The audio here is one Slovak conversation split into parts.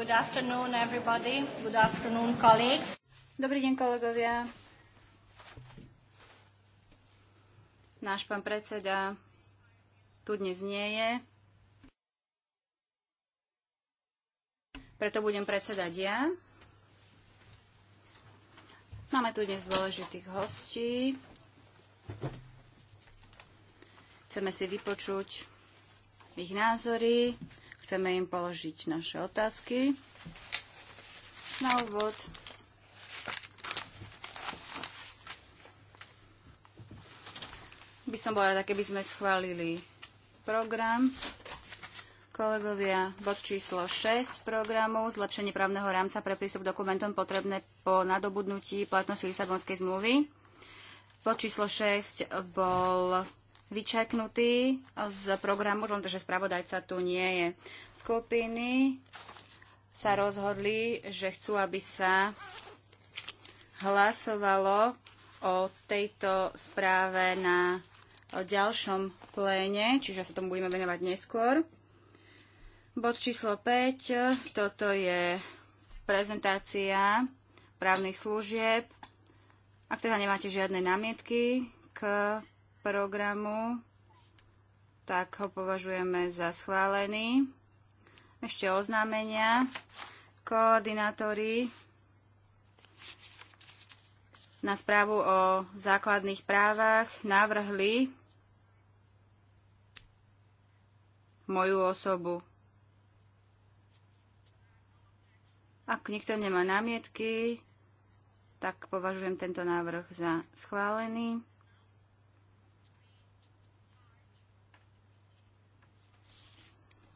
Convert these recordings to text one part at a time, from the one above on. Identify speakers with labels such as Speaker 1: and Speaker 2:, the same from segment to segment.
Speaker 1: Good afternoon, everybody. Good afternoon, colleagues. Dobrý deň, kolegovia. Náš pán predseda tu dnes nie je. Preto budem predsedať ja. Máme tu dnes dôležitých hostí. Chceme si vypočuť ich názory, chceme im položiť naše otázky. Na úvod by som bola rada, keby sme schválili program. Kolegovia, bod číslo 6 programu, zlepšenie právneho rámca pre prístup k dokumentom potrebné po nadobudnutí platnosti Lisabonskej zmluvy. Bod číslo 6 bol vyčeknutý z programu, len že spravodajca tu nie je. Skupiny sa rozhodli, že chcú, aby sa hlasovalo o tejto správe na ďalšom pléne, čiže sa tomu budeme venovať neskôr. Bod číslo 5, toto je prezentácia právnych služieb. Ak teda nemáte žiadne námietky k programu, tak ho považujeme za schválený. Ešte oznámenia. Koordinátori na správu o základných právach navrhli moju osobu. Ak nikto nemá námietky, tak považujem tento návrh za schválený.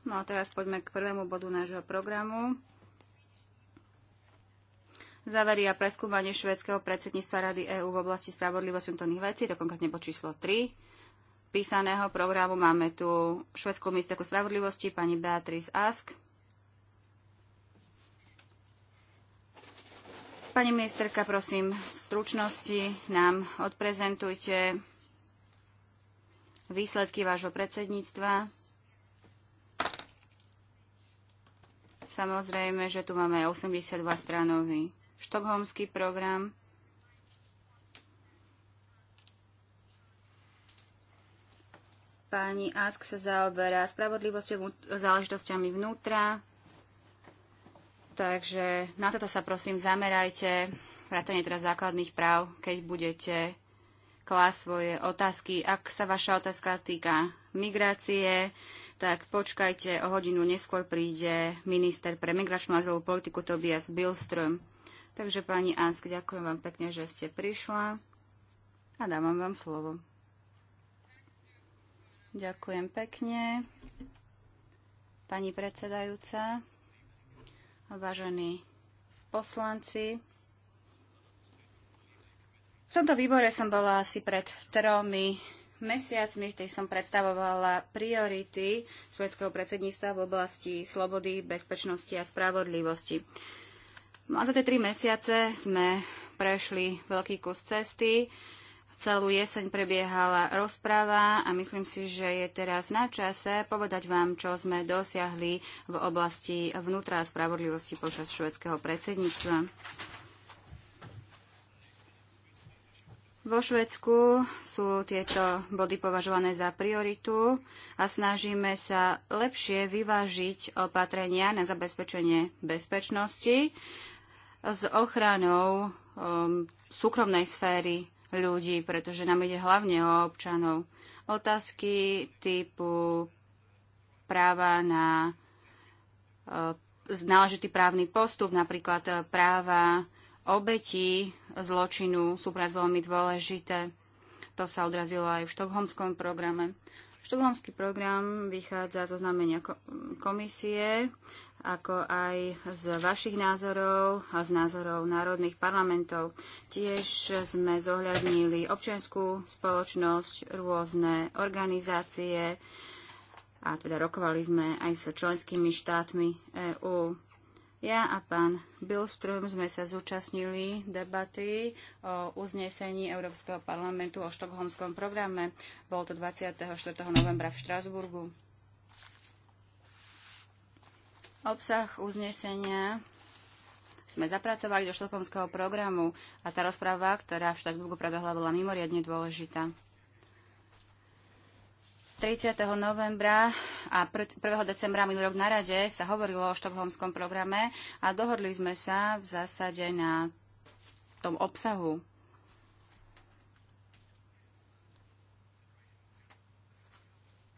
Speaker 1: No a teraz poďme k prvému bodu nášho programu. Zaveria preskúmanie švedského predsedníctva Rady EÚ v oblasti spravodlivosti vnútorných vecí, to konkrétne bod číslo 3 písaného programu. Máme tu švedskú ministerku spravodlivosti, pani Beatrice Ask. Pani ministerka, prosím, v stručnosti nám odprezentujte výsledky vášho predsedníctva. Samozrejme, že tu máme 82 stranový štokholmský program. Pani Ask sa zaoberá spravodlivosťou záležitosťami vnútra, takže na toto sa prosím zamerajte, vrátane teraz základných práv, keď budete klásť svoje otázky. Ak sa vaša otázka týka migrácie, tak počkajte, o hodinu neskôr príde minister pre migračnú azylovú politiku Tobias Billström. Takže pani Ansk, ďakujem vám pekne, že ste prišla a dávam vám slovo. Ďakujem pekne. Pani predsedajúca, vážení poslanci, v tomto výbore som bola asi pred tromi mesiacmi, keď som predstavovala priority švedského predsedníctva v oblasti slobody, bezpečnosti a spravodlivosti. No a za tie tri mesiace sme prešli veľký kus cesty. Celú jeseň prebiehala rozpráva a myslím si, že je teraz na čase povedať vám, čo sme dosiahli v oblasti vnútra a spravodlivosti počas švedského predsedníctva. Vo Švedsku sú tieto body považované za prioritu a snažíme sa lepšie vyvážiť opatrenia na zabezpečenie bezpečnosti s ochranou um, súkromnej sféry ľudí, pretože nám ide hlavne o občanov. Otázky typu práva na uh, náležitý právny postup, napríklad uh, práva obetí zločinu sú pre nás veľmi dôležité. To sa odrazilo aj v štokholmskom programe. Štokholmský program vychádza zo znamenia komisie, ako aj z vašich názorov a z názorov národných parlamentov. Tiež sme zohľadnili občianskú spoločnosť, rôzne organizácie a teda rokovali sme aj s členskými štátmi EÚ. Ja a pán Bilström sme sa zúčastnili debaty o uznesení Európskeho parlamentu o štokholmskom programe. Bol to 24. novembra v Štrasburgu. Obsah uznesenia sme zapracovali do štokholmského programu a tá rozpráva, ktorá v Štrasburgu prebehla, bola mimoriadne dôležitá. 30. novembra a 1. decembra minulý rok na rade sa hovorilo o štokholmskom programe a dohodli sme sa v zásade na tom obsahu.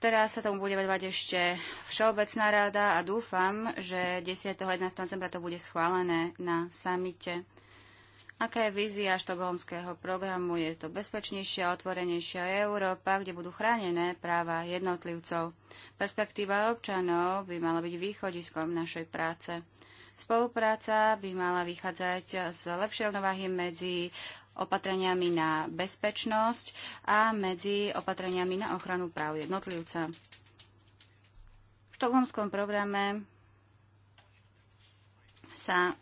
Speaker 1: Teraz sa tomu bude vedovať ešte Všeobecná rada a dúfam, že 10. 11. decembra to bude schválené na samite. Aká je vízia štokholmského programu? Je to bezpečnejšia, a otvorenejšia Európa, kde budú chránené práva jednotlivcov. Perspektíva občanov by mala byť východiskom našej práce. Spolupráca by mala vychádzať z lepšej rovnováhy medzi opatreniami na bezpečnosť a medzi opatreniami na ochranu práv jednotlivca. V štokholmskom programe sa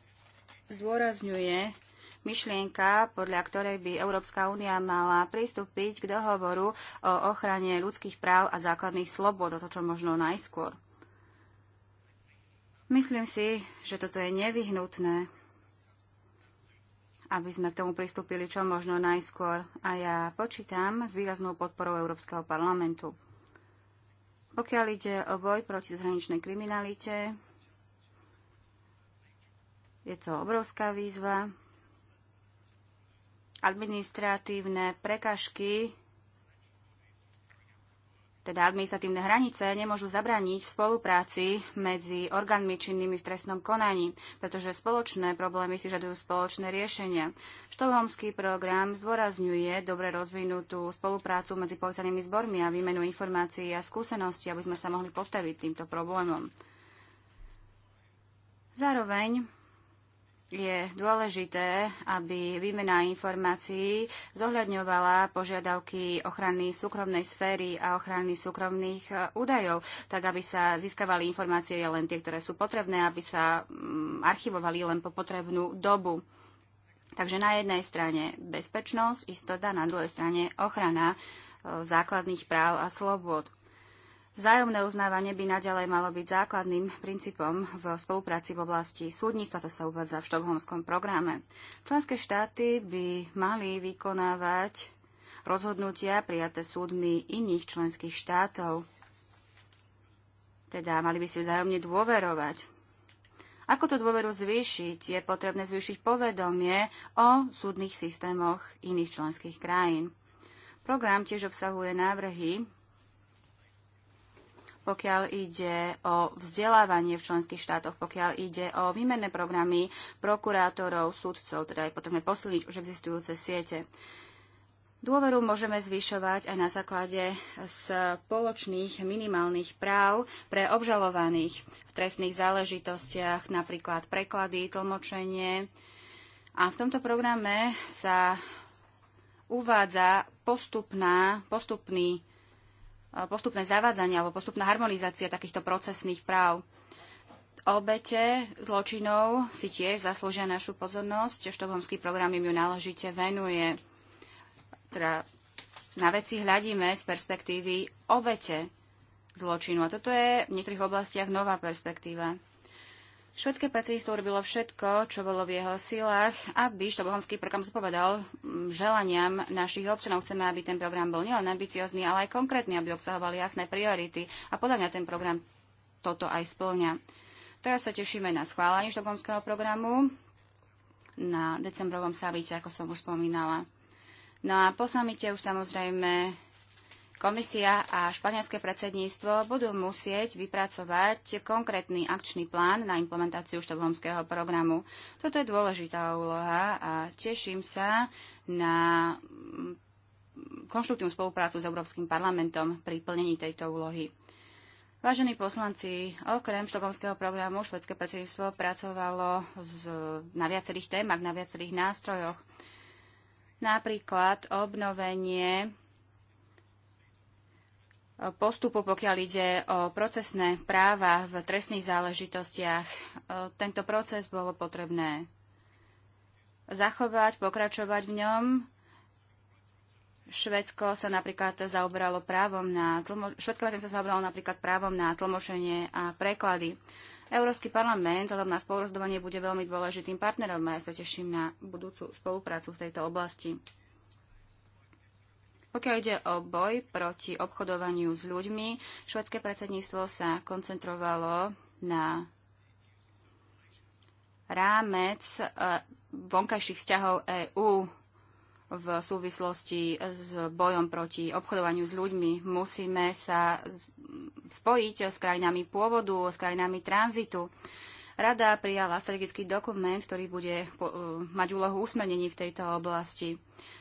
Speaker 1: zdôrazňuje myšlienka, podľa ktorej by Európska únia mala pristúpiť k dohovoru o ochrane ľudských práv a základných slobod, o to čo možno najskôr. Myslím si, že toto je nevyhnutné, aby sme k tomu pristúpili čo možno najskôr a ja počítam s výraznou podporou Európskeho parlamentu. Pokiaľ ide o boj proti zahraničnej kriminalite, je to obrovská výzva administratívne prekažky, teda administratívne hranice, nemôžu zabrániť v spolupráci medzi orgánmi činnými v trestnom konaní, pretože spoločné problémy si žadujú spoločné riešenia. Štolhomský program zdôrazňuje dobre rozvinutú spoluprácu medzi policajnými zbormi a výmenu informácií a skúseností, aby sme sa mohli postaviť týmto problémom. Zároveň je dôležité, aby výmena informácií zohľadňovala požiadavky ochrany súkromnej sféry a ochrany súkromných e, údajov, tak aby sa získavali informácie len tie, ktoré sú potrebné, aby sa mm, archivovali len po potrebnú dobu. Takže na jednej strane bezpečnosť, istota, na druhej strane ochrana e, základných práv a slobod. Vzájomné uznávanie by naďalej malo byť základným princípom v spolupráci v oblasti súdnictva, to sa uvádza v štokholmskom programe. Členské štáty by mali vykonávať rozhodnutia prijaté súdmi iných členských štátov. Teda mali by si vzájomne dôverovať. Ako tú dôveru zvýšiť? Je potrebné zvýšiť povedomie o súdnych systémoch iných členských krajín. Program tiež obsahuje návrhy pokiaľ ide o vzdelávanie v členských štátoch, pokiaľ ide o výmenné programy prokurátorov, súdcov, teda je potrebné posilniť už existujúce siete. Dôveru môžeme zvyšovať aj na základe spoločných minimálnych práv pre obžalovaných v trestných záležitostiach, napríklad preklady, tlmočenie. A v tomto programe sa uvádza postupná, postupný postupné zavádzanie alebo postupná harmonizácia takýchto procesných práv. Obete zločinov si tiež zaslúžia našu pozornosť. Štokholmský program im ju náležite venuje. Teda na veci hľadíme z perspektívy obete zločinu. A toto je v niektorých oblastiach nová perspektíva. Švedské predsedníctvo urobilo všetko, čo bolo v jeho silách, aby štokholmský program zodpovedal mm, želaniam našich občanov. Chceme, aby ten program bol nielen ambiciozný, ale aj konkrétny, aby obsahoval jasné priority. A podľa mňa ten program toto aj splňa. Teraz sa tešíme na schválenie štokholmského programu na decembrovom sabite, ako som už spomínala. No a po samite už samozrejme Komisia a španielské predsedníctvo budú musieť vypracovať konkrétny akčný plán na implementáciu štokholmského programu. Toto je dôležitá úloha a teším sa na konštruktívnu spoluprácu s Európskym parlamentom pri plnení tejto úlohy. Vážení poslanci, okrem štokholmského programu švedské predsedníctvo pracovalo z, na viacerých témach, na viacerých nástrojoch. Napríklad obnovenie postupu, pokiaľ ide o procesné práva v trestných záležitostiach. E, tento proces bolo potrebné zachovať, pokračovať v ňom. Švedsko sa napríklad zaoberalo právom na tlmo- Švedsko sa zaoberalo napríklad právom na tlmočenie a preklady. Európsky parlament, alebo na spolurozdovanie, bude veľmi dôležitým partnerom a ja sa teším na budúcu spoluprácu v tejto oblasti. Pokiaľ ide o boj proti obchodovaniu s ľuďmi, švedské predsedníctvo sa koncentrovalo na rámec e, vonkajších vzťahov EÚ v súvislosti s bojom proti obchodovaniu s ľuďmi. Musíme sa spojiť s krajinami pôvodu, s krajinami tranzitu. Rada prijala strategický dokument, ktorý bude e, mať úlohu usmernení v tejto oblasti.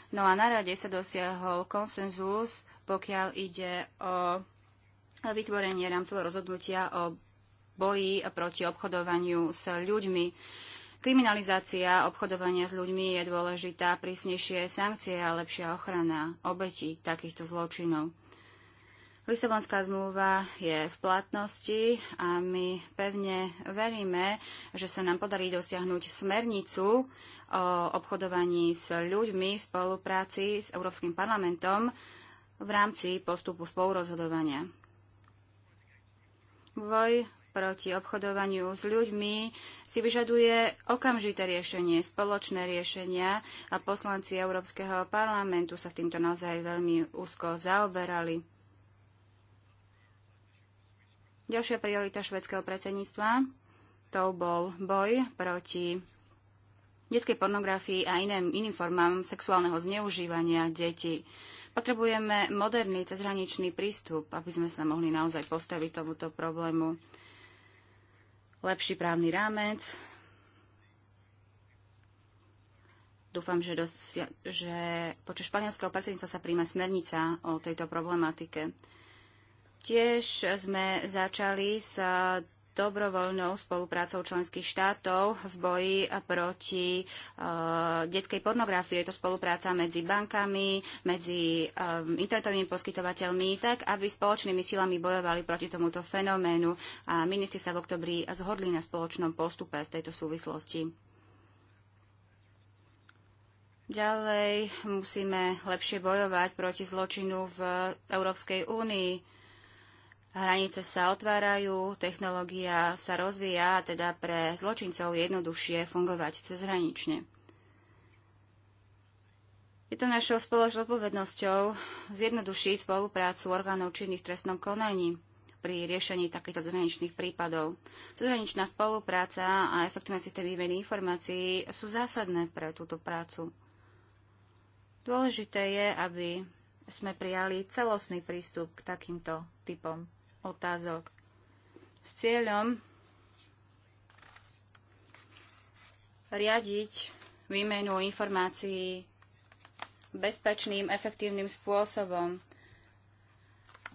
Speaker 1: No a na rade sa dosiahol konsenzus, pokiaľ ide o vytvorenie rámcového rozhodnutia o boji proti obchodovaniu s ľuďmi. Kriminalizácia obchodovania s ľuďmi je dôležitá, prísnejšie sankcie a lepšia ochrana obetí takýchto zločinov. Lisabonská zmluva je v platnosti a my pevne veríme, že sa nám podarí dosiahnuť smernicu o obchodovaní s ľuďmi v spolupráci s Európskym parlamentom v rámci postupu spolurozhodovania. Voj proti obchodovaniu s ľuďmi si vyžaduje okamžité riešenie, spoločné riešenia a poslanci Európskeho parlamentu sa týmto naozaj veľmi úzko zaoberali. Ďalšia priorita švedského predsedníctva to bol boj proti detskej pornografii a iným, iným formám sexuálneho zneužívania detí. Potrebujeme moderný cezhraničný prístup, aby sme sa mohli naozaj postaviť tomuto problému. Lepší právny rámec. Dúfam, že, dosia- že počas španielského predsedníctva sa príjme smernica o tejto problematike. Tiež sme začali s dobrovoľnou spoluprácou členských štátov v boji proti uh, detskej pornografii. Je to spolupráca medzi bankami, medzi um, internetovými poskytovateľmi, tak aby spoločnými silami bojovali proti tomuto fenoménu. A ministri sa v oktobri zhodli na spoločnom postupe v tejto súvislosti. Ďalej musíme lepšie bojovať proti zločinu v Európskej únii Hranice sa otvárajú, technológia sa rozvíja a teda pre zločincov jednoduchšie fungovať cezhranične. Je to našou spoločnou odpovednosťou zjednodušiť spoluprácu orgánov činných v trestnom konaní pri riešení takýchto zahraničných prípadov. Zahraničná spolupráca a efektívne systém výmeny informácií sú zásadné pre túto prácu. Dôležité je, aby sme prijali celostný prístup k takýmto typom otázok s cieľom riadiť výmenu informácií bezpečným, efektívnym spôsobom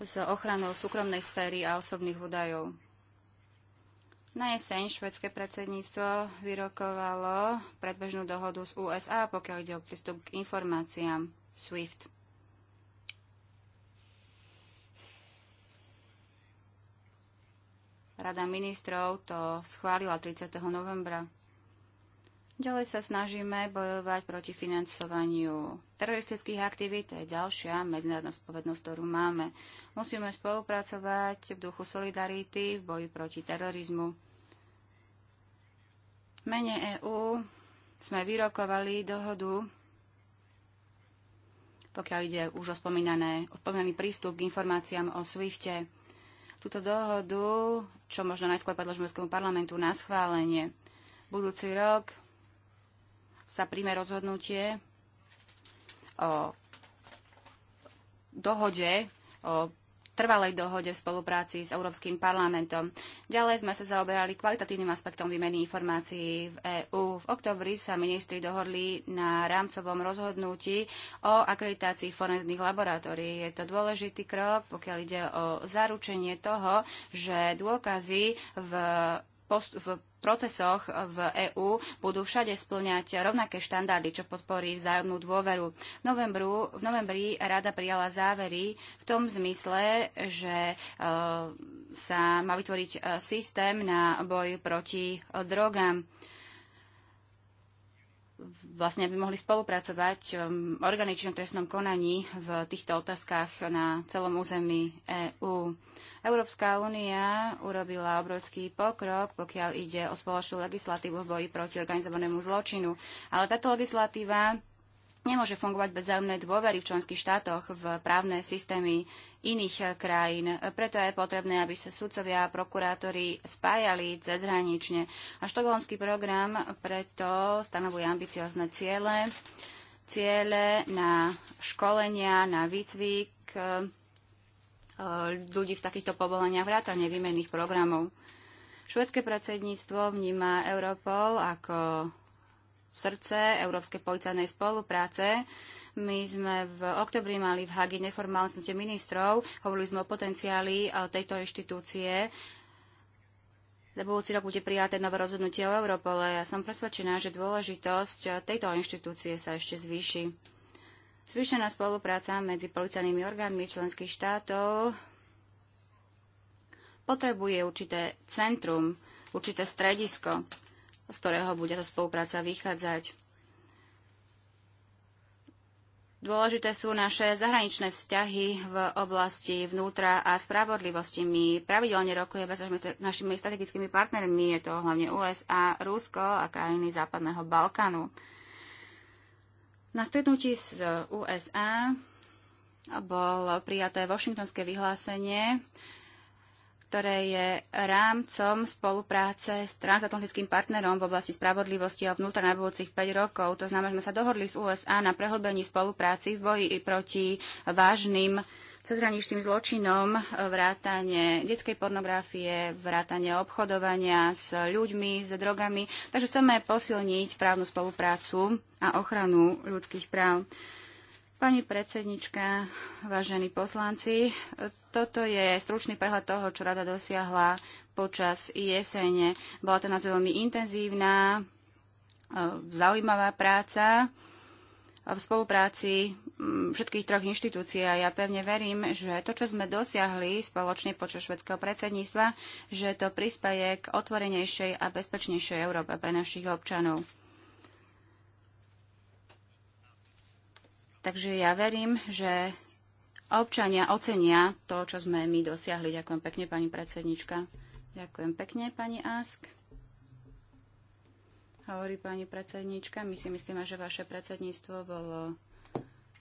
Speaker 1: s ochranou súkromnej sféry a osobných údajov. Na jeseň švedské predsedníctvo vyrokovalo predbežnú dohodu z USA, pokiaľ ide o prístup k informáciám SWIFT. Rada ministrov to schválila 30. novembra. Ďalej sa snažíme bojovať proti financovaniu teroristických aktivít. To je ďalšia medzinárodná spovednosť, ktorú máme. Musíme spolupracovať v duchu solidarity v boji proti terorizmu. V mene EÚ sme vyrokovali dohodu, pokiaľ ide už o spomínaný prístup k informáciám o SWIFTE túto dohodu, čo možno najskôr predložíme Európskemu parlamentu na schválenie. Budúci rok sa príjme rozhodnutie o dohode o trvalej dohode v spolupráci s Európskym parlamentom. Ďalej sme sa zaoberali kvalitatívnym aspektom výmeny informácií v EÚ. V oktobri sa ministri dohodli na rámcovom rozhodnutí o akreditácii forenzných laboratórií. Je to dôležitý krok, pokiaľ ide o zaručenie toho, že dôkazy v, post- v procesoch v EÚ budú všade splňať rovnaké štandardy, čo podporí vzájomnú dôveru. V, novembru, v novembri rada prijala závery v tom zmysle, že e, sa má vytvoriť e, systém na boj proti e, drogám vlastne by mohli spolupracovať e, v organičnom trestnom konaní v týchto otázkach na celom území EÚ. Európska únia urobila obrovský pokrok, pokiaľ ide o spoločnú legislatívu v boji proti organizovanému zločinu. Ale táto legislatíva nemôže fungovať bez zájomnej dôvery v členských štátoch v právne systémy iných krajín. Preto je potrebné, aby sa sudcovia a prokurátori spájali cezhranične. A štokholmský program preto stanovuje ambiciozne ciele, ciele na školenia, na výcvik, E, ľudí v takýchto povoleniach vrátane výmenných programov. Švedské predsedníctvo vníma Europol ako srdce európskej policajnej spolupráce. My sme v oktobri mali v Hagi neformálne ministrov, hovorili sme o potenciáli e, tejto inštitúcie, Na budúci rok bude prijaté nové rozhodnutie o Európole. Ja som presvedčená, že dôležitosť e, tejto inštitúcie sa ešte zvýši. Zvýšená spolupráca medzi policajnými orgánmi členských štátov potrebuje určité centrum, určité stredisko, z ktorého bude tá spolupráca vychádzať. Dôležité sú naše zahraničné vzťahy v oblasti vnútra a spravodlivosti. My pravidelne rokujeme s našimi strategickými partnermi, je to hlavne USA, Rusko a krajiny Západného Balkánu. Na stretnutí z e, USA bol prijaté Washingtonské vyhlásenie, ktoré je rámcom spolupráce s transatlantickým partnerom v oblasti spravodlivosti a vnútra na budúcich 5 rokov. To znamená, že sme sa dohodli s USA na prehlbení spolupráci v boji proti vážnym cezhraničným zločinom, e, vrátanie detskej pornografie, vrátanie obchodovania s ľuďmi, s drogami. Takže chceme posilniť právnu spoluprácu a ochranu ľudských práv. Pani predsednička, vážení poslanci, toto je stručný prehľad toho, čo rada dosiahla počas jesene. Bola to naozaj veľmi intenzívna, e, zaujímavá práca v spolupráci všetkých troch inštitúcií a ja pevne verím, že to, čo sme dosiahli spoločne počas švedského predsedníctva, že to prispieje k otvorenejšej a bezpečnejšej Európe pre našich občanov. Takže ja verím, že občania ocenia to, čo sme my dosiahli. Ďakujem pekne, pani predsednička. Ďakujem pekne, pani Ask. Hovorí pani predsednička, my si myslíme, že vaše predsedníctvo bolo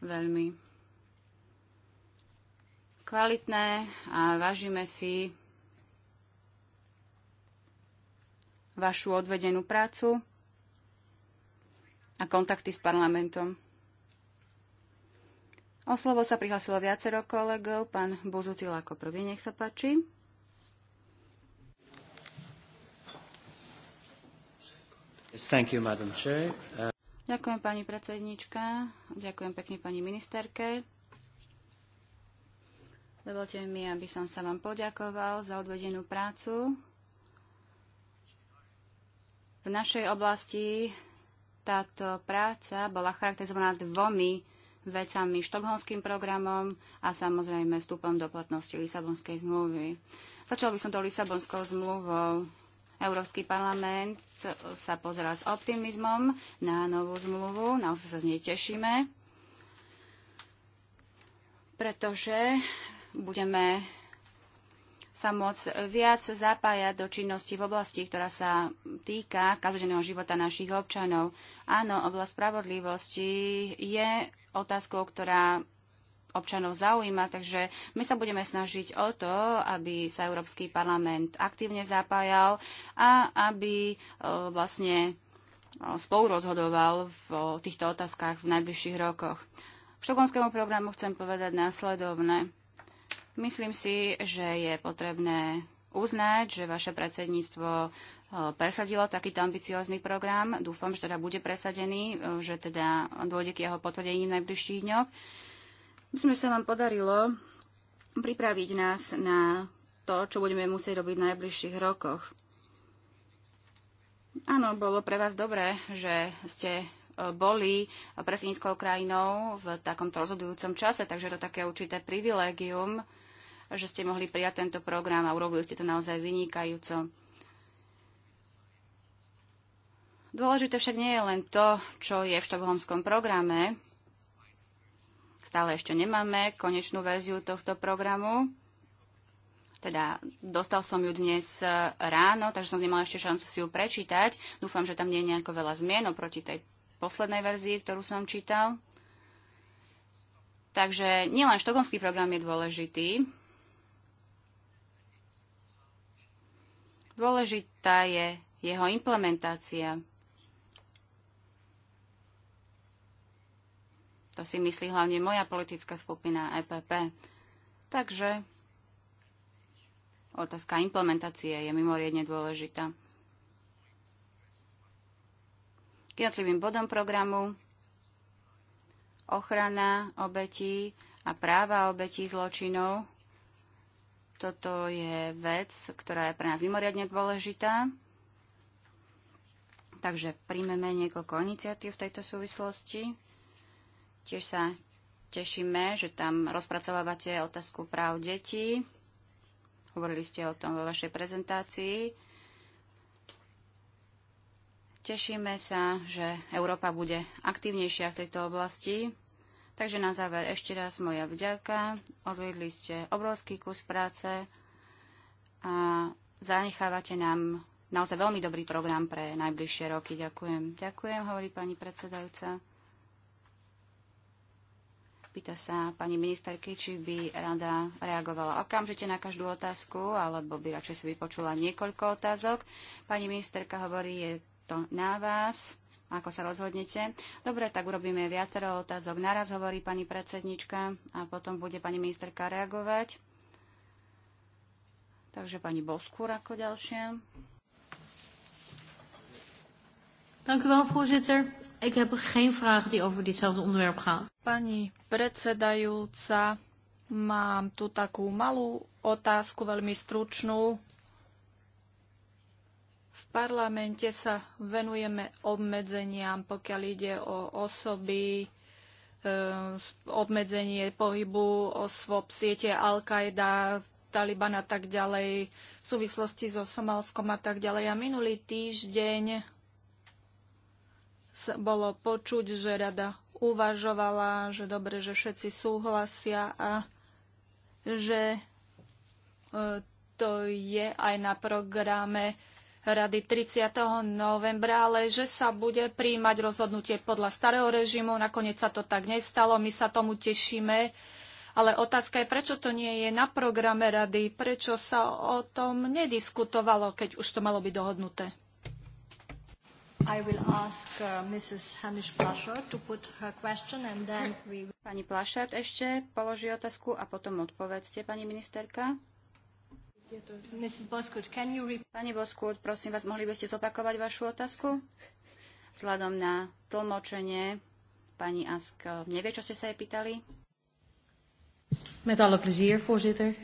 Speaker 1: veľmi kvalitné a vážime si vašu odvedenú prácu a kontakty s parlamentom. O slovo sa prihlasilo viacero kolegov. Pán Buzutil ako prvý, nech sa páči. Thank you, Madam Chair. Uh... Ďakujem pani predsednička, ďakujem pekne pani ministerke. Dovolte mi, aby som sa vám poďakoval za odvedenú prácu. V našej oblasti táto práca bola charakterizovaná dvomi vecami, štokholmským programom a samozrejme vstupom do platnosti Lisabonskej zmluvy. Začal by som to Lisabonskou zmluvou. Európsky parlament sa pozeral s optimizmom na novú zmluvu. Naozaj sa z nej tešíme, pretože budeme sa môcť viac zapájať do činnosti v oblasti, ktorá sa týka každodenného života našich občanov. Áno, oblasť spravodlivosti je otázkou, ktorá občanov zaujíma, takže my sa budeme snažiť o to, aby sa Európsky parlament aktívne zapájal a aby e, vlastne e, spolu rozhodoval v týchto otázkach v najbližších rokoch. V Štokholmskému programu chcem povedať následovné. Myslím si, že je potrebné uznať, že vaše predsedníctvo e, presadilo takýto ambiciózny program. Dúfam, že teda bude presadený, že teda dôjde k jeho potvrdení v najbližších dňoch. Myslím, že sa vám podarilo pripraviť nás na to, čo budeme musieť robiť v najbližších rokoch. Áno, bolo pre vás dobré, že ste e, boli predsedníckou krajinou v takomto rozhodujúcom čase, takže to také určité privilégium, že ste mohli prijať tento program a urobili ste to naozaj vynikajúco. Dôležité však nie je len to, čo je v štokholmskom programe, Stále ešte nemáme konečnú verziu tohto programu. Teda dostal som ju dnes e, ráno, takže som nemala ešte šancu si ju prečítať. Dúfam, že tam nie je nejako veľa zmien oproti tej poslednej verzii, ktorú som čítal. Takže nielen štokomský program je dôležitý, dôležitá je jeho implementácia. To si myslí hlavne moja politická skupina EPP. Takže otázka implementácie je mimoriadne dôležitá. K jednotlivým bodom programu ochrana obetí a práva obetí zločinov. Toto je vec, ktorá je pre nás mimoriadne dôležitá. Takže príjmeme niekoľko iniciatív v tejto súvislosti. Tiež sa tešíme, že tam rozpracovávate otázku práv detí. Hovorili ste o tom vo vašej prezentácii. Tešíme sa, že Európa bude aktívnejšia v tejto oblasti. Takže na záver ešte raz moja vďaka. Odvedli ste obrovský kus práce a zanechávate nám naozaj veľmi dobrý program pre najbližšie roky. Ďakujem. Ďakujem, hovorí pani predsedajúca. Pýta sa pani ministerky, či by rada reagovala okamžite na každú otázku, alebo by radšej si vypočula niekoľko otázok. Pani ministerka hovorí, je to na vás, ako sa rozhodnete. Dobre, tak urobíme viacero otázok. Naraz hovorí pani predsednička a potom bude pani ministerka reagovať. Takže pani Boskúr ako ďalšia. Dank u wel, voorzitter. Ik heb geen die over ditzelfde onderwerp
Speaker 2: Pani predsedajúca, mám tu takú malú otázku, veľmi stručnú. V parlamente sa venujeme obmedzeniam, pokiaľ ide o osoby, e, obmedzenie pohybu osôb siete Al-Qaeda, Taliban a tak ďalej, v súvislosti so Somalskom a tak ďalej. A minulý týždeň bolo počuť, že rada uvažovala, že dobre, že všetci súhlasia a že e, to je aj na programe rady 30. novembra, ale že sa bude príjmať rozhodnutie podľa starého režimu. Nakoniec sa to tak nestalo, my sa tomu tešíme. Ale otázka je, prečo to nie je na programe rady, prečo sa o tom nediskutovalo, keď už to malo byť dohodnuté.
Speaker 1: Uh, pani Plašard ešte položí otázku a potom odpovedzte, pani ministerka. Pani Boskut, prosím vás, mohli by ste zopakovať vašu otázku? Vzhľadom na tlmočenie, pani Ask eh, nevie, čo ste sa jej pýtali. Met alle plezier, voorzitter.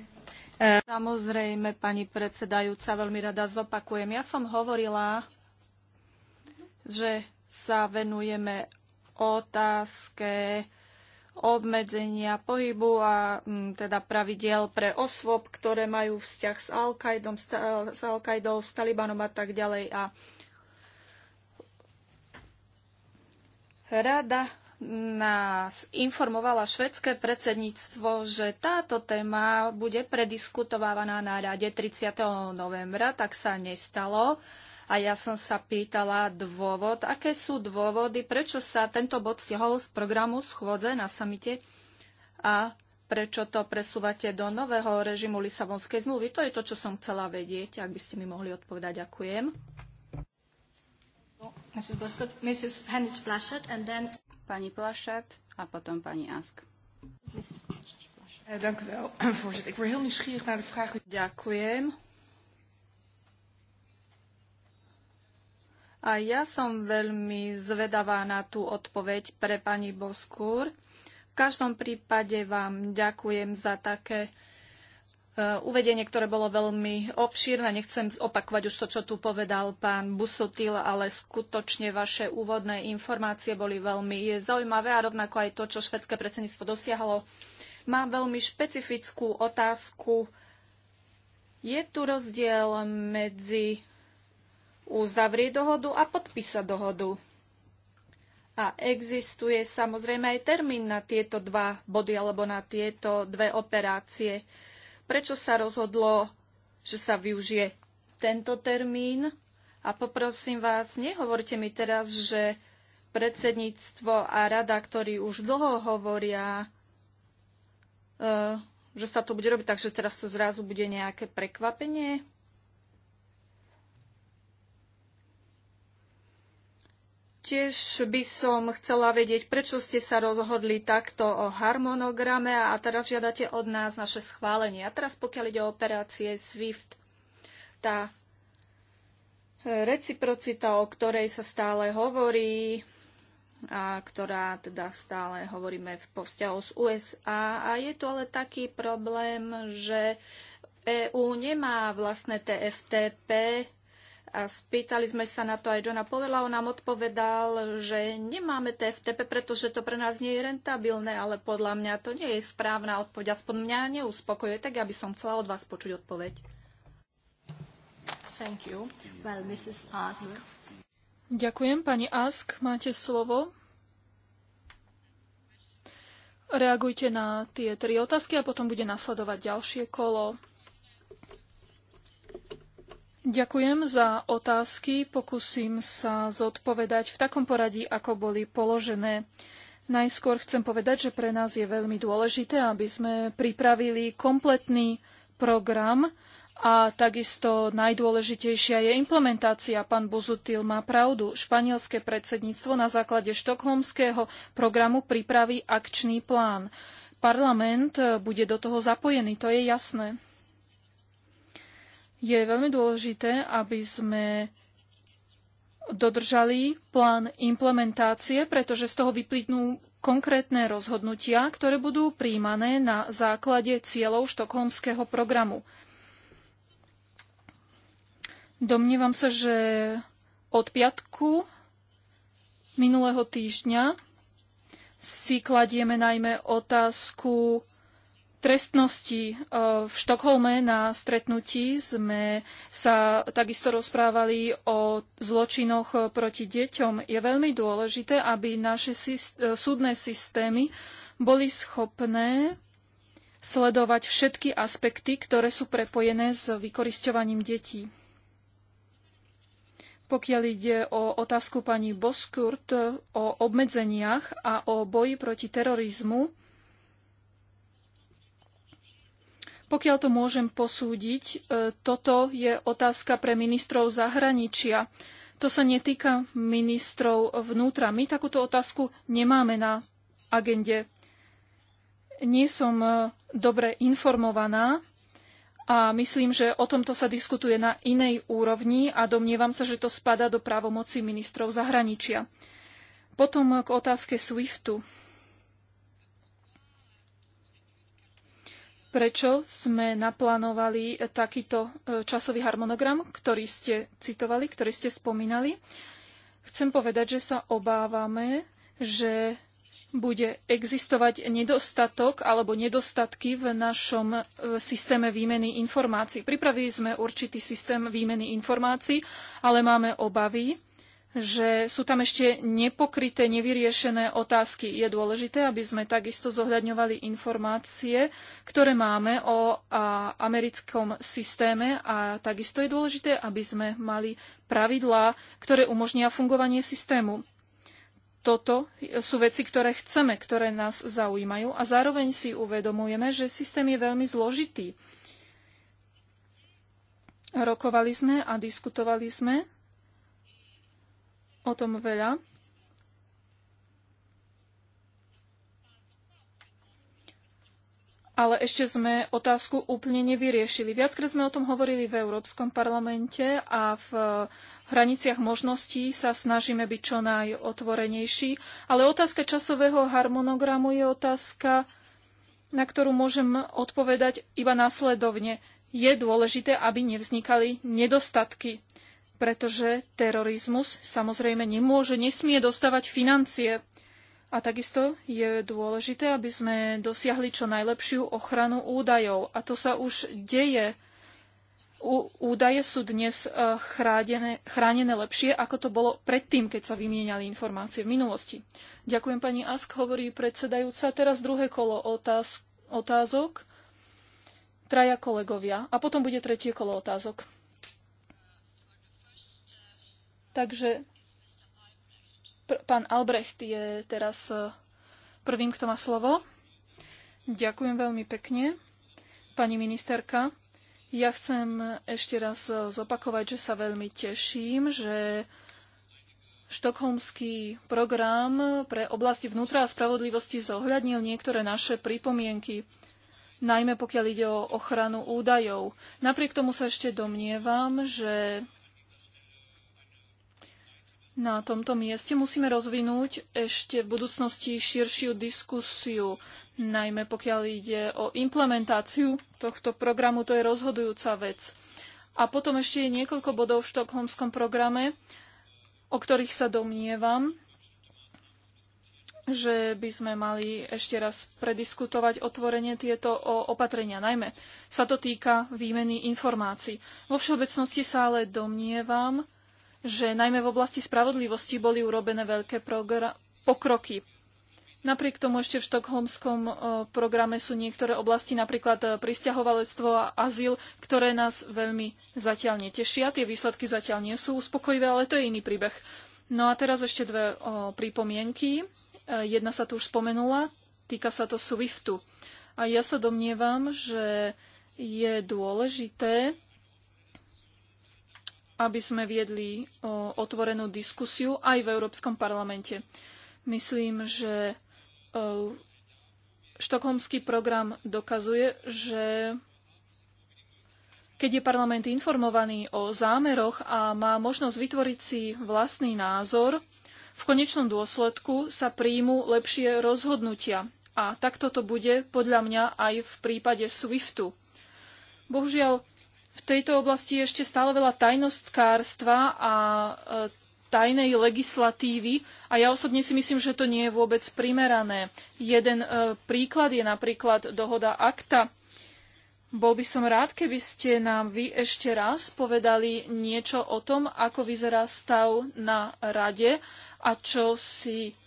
Speaker 1: Eh,
Speaker 2: Samozrejme, pani predsedajúca, veľmi rada zopakujem. Ja som hovorila že sa venujeme otázke obmedzenia pohybu a m, mm, teda pravidiel pre osôb, ktoré majú vzťah s Al-Qaidom, s al s Talibanom a tak ďalej. A rada nás informovala švedské predsedníctvo, že táto téma bude prediskutovávaná na rade 30. novembra, tak sa nestalo a ja som sa pýtala dôvod, aké sú dôvody, prečo sa tento bod stiahol z programu schôdze na samite a prečo to presúvate do nového režimu Lisabonskej zmluvy. To je to, čo som chcela vedieť, ak by ste mi mohli odpovedať. Ďakujem.
Speaker 1: Pani Plašat a potom pani Ask. Eh, Ďakujem.
Speaker 2: A ja som veľmi zvedavá na tú odpoveď pre pani Boskúr. V každom prípade vám ďakujem za také e, uvedenie, ktoré bolo veľmi obšírne. Nechcem opakovať už to, čo tu povedal pán Busutil, ale skutočne vaše úvodné informácie boli veľmi zaujímavé a rovnako aj to, čo švedské predsedníctvo dosiahlo. Mám veľmi špecifickú otázku. Je tu rozdiel medzi uzavrieť dohodu a podpísať dohodu. A existuje samozrejme aj termín na tieto dva body alebo na tieto dve operácie. Prečo sa rozhodlo, že sa využije tento termín? A poprosím vás, nehovorte mi teraz, že predsedníctvo a rada, ktorí už dlho hovoria, eh, že sa to bude robiť, takže teraz to zrazu bude nejaké prekvapenie. Tiež by som chcela vedieť, prečo ste sa rozhodli takto o harmonograme a teraz žiadate od nás naše schválenie. A teraz pokiaľ ide o operácie SWIFT, tá reciprocita, o ktorej sa stále hovorí, a ktorá teda stále hovoríme v povzťahu s USA. A je tu ale taký problém, že EÚ nemá vlastné TFTP, a spýtali sme sa na to aj Johna Povela, on nám odpovedal, že nemáme TFTP, pretože to pre nás nie je rentabilné, ale podľa mňa to nie je správna odpoveď. Aspoň mňa neuspokojuje, tak ja by som chcela od vás počuť odpoveď. Thank you. Well, Mrs. Ask.
Speaker 3: Ďakujem, pani Ask, máte slovo. Reagujte na tie tri otázky a potom bude nasledovať ďalšie kolo. Ďakujem za otázky. Pokúsim sa zodpovedať v takom poradí, ako boli položené. Najskôr chcem povedať, že pre nás je veľmi dôležité, aby sme pripravili kompletný program a takisto najdôležitejšia je implementácia. Pán Buzutil má pravdu. Španielské predsedníctvo na základe štokholmského programu pripraví akčný plán. Parlament bude do toho zapojený, to je jasné je veľmi dôležité, aby sme dodržali plán implementácie, pretože z toho vyplytnú konkrétne rozhodnutia, ktoré budú príjmané na základe cieľov štokholmského programu. Domnievam sa, že od piatku minulého týždňa si kladieme najmä otázku trestnosti. E, v Štokholme na stretnutí sme sa takisto rozprávali o zločinoch proti deťom. Je veľmi dôležité, aby naše e, súdne systémy boli schopné sledovať všetky aspekty, ktoré sú prepojené s vykoristovaním detí. Pokiaľ ide o otázku pani Boskurt e, o obmedzeniach a o boji proti terorizmu, Pokiaľ to môžem posúdiť, e, toto je otázka pre ministrov zahraničia. To sa netýka ministrov vnútra. My takúto otázku nemáme na agende. Nie som e, dobre informovaná a myslím, že o tomto sa diskutuje na inej úrovni a domnievam sa, že to spada do právomoci ministrov zahraničia. Potom k otázke SWIFTu. prečo sme naplánovali e, takýto e, časový harmonogram, ktorý ste citovali, ktorý ste spomínali. Chcem povedať, že sa obávame, že bude existovať nedostatok alebo nedostatky v našom e, systéme výmeny informácií. Pripravili sme určitý systém výmeny informácií, ale máme obavy, že sú tam ešte nepokryté, nevyriešené otázky. Je dôležité, aby sme takisto zohľadňovali informácie, ktoré máme o a, americkom systéme a takisto je dôležité, aby sme mali pravidlá, ktoré umožnia fungovanie systému. Toto sú veci, ktoré chceme, ktoré nás zaujímajú a zároveň si uvedomujeme, že systém je veľmi zložitý. Rokovali sme a diskutovali sme o tom veľa. Ale ešte sme otázku úplne nevyriešili. Viackrát sme o tom hovorili v Európskom parlamente a v hraniciach možností sa snažíme byť čo najotvorenejší. Ale otázka časového harmonogramu je otázka, na ktorú môžem odpovedať iba následovne. Je dôležité, aby nevznikali nedostatky pretože terorizmus samozrejme nemôže, nesmie dostávať financie. A takisto je dôležité, aby sme dosiahli čo najlepšiu ochranu údajov. A to sa už deje. U, údaje sú dnes eh, chránené, chránené lepšie, ako to bolo predtým, keď sa vymieniali informácie v minulosti. Ďakujem pani Ask, hovorí predsedajúca. Teraz druhé kolo otáz, otázok. Traja kolegovia. A potom bude tretie kolo otázok. Takže pán Albrecht je teraz e, prvým, kto má slovo. Ďakujem veľmi pekne, pani ministerka. Ja chcem ešte raz e, zopakovať, že sa veľmi teším, že štokholmský program pre oblasti vnútra a spravodlivosti zohľadnil niektoré naše pripomienky, najmä pokiaľ ide o ochranu údajov. Napriek tomu sa ešte domnievam, že na tomto mieste musíme rozvinúť ešte v budúcnosti širšiu diskusiu, najmä pokiaľ ide o implementáciu tohto programu, to je rozhodujúca vec. A potom ešte je niekoľko bodov v štokholmskom programe, o ktorých sa domnievam, že by sme mali ešte raz prediskutovať otvorenie tieto opatrenia. Najmä sa to týka výmeny informácií. Vo všeobecnosti sa ale domnievam, že najmä v oblasti spravodlivosti boli urobené veľké pokroky. Napriek tomu ešte v štokholmskom e, programe sú niektoré oblasti, napríklad e, pristahovalectvo a azyl, ktoré nás veľmi zatiaľ netešia. Tie výsledky zatiaľ nie sú uspokojivé, ale to je iný príbeh. No a teraz ešte dve o, pripomienky. E, jedna sa tu už spomenula, týka sa to SWIFTu. A ja sa domnievam, že je dôležité aby sme viedli otvorenú diskusiu aj v Európskom parlamente. Myslím, že štokholmský program dokazuje, že keď je parlament informovaný o zámeroch a má možnosť vytvoriť si vlastný názor, v konečnom dôsledku sa príjmu lepšie rozhodnutia. A takto to bude podľa mňa aj v prípade SWIFTu. Bohužiaľ, v tejto oblasti je ešte stále veľa tajnostkárstva a e, tajnej legislatívy a ja osobne si myslím, že to nie je vôbec primerané. Jeden e, príklad je napríklad dohoda akta. Bol by som rád, keby ste nám vy ešte raz povedali niečo o tom, ako vyzerá stav na rade a čo si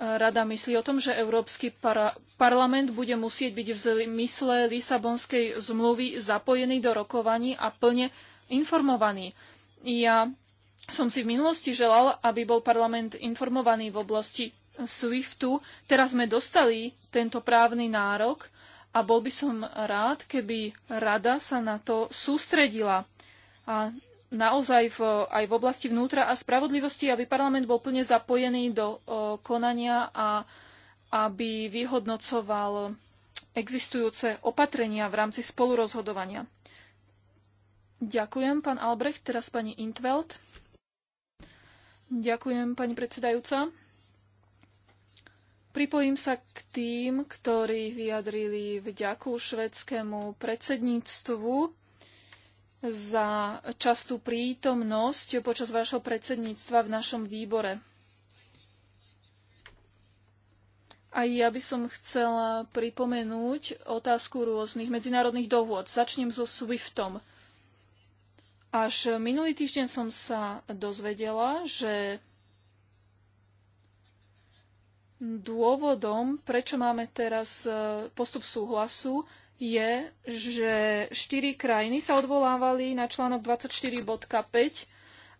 Speaker 3: rada myslí o tom, že Európsky para- parlament bude musieť byť v zmysle Lisabonskej zmluvy zapojený do rokovaní a plne informovaný. Ja som si v minulosti želal, aby bol parlament informovaný v oblasti SWIFTu. Teraz sme dostali tento právny nárok a bol by som rád, keby rada sa na to sústredila a naozaj v, aj v oblasti vnútra a spravodlivosti, aby parlament bol plne zapojený do o, konania a aby vyhodnocoval existujúce opatrenia v rámci spolurozhodovania. Ďakujem, pán Albrecht, teraz pani Intveld. Ďakujem, pani predsedajúca. Pripojím sa k tým, ktorí vyjadrili vďaku švedskému predsedníctvu za častú prítomnosť počas vášho predsedníctva v našom výbore. Aj ja by som chcela pripomenúť otázku rôznych medzinárodných dohôd. Začnem so SWIFTom. Až minulý týždeň som sa dozvedela, že dôvodom, prečo máme teraz eh, postup súhlasu, je, že štyri krajiny sa odvolávali na článok 24.5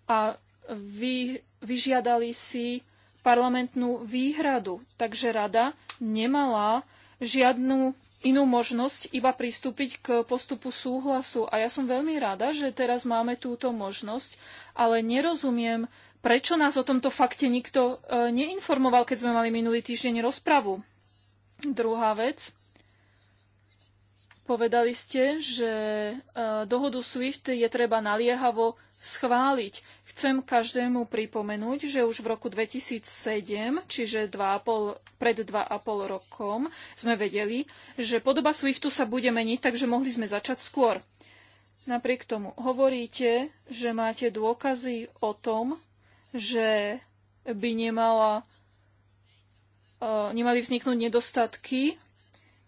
Speaker 3: a vy, vyžiadali si parlamentnú výhradu. Takže rada nemala žiadnu inú možnosť iba pristúpiť k postupu súhlasu. A ja som veľmi rada, že teraz máme túto možnosť, ale nerozumiem, prečo nás o tomto fakte nikto e, neinformoval, keď sme mali minulý týždeň rozpravu. Druhá vec. Povedali ste, že e, dohodu SWIFT je treba naliehavo schváliť. Chcem každému pripomenúť, že už v roku 2007, čiže 2,5, pred 2,5 rokom, sme vedeli, že podoba SWIFTu sa bude meniť, takže mohli sme začať skôr. Napriek tomu hovoríte, že máte dôkazy o tom, že by nemala, e, nemali vzniknúť nedostatky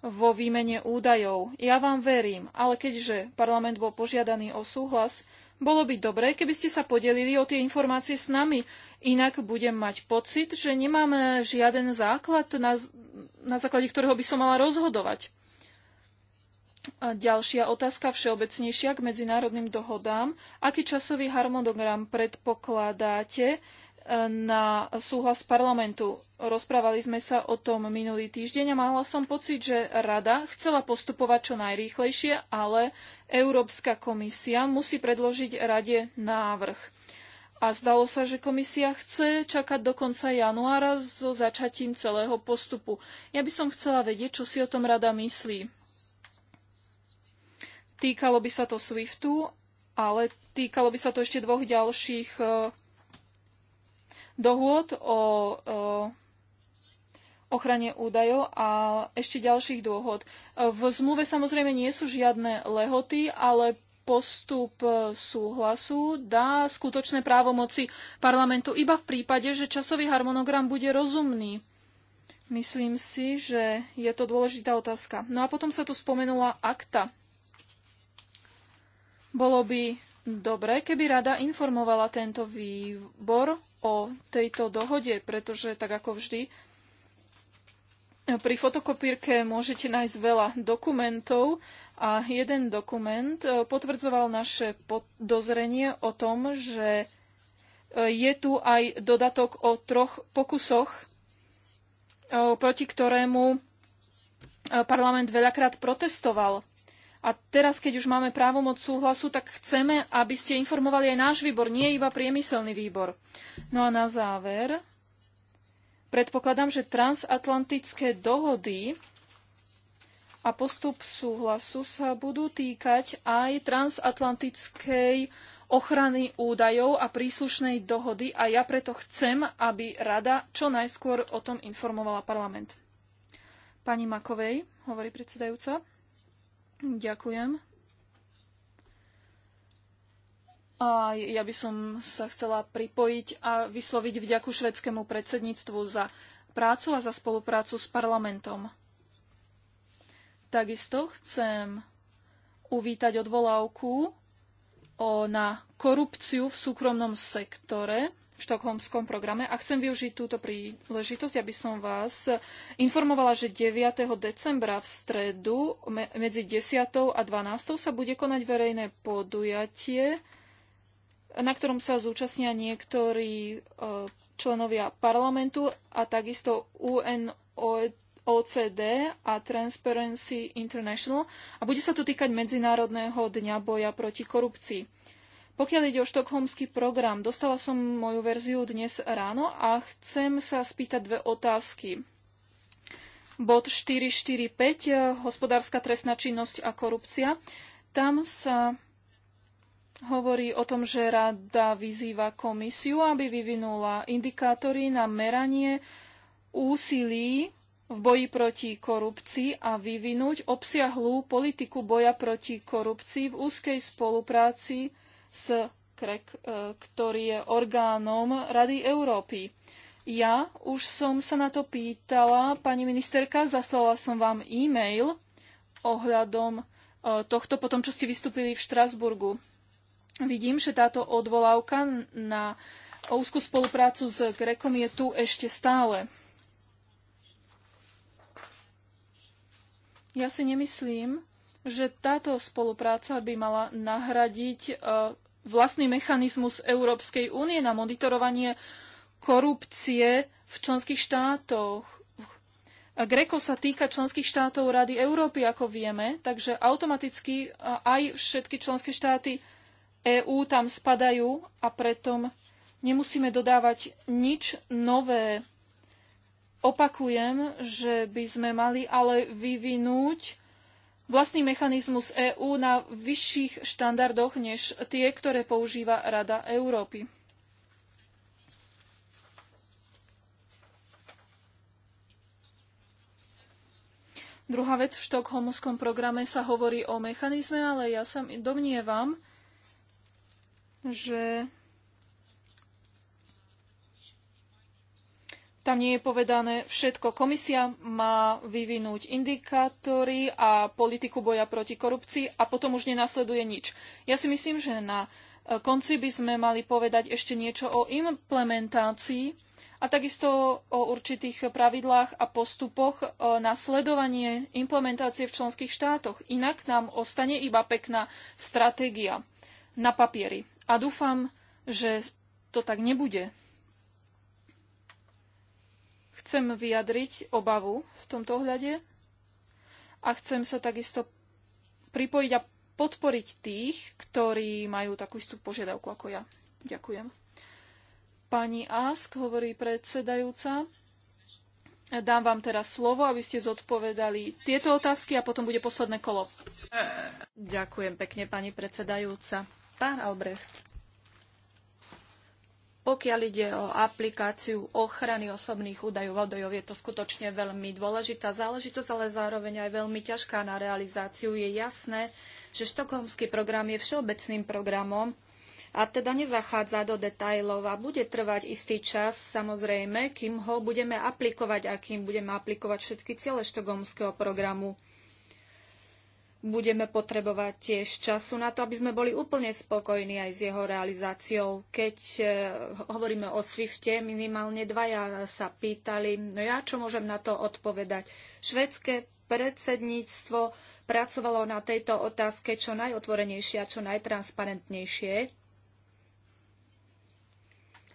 Speaker 3: vo výmene údajov. Ja vám verím, ale keďže parlament bol požiadaný o súhlas, bolo by dobré, keby ste sa podelili o tie informácie s nami. Inak budem mať pocit, že nemám žiaden základ, na, na základe ktorého by som mala rozhodovať. A ďalšia otázka všeobecnejšia k medzinárodným dohodám. Aký časový harmonogram predpokladáte e, na súhlas parlamentu? Rozprávali sme sa o tom minulý týždeň a mala som pocit, že rada chcela postupovať čo najrýchlejšie, ale Európska komisia musí predložiť rade návrh. A zdalo sa, že komisia chce čakať do konca januára so začatím celého postupu. Ja by som chcela vedieť, čo si o tom rada myslí. Týkalo by sa to SWIFTu, ale týkalo by sa to ešte dvoch ďalších eh, dohôd o, o eh, ochrane údajov a ešte ďalších dôhod. V zmluve samozrejme nie sú žiadne lehoty, ale postup súhlasu dá skutočné právomoci parlamentu iba v prípade, že časový harmonogram bude rozumný. Myslím si, že je to dôležitá otázka. No a potom sa tu spomenula akta. Bolo by dobre, keby rada informovala tento výbor o tejto dohode, pretože tak ako vždy pri fotokopírke môžete nájsť veľa dokumentov a jeden dokument e, potvrdzoval naše podozrenie o tom, že e, je tu aj dodatok o troch pokusoch, e, proti ktorému parlament veľakrát protestoval. A teraz, keď už máme právomoc súhlasu, tak chceme, aby ste informovali aj náš výbor, nie iba priemyselný výbor. No a na záver Predpokladám, že transatlantické dohody a postup súhlasu sa budú týkať aj transatlantickej ochrany údajov a príslušnej dohody a ja preto chcem, aby Rada čo najskôr o tom informovala parlament. Pani Makovej, hovorí predsedajúca. Ďakujem. A ja by som sa chcela pripojiť a vysloviť vďaku švedskému predsedníctvu za prácu a za spoluprácu s parlamentom. Takisto chcem uvítať odvolávku o, na korupciu v súkromnom sektore v štokholmskom programe a chcem využiť túto príležitosť, aby som vás informovala, že 9. decembra v stredu medzi 10. a 12. sa bude konať verejné podujatie na ktorom sa zúčastnia niektorí e, členovia parlamentu a takisto UNOCD a Transparency International a bude sa to týkať Medzinárodného dňa boja proti korupcii. Pokiaľ ide o štokholmský program, dostala som moju verziu dnes ráno a chcem sa spýtať dve otázky. Bod 445, hospodárska trestná činnosť a korupcia. Tam sa hovorí o tom, že rada vyzýva komisiu, aby vyvinula indikátory na meranie úsilí v boji proti korupcii a vyvinúť obsiahlú politiku boja proti korupcii v úzkej spolupráci s KREK, e, ktorý je orgánom Rady Európy. Ja už som sa na to pýtala, pani ministerka, zaslala som vám e-mail ohľadom e, tohto potom, čo ste vystúpili v Štrasburgu vidím, že táto odvolávka na úzkú spoluprácu s Grekom je tu ešte stále. Ja si nemyslím, že táto spolupráca by mala nahradiť e, vlastný mechanizmus Európskej únie na monitorovanie korupcie v členských štátoch. Greko sa týka členských štátov Rady Európy, ako vieme, takže automaticky aj všetky členské štáty EÚ tam spadajú a preto nemusíme dodávať nič nové. Opakujem, že by sme mali ale vyvinúť vlastný mechanizmus EÚ na vyšších štandardoch než tie, ktoré používa Rada Európy. Druhá vec, v štokholmskom programe sa hovorí o mechanizme, ale ja sa domnievam, že Tam nie je povedané všetko. Komisia má vyvinúť indikátory a politiku boja proti korupcii a potom už nenasleduje nič. Ja si myslím, že na konci by sme mali povedať ešte niečo o implementácii a takisto o určitých pravidlách a postupoch e, na sledovanie implementácie v členských štátoch. Inak nám ostane iba pekná stratégia na papieri. A dúfam, že to tak nebude. Chcem vyjadriť obavu v tomto ohľade a chcem sa takisto pripojiť a podporiť tých, ktorí majú takú istú požiadavku ako ja. Ďakujem. Pani Ask, hovorí predsedajúca, dám vám teraz slovo, aby ste zodpovedali tieto otázky a potom bude posledné kolo. Ďakujem pekne, pani
Speaker 2: predsedajúca. Pán Albrecht, pokiaľ ide o aplikáciu ochrany osobných údajov vodojov, je to skutočne veľmi dôležitá záležitosť, ale zároveň aj veľmi ťažká na realizáciu. Je jasné, že štokholmský program je všeobecným programom a teda nezachádza do detajlov a bude trvať istý čas, samozrejme, kým ho budeme aplikovať a kým budeme aplikovať všetky ciele štokholmského programu budeme potrebovať tiež času na to, aby sme boli úplne spokojní aj s jeho realizáciou. Keď e, hovoríme o Swifte, minimálne dvaja sa pýtali, no ja čo môžem na to odpovedať. Švedské predsedníctvo pracovalo na tejto otázke čo najotvorenejšie a čo najtransparentnejšie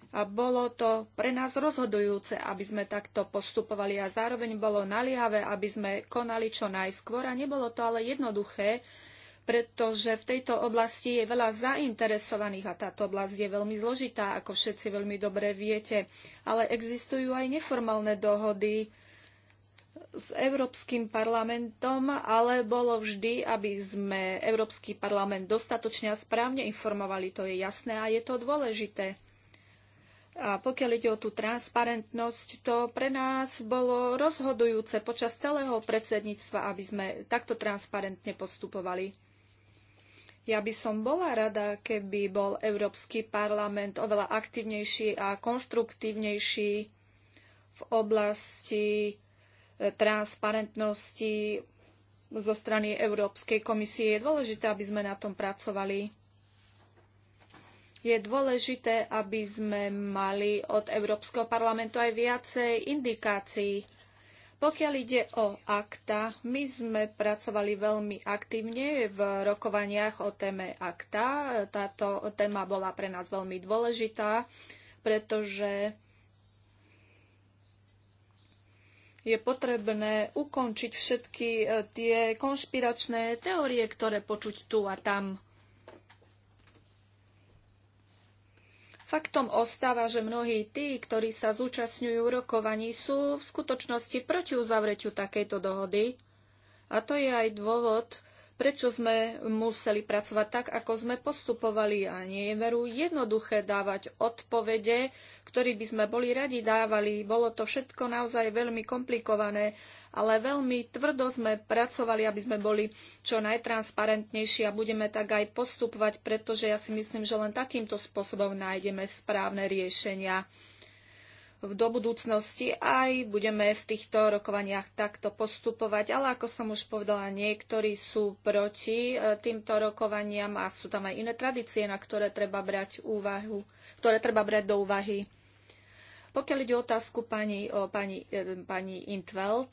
Speaker 2: a bolo to pre nás rozhodujúce, aby sme takto postupovali a zároveň bolo naliehavé, aby sme konali čo najskôr a nebolo to ale jednoduché, pretože v tejto oblasti je veľa zainteresovaných a táto oblasť je veľmi zložitá, ako všetci veľmi dobre viete. Ale existujú aj neformálne dohody s Európskym parlamentom, ale bolo vždy, aby sme Európsky parlament dostatočne a správne informovali. To je jasné a je to dôležité a pokiaľ ide o tú transparentnosť, to pre nás bolo rozhodujúce počas celého predsedníctva, aby sme takto transparentne postupovali. Ja by som bola rada, keby bol Európsky parlament oveľa aktívnejší a konštruktívnejší v oblasti e, transparentnosti zo strany Európskej komisie. Je dôležité, aby sme na tom pracovali je dôležité, aby sme mali od Európskeho parlamentu aj viacej indikácií. Pokiaľ ide o akta, my sme pracovali veľmi aktívne v rokovaniach o téme akta. Táto téma bola pre nás veľmi dôležitá, pretože je potrebné ukončiť všetky eh, tie konšpiračné teórie, ktoré počuť tu a tam Faktom ostáva, že mnohí tí, ktorí sa zúčastňujú rokovaní, sú v skutočnosti proti uzavretiu takejto dohody. A to je aj dôvod, prečo sme museli pracovať tak, ako sme postupovali. A nie je veru jednoduché dávať odpovede, ktorý by sme boli radi dávali. Bolo to všetko naozaj veľmi komplikované, ale veľmi tvrdo sme pracovali, aby sme boli čo najtransparentnejší a budeme tak aj postupovať, pretože ja si myslím, že len takýmto spôsobom nájdeme správne riešenia do budúcnosti aj budeme v týchto rokovaniach takto postupovať, ale ako som už povedala, niektorí sú proti e, týmto rokovaniam a sú tam aj iné tradície, na ktoré treba brať, úvahu, ktoré treba brať do úvahy. Pokiaľ ide o otázku pani, o pani, e, pani Intveld,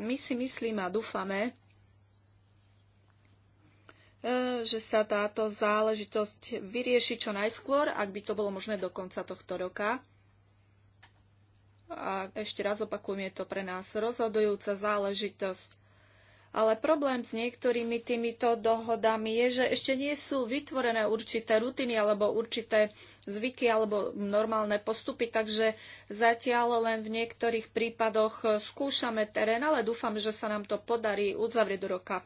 Speaker 2: my si myslíme a dúfame, e, že sa táto záležitosť vyrieši čo najskôr, ak by to bolo možné do konca tohto roka. A ešte raz opakujem, je to pre nás rozhodujúca záležitosť. Ale problém s niektorými týmito dohodami je, že ešte nie sú vytvorené určité rutiny alebo určité zvyky alebo normálne postupy, takže zatiaľ len v niektorých prípadoch skúšame terén, ale dúfam, že sa nám to podarí uzavrieť do roka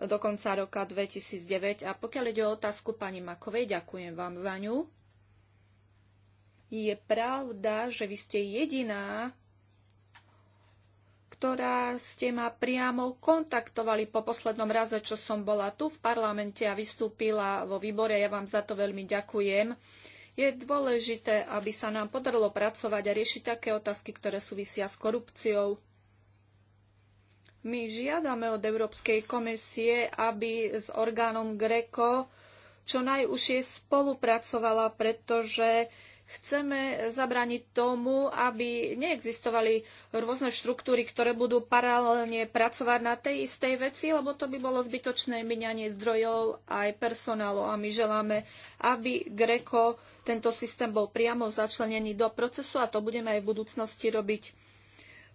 Speaker 2: do konca roka 2009. A pokiaľ ide o otázku pani Makovej, ďakujem vám za ňu. Je pravda, že vy ste jediná, ktorá ste ma priamo kontaktovali po poslednom raze, čo som bola tu v parlamente a vystúpila vo výbore. Ja vám za to veľmi ďakujem. Je dôležité, aby sa nám podarilo pracovať a riešiť také otázky, ktoré súvisia s korupciou. My žiadame od Európskej komisie, aby s orgánom GRECO čo najúžšie spolupracovala, pretože Chceme zabrániť tomu, aby neexistovali rôzne štruktúry, ktoré budú paralelne pracovať na tej istej veci, lebo to by bolo zbytočné minanie zdrojov aj personálu. A my želáme, aby Greko tento systém bol priamo začlenený do procesu a to budeme aj v budúcnosti robiť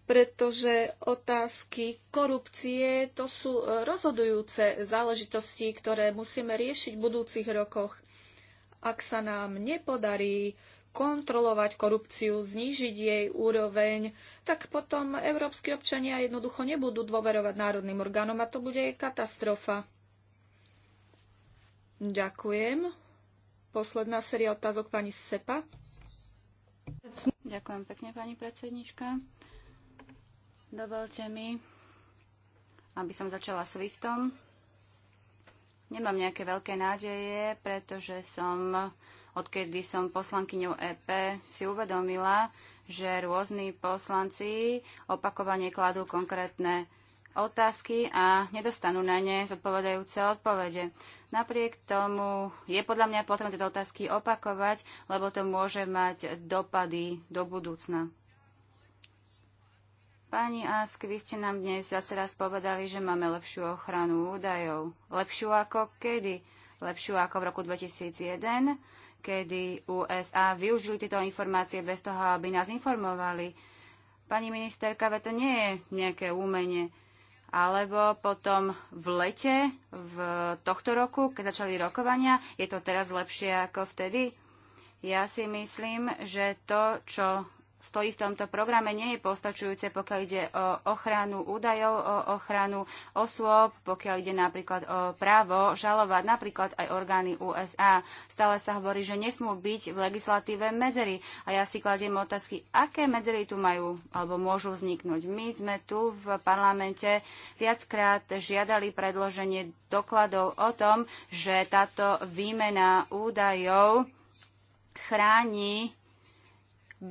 Speaker 2: pretože otázky korupcie to sú rozhodujúce záležitosti, ktoré musíme riešiť v budúcich rokoch. Ak sa nám nepodarí kontrolovať korupciu, znížiť jej úroveň, tak potom európsky občania jednoducho nebudú dôverovať národným orgánom a to bude katastrofa. Ďakujem. Posledná séria otázok pani Sepa.
Speaker 1: Ďakujem pekne, pani predsednička. Dovolte mi, aby som začala Swiftom. Nemám nejaké veľké nádeje, pretože som odkedy som poslankyňou EP, si uvedomila, že rôzni poslanci opakovane kladú konkrétne otázky a nedostanú na ne zodpovedajúce odpovede. Napriek tomu je podľa mňa potrebné tieto otázky opakovať, lebo to môže mať dopady do budúcna. Pani Ask, vy ste nám dnes zase raz povedali, že máme lepšiu ochranu údajov. Lepšiu ako kedy? Lepšiu ako v roku 2001, kedy USA využili tieto informácie bez toho, aby nás informovali. Pani ministerka, to nie je nejaké umenie. Alebo potom v lete v tohto roku, keď začali rokovania, je to teraz lepšie ako vtedy? Ja si myslím, že to, čo stojí v tomto programe, nie je postačujúce, pokiaľ ide o ochranu údajov, o ochranu osôb, pokiaľ ide napríklad o právo žalovať napríklad aj orgány USA. Stále sa hovorí, že nesmú byť v legislatíve medzery. A ja si kladiem otázky, aké medzery tu majú alebo môžu vzniknúť. My sme tu v parlamente viackrát žiadali predloženie dokladov o tom, že táto výmena údajov chráni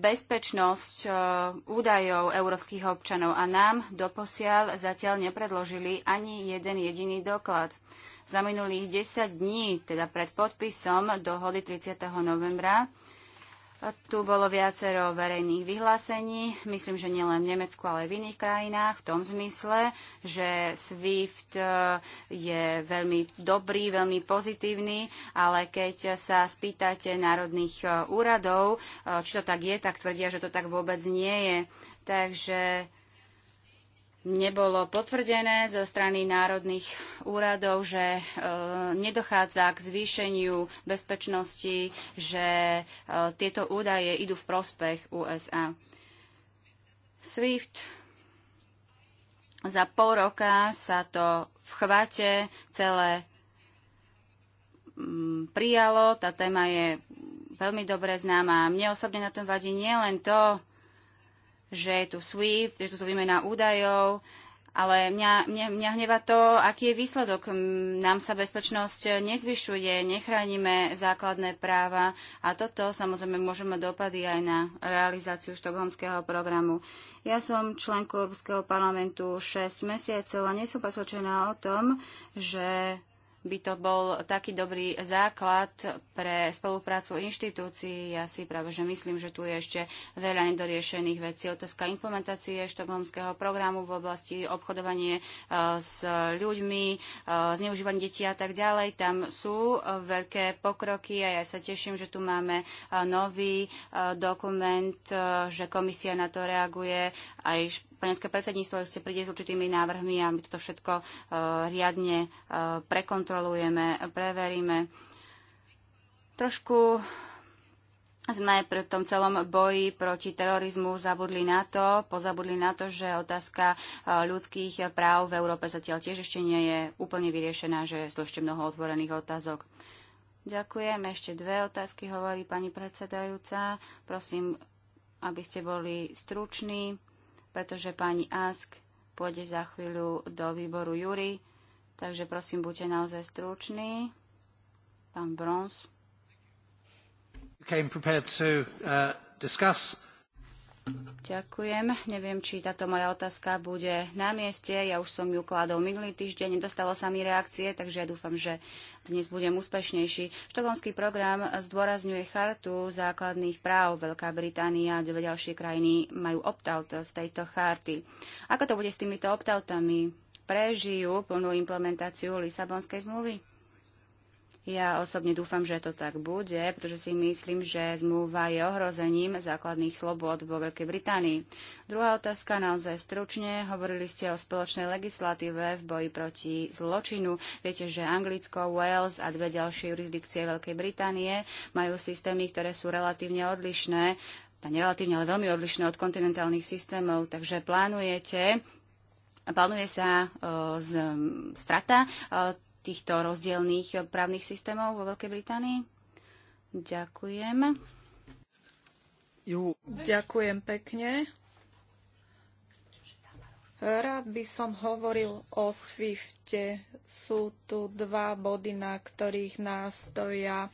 Speaker 1: bezpečnosť e, údajov európskych občanov a nám doposiaľ zatiaľ nepredložili ani jeden jediný doklad. Za minulých 10 dní, teda pred podpisom dohody 30. novembra, tu bolo viacero verejných vyhlásení, myslím, že nielen v Nemecku, ale aj v iných krajinách, v tom zmysle, že SWIFT e, je veľmi dobrý, veľmi pozitívny, ale keď sa spýtate národných e, úradov, e, či to tak je, tak tvrdia, že to tak vôbec nie je. Takže nebolo potvrdené zo strany národných úradov, že e, nedochádza k zvýšeniu bezpečnosti, že e, tieto údaje idú v prospech USA. SWIFT za pol roka sa to v chvate celé mm, prijalo. Tá téma je veľmi dobre známa. Mne osobne na tom vadí nielen to, že je tu SWIFT, že je tu výmena údajov, ale mňa, mňa, mňa hneva to, aký je výsledok. Nám sa bezpečnosť nezvyšuje, nechránime základné práva a toto samozrejme môžeme dopady aj na realizáciu štokholmského programu. Ja som členkou Európskeho parlamentu 6 mesiacov a nie som presvedčená o tom, že by to bol taký dobrý základ pre spoluprácu inštitúcií. Ja si práve, že myslím, že tu je ešte veľa nedoriešených vecí. Otázka implementácie štokholmského programu v oblasti obchodovanie e, s ľuďmi, e, zneužívanie detí a tak ďalej. Tam sú e, veľké pokroky a ja sa teším, že tu máme nový dokument, že komisia na to reaguje aj talianské predsedníctvo, ste príde s určitými návrhmi a my toto všetko e, riadne e, prekontrolujeme, preveríme. Trošku sme pri tom celom boji proti terorizmu zabudli na to, pozabudli na to, že otázka e, ľudských práv v Európe zatiaľ tiež ešte nie je úplne vyriešená, že je ešte mnoho otvorených otázok. Ďakujem. Ešte dve otázky hovorí pani predsedajúca. Prosím, aby ste boli struční pretože pani Ask pôjde za chvíľu do výboru Jury, takže prosím, buďte naozaj stručný, Pán Brons.
Speaker 2: You came prepared to uh,
Speaker 3: discuss
Speaker 1: Ďakujem. Neviem, či táto moja otázka bude na mieste. Ja už som ju kladol minulý týždeň, nedostalo sa mi reakcie, takže ja dúfam, že dnes budem úspešnejší. Štokholmský program zdôrazňuje chartu základných práv. Veľká Británia a dve ďalšie krajiny majú opt-out z tejto charty. Ako to bude s týmito opt-outami? Prežijú plnú implementáciu Lisabonskej zmluvy? Ja osobne dúfam, že to tak bude, pretože si myslím, že zmluva je ohrozením základných slobod vo Veľkej Británii. Druhá otázka naozaj stručne. Hovorili ste o spoločnej legislatíve v boji proti zločinu. Viete, že Anglicko, Wales a dve ďalšie jurisdikcie Veľkej Británie majú systémy, ktoré sú relatívne odlišné relatívne, ale veľmi odlišné od kontinentálnych systémov. Takže plánujete plánuje sa e, z, strata e, týchto rozdielných právnych systémov vo Veľkej Británii? Ďakujem. Ďakujem pekne. Rád
Speaker 2: by som hovoril o Swifte. Sú tu dva body, na ktorých nástoja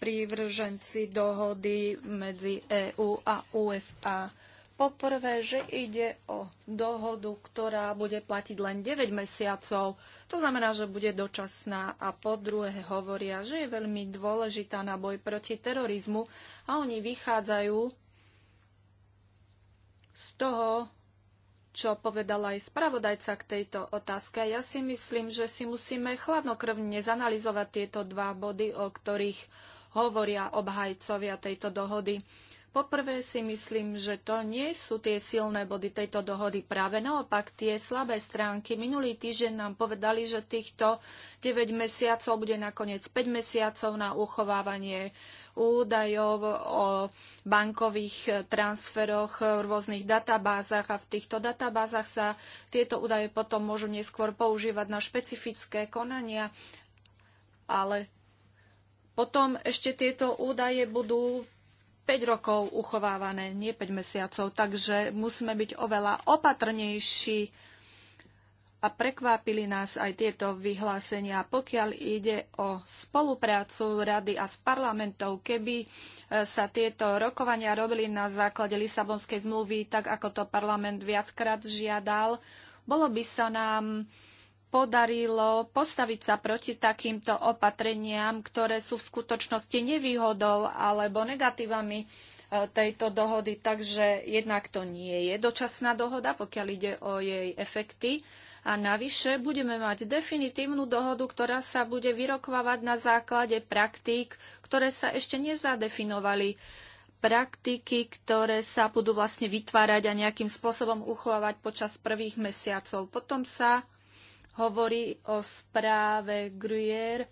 Speaker 2: prívrženci dohody medzi EÚ a USA. Poprvé, že ide o dohodu, ktorá bude platiť len 9 mesiacov, to znamená, že bude dočasná a po druhé hovoria, že je veľmi dôležitá na boj proti terorizmu a oni vychádzajú z toho, čo povedal aj spravodajca k tejto otázke. Ja si myslím, že si musíme chladnokrvne zanalizovať tieto dva body, o ktorých hovoria obhajcovia tejto dohody. Poprvé si myslím, že to nie sú tie silné body tejto dohody. Práve naopak tie slabé stránky. Minulý týždeň nám povedali, že týchto 9 mesiacov bude nakoniec 5 mesiacov na uchovávanie údajov o bankových transferoch v rôznych databázach a v týchto databázach sa tieto údaje potom môžu neskôr používať na špecifické konania, ale potom ešte tieto údaje budú 5 rokov uchovávané, nie 5 mesiacov, takže musíme byť oveľa opatrnejší a prekvápili nás aj tieto vyhlásenia. Pokiaľ ide o spoluprácu rady a s parlamentov, keby e, sa tieto rokovania robili na základe Lisabonskej zmluvy, tak ako to parlament viackrát žiadal, bolo by sa nám podarilo postaviť sa proti takýmto opatreniam, ktoré sú v skutočnosti nevýhodou alebo negatívami e, tejto dohody. Takže jednak to nie je dočasná dohoda, pokiaľ ide o jej efekty. A navyše budeme mať definitívnu dohodu, ktorá sa bude vyrokovávať na základe praktík, ktoré sa ešte nezadefinovali praktiky, ktoré sa budú vlastne vytvárať a nejakým spôsobom uchovávať počas prvých mesiacov. Potom sa hovorí o správe Gruyère,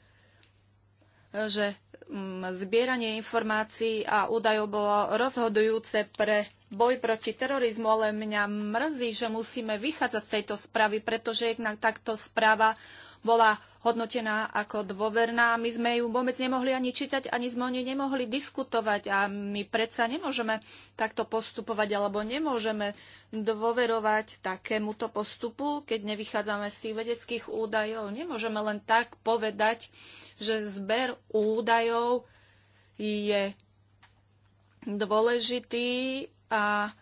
Speaker 2: že mm, zbieranie informácií a údajov bolo rozhodujúce pre boj proti terorizmu, ale mňa mrzí, že musíme vychádzať z tejto správy, pretože jednak takto správa bola hodnotená ako dôverná. My sme ju vôbec nemohli ani čítať, ani sme o nej nemohli diskutovať a my predsa nemôžeme takto postupovať alebo nemôžeme dôverovať takémuto postupu, keď nevychádzame z tých vedeckých údajov. Nemôžeme len tak povedať, že zber údajov je dôležitý a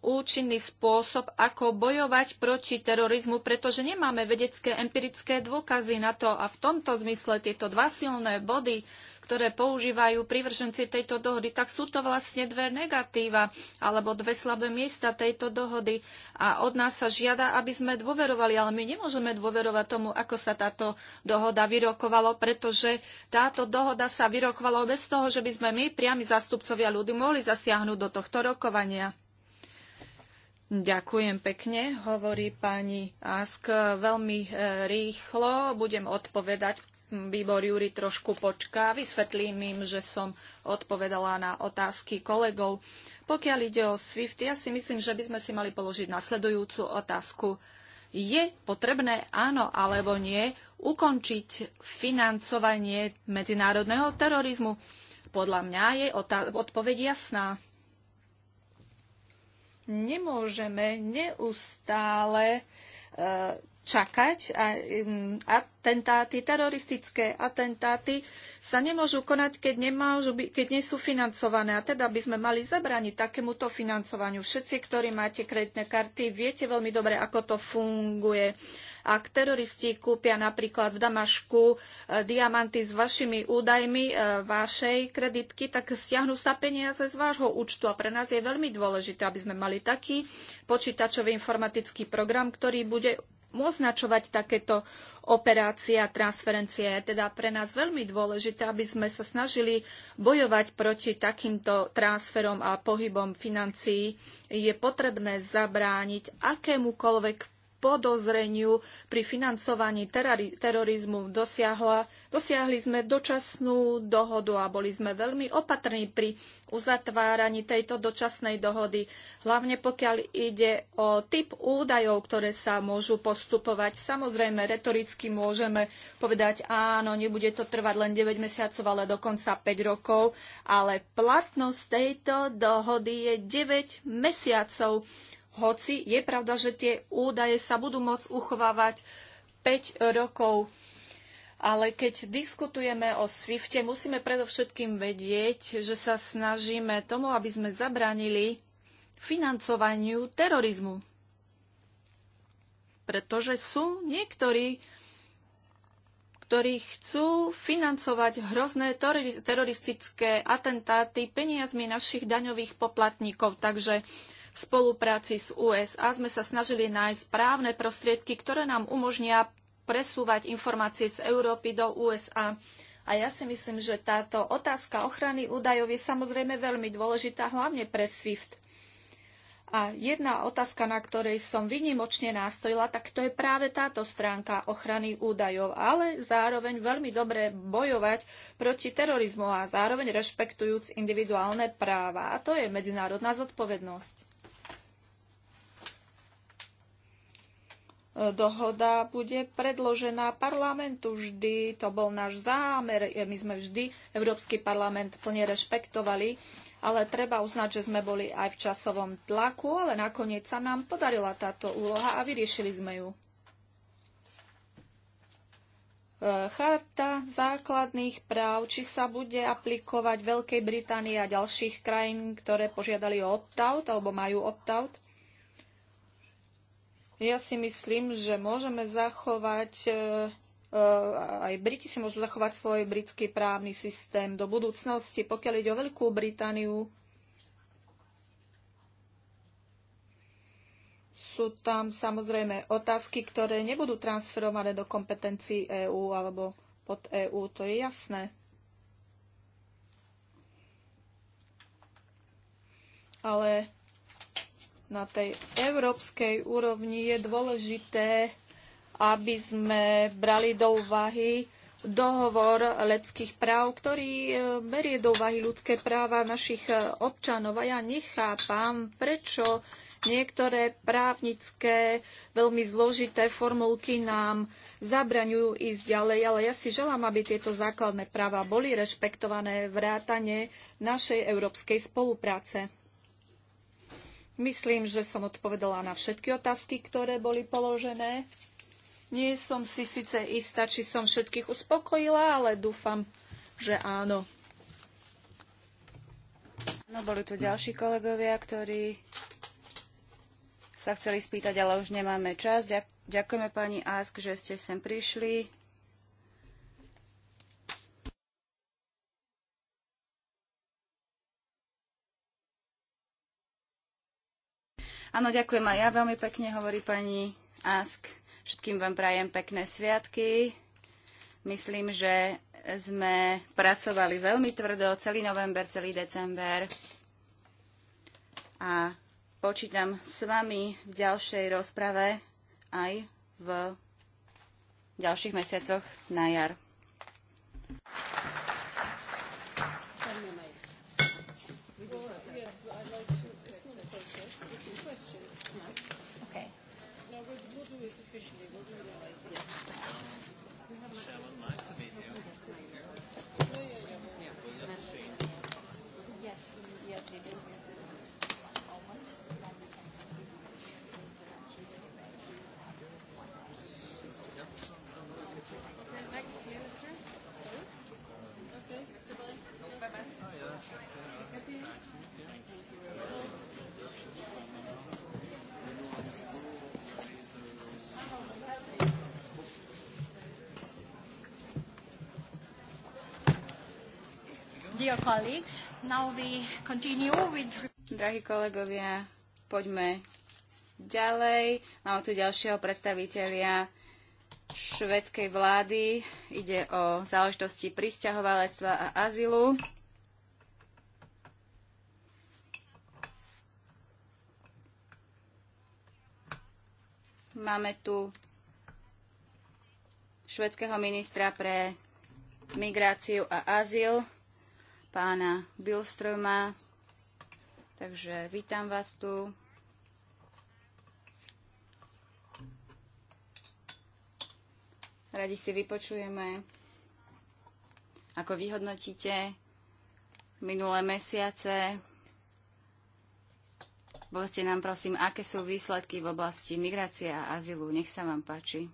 Speaker 2: účinný spôsob, ako bojovať proti terorizmu, pretože nemáme vedecké empirické dôkazy na to. A v tomto zmysle tieto dva silné body, ktoré používajú privrženci tejto dohody, tak sú to vlastne dve negatíva alebo dve slabé miesta tejto dohody. A od nás sa žiada, aby sme dôverovali, ale my nemôžeme dôverovať tomu, ako sa táto dohoda vyrokovalo, pretože táto dohoda sa vyrokovala bez toho, že by sme my, priami zástupcovia ľudí, mohli zasiahnuť do tohto rokovania. Ďakujem pekne, hovorí pani Ask. Veľmi e, rýchlo budem odpovedať. Výbor Júri trošku počká. Vysvetlím im, že som odpovedala na otázky kolegov. Pokiaľ ide o SWIFT, ja si myslím, že by sme si mali položiť nasledujúcu otázku. Je potrebné, áno alebo nie, ukončiť financovanie medzinárodného terorizmu? Podľa mňa je odpoveď jasná nemôžeme neustále e, čakať a atentáty, teroristické atentáty sa nemôžu konať, keď, nemôžu by, keď nie sú financované. A teda by sme mali zabraniť takémuto financovaniu. Všetci, ktorí máte kreditné karty, viete veľmi dobre, ako to funguje. Ak teroristi kúpia napríklad v Damašku e, diamanty s vašimi údajmi e, vašej kreditky, tak stiahnu sa peniaze z vášho účtu. A pre nás je veľmi dôležité, aby sme mali taký počítačový informatický program, ktorý bude označovať takéto operácie a transferencie. Je teda pre nás veľmi dôležité, aby sme sa snažili bojovať proti takýmto transferom a pohybom financií. Je potrebné zabrániť akémukoľvek podozreniu pri financovaní terorizmu dosiahla, dosiahli sme dočasnú dohodu a boli sme veľmi opatrní pri uzatváraní tejto dočasnej dohody, hlavne pokiaľ ide o typ údajov, ktoré sa môžu postupovať. Samozrejme, retoricky môžeme povedať, áno, nebude to trvať len 9 mesiacov, ale dokonca 5 rokov, ale platnosť tejto dohody je 9 mesiacov. Hoci je pravda, že tie údaje sa budú môcť uchovávať 5 rokov. Ale keď diskutujeme o Swifte, musíme predovšetkým vedieť, že sa snažíme tomu, aby sme zabránili financovaniu terorizmu. Pretože sú niektorí, ktorí chcú financovať hrozné teroristické atentáty peniazmi našich daňových poplatníkov. Takže v spolupráci s USA sme sa snažili nájsť právne prostriedky, ktoré nám umožnia presúvať informácie z Európy do USA. A ja si myslím, že táto otázka ochrany údajov je samozrejme veľmi dôležitá, hlavne pre SWIFT. A jedna otázka, na ktorej som vynimočne nástojila, tak to je práve táto stránka ochrany údajov, ale zároveň veľmi dobre bojovať proti terorizmu a zároveň rešpektujúc individuálne práva. A to je medzinárodná zodpovednosť. E, dohoda bude predložená parlamentu. Vždy to bol náš zámer. E, my sme vždy Európsky parlament plne rešpektovali, ale treba uznať, že sme boli aj v časovom tlaku, ale nakoniec sa nám podarila táto úloha a vyriešili sme ju. E, Charta základných práv, či sa bude aplikovať Veľkej Británii a ďalších krajín, ktoré požiadali o opt-out alebo majú opt-out ja si myslím, že môžeme zachovať e, e, aj Briti si môžu zachovať svoj britský právny systém do budúcnosti. Pokiaľ ide o Veľkú Britániu, sú tam samozrejme otázky, ktoré nebudú transferované do kompetencií EÚ alebo pod EÚ, to je jasné. Ale na tej európskej úrovni je dôležité, aby sme brali do úvahy dohovor ľudských práv, ktorý e, berie do úvahy ľudské práva našich e, občanov. A ja nechápam, prečo niektoré právnické, veľmi zložité formulky nám zabraňujú ísť ďalej, ale ja si želám, aby tieto základné práva boli rešpektované vrátane našej európskej spolupráce. Myslím, že som odpovedala na všetky otázky, ktoré boli položené. Nie som si síce istá, či som všetkých uspokojila, ale dúfam,
Speaker 1: že áno. No, boli tu ďalší kolegovia, ktorí sa chceli spýtať, ale už nemáme čas. Ďakujeme pani Ask, že ste sem prišli. Áno, ďakujem aj ja veľmi pekne, hovorí pani Ask. Všetkým vám prajem pekné sviatky. Myslím, že sme pracovali veľmi tvrdo celý november, celý december. A počítam s vami v ďalšej rozprave aj v ďalších mesiacoch na jar.
Speaker 3: Yes, yes, they
Speaker 2: Dear
Speaker 1: colleagues, now we continue with... Drahí kolegovia, poďme ďalej. Máme tu ďalšieho predstaviteľia švedskej vlády. Ide o záležitosti pristahovalectva a azylu. Máme tu švedského ministra pre migráciu a azyl pána Bilstroma. Takže vítam vás tu. Radi si vypočujeme, ako vyhodnotíte minulé mesiace. Povedzte nám prosím, aké sú výsledky v oblasti migrácie a azylu. Nech sa vám páči.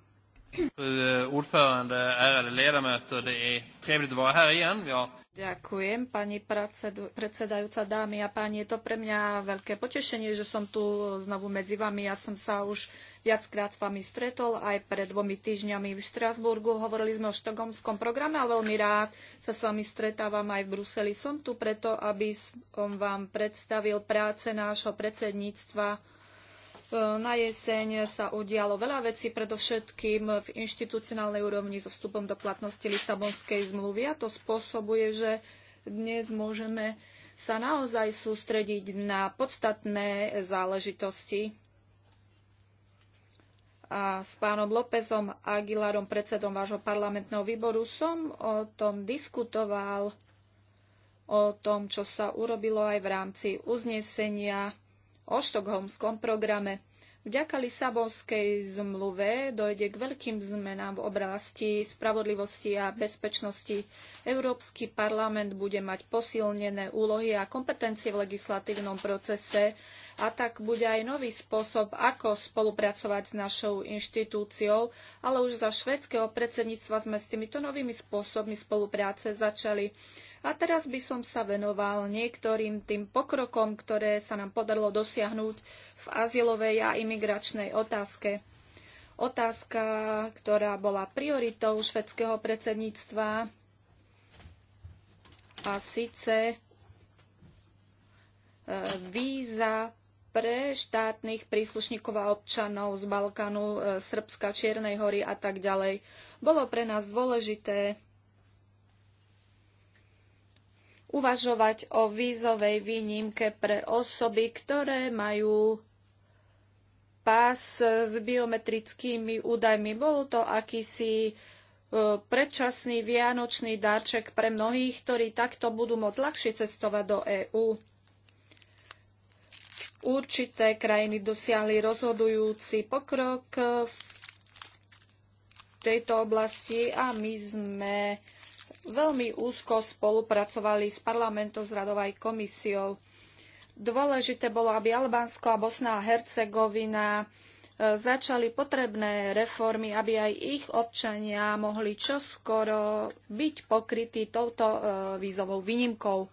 Speaker 2: Ďakujem, pani predsedajúca, dámy a páni. Je to pre mňa veľké potešenie, že som tu znovu medzi vami. Ja som sa už viackrát s vami stretol, aj pred dvomi týždňami v Štrasburgu. Hovorili sme o štogomskom programe a veľmi rád sa s vami stretávam aj v Bruseli. Som tu preto, aby som vám predstavil práce nášho predsedníctva E, na jeseň sa udialo veľa vecí, predovšetkým v inštitucionálnej úrovni so vstupom do platnosti Lisabonskej zmluvy a to spôsobuje, že dnes môžeme sa naozaj sústrediť na podstatné záležitosti. A s pánom Lópezom Aguilarom, predsedom vášho parlamentného výboru, som o tom diskutoval, o tom, čo sa urobilo aj v rámci uznesenia o štokholmskom programe. Vďaka Lisabonskej zmluve dojde k veľkým zmenám v oblasti spravodlivosti a bezpečnosti. Európsky parlament bude mať posilnené úlohy a kompetencie v legislatívnom procese a tak bude aj nový spôsob, ako spolupracovať s našou inštitúciou, ale už za švedského predsedníctva sme s týmito novými spôsobmi spolupráce začali. A teraz by som sa venoval niektorým tým pokrokom, ktoré sa nám podarilo dosiahnuť v azylovej a imigračnej otázke. Otázka, ktorá bola prioritou švedského predsedníctva a síce e, víza pre štátnych príslušníkov a občanov z Balkánu, e, Srbska, Čiernej hory a tak ďalej. Bolo pre nás dôležité uvažovať o vízovej výnimke pre osoby, ktoré majú pás s biometrickými údajmi. Bol to akýsi e, predčasný vianočný dáček pre mnohých, ktorí takto budú môcť ľahšie cestovať do EÚ. Určité krajiny dosiahli rozhodujúci pokrok v tejto oblasti a my sme veľmi úzko spolupracovali s parlamentom, s radou aj komisiou. Dôležité bolo, aby Albánsko a Bosná a Hercegovina e, začali potrebné reformy, aby aj ich občania mohli čoskoro byť pokrytí touto e, vízovou výnimkou.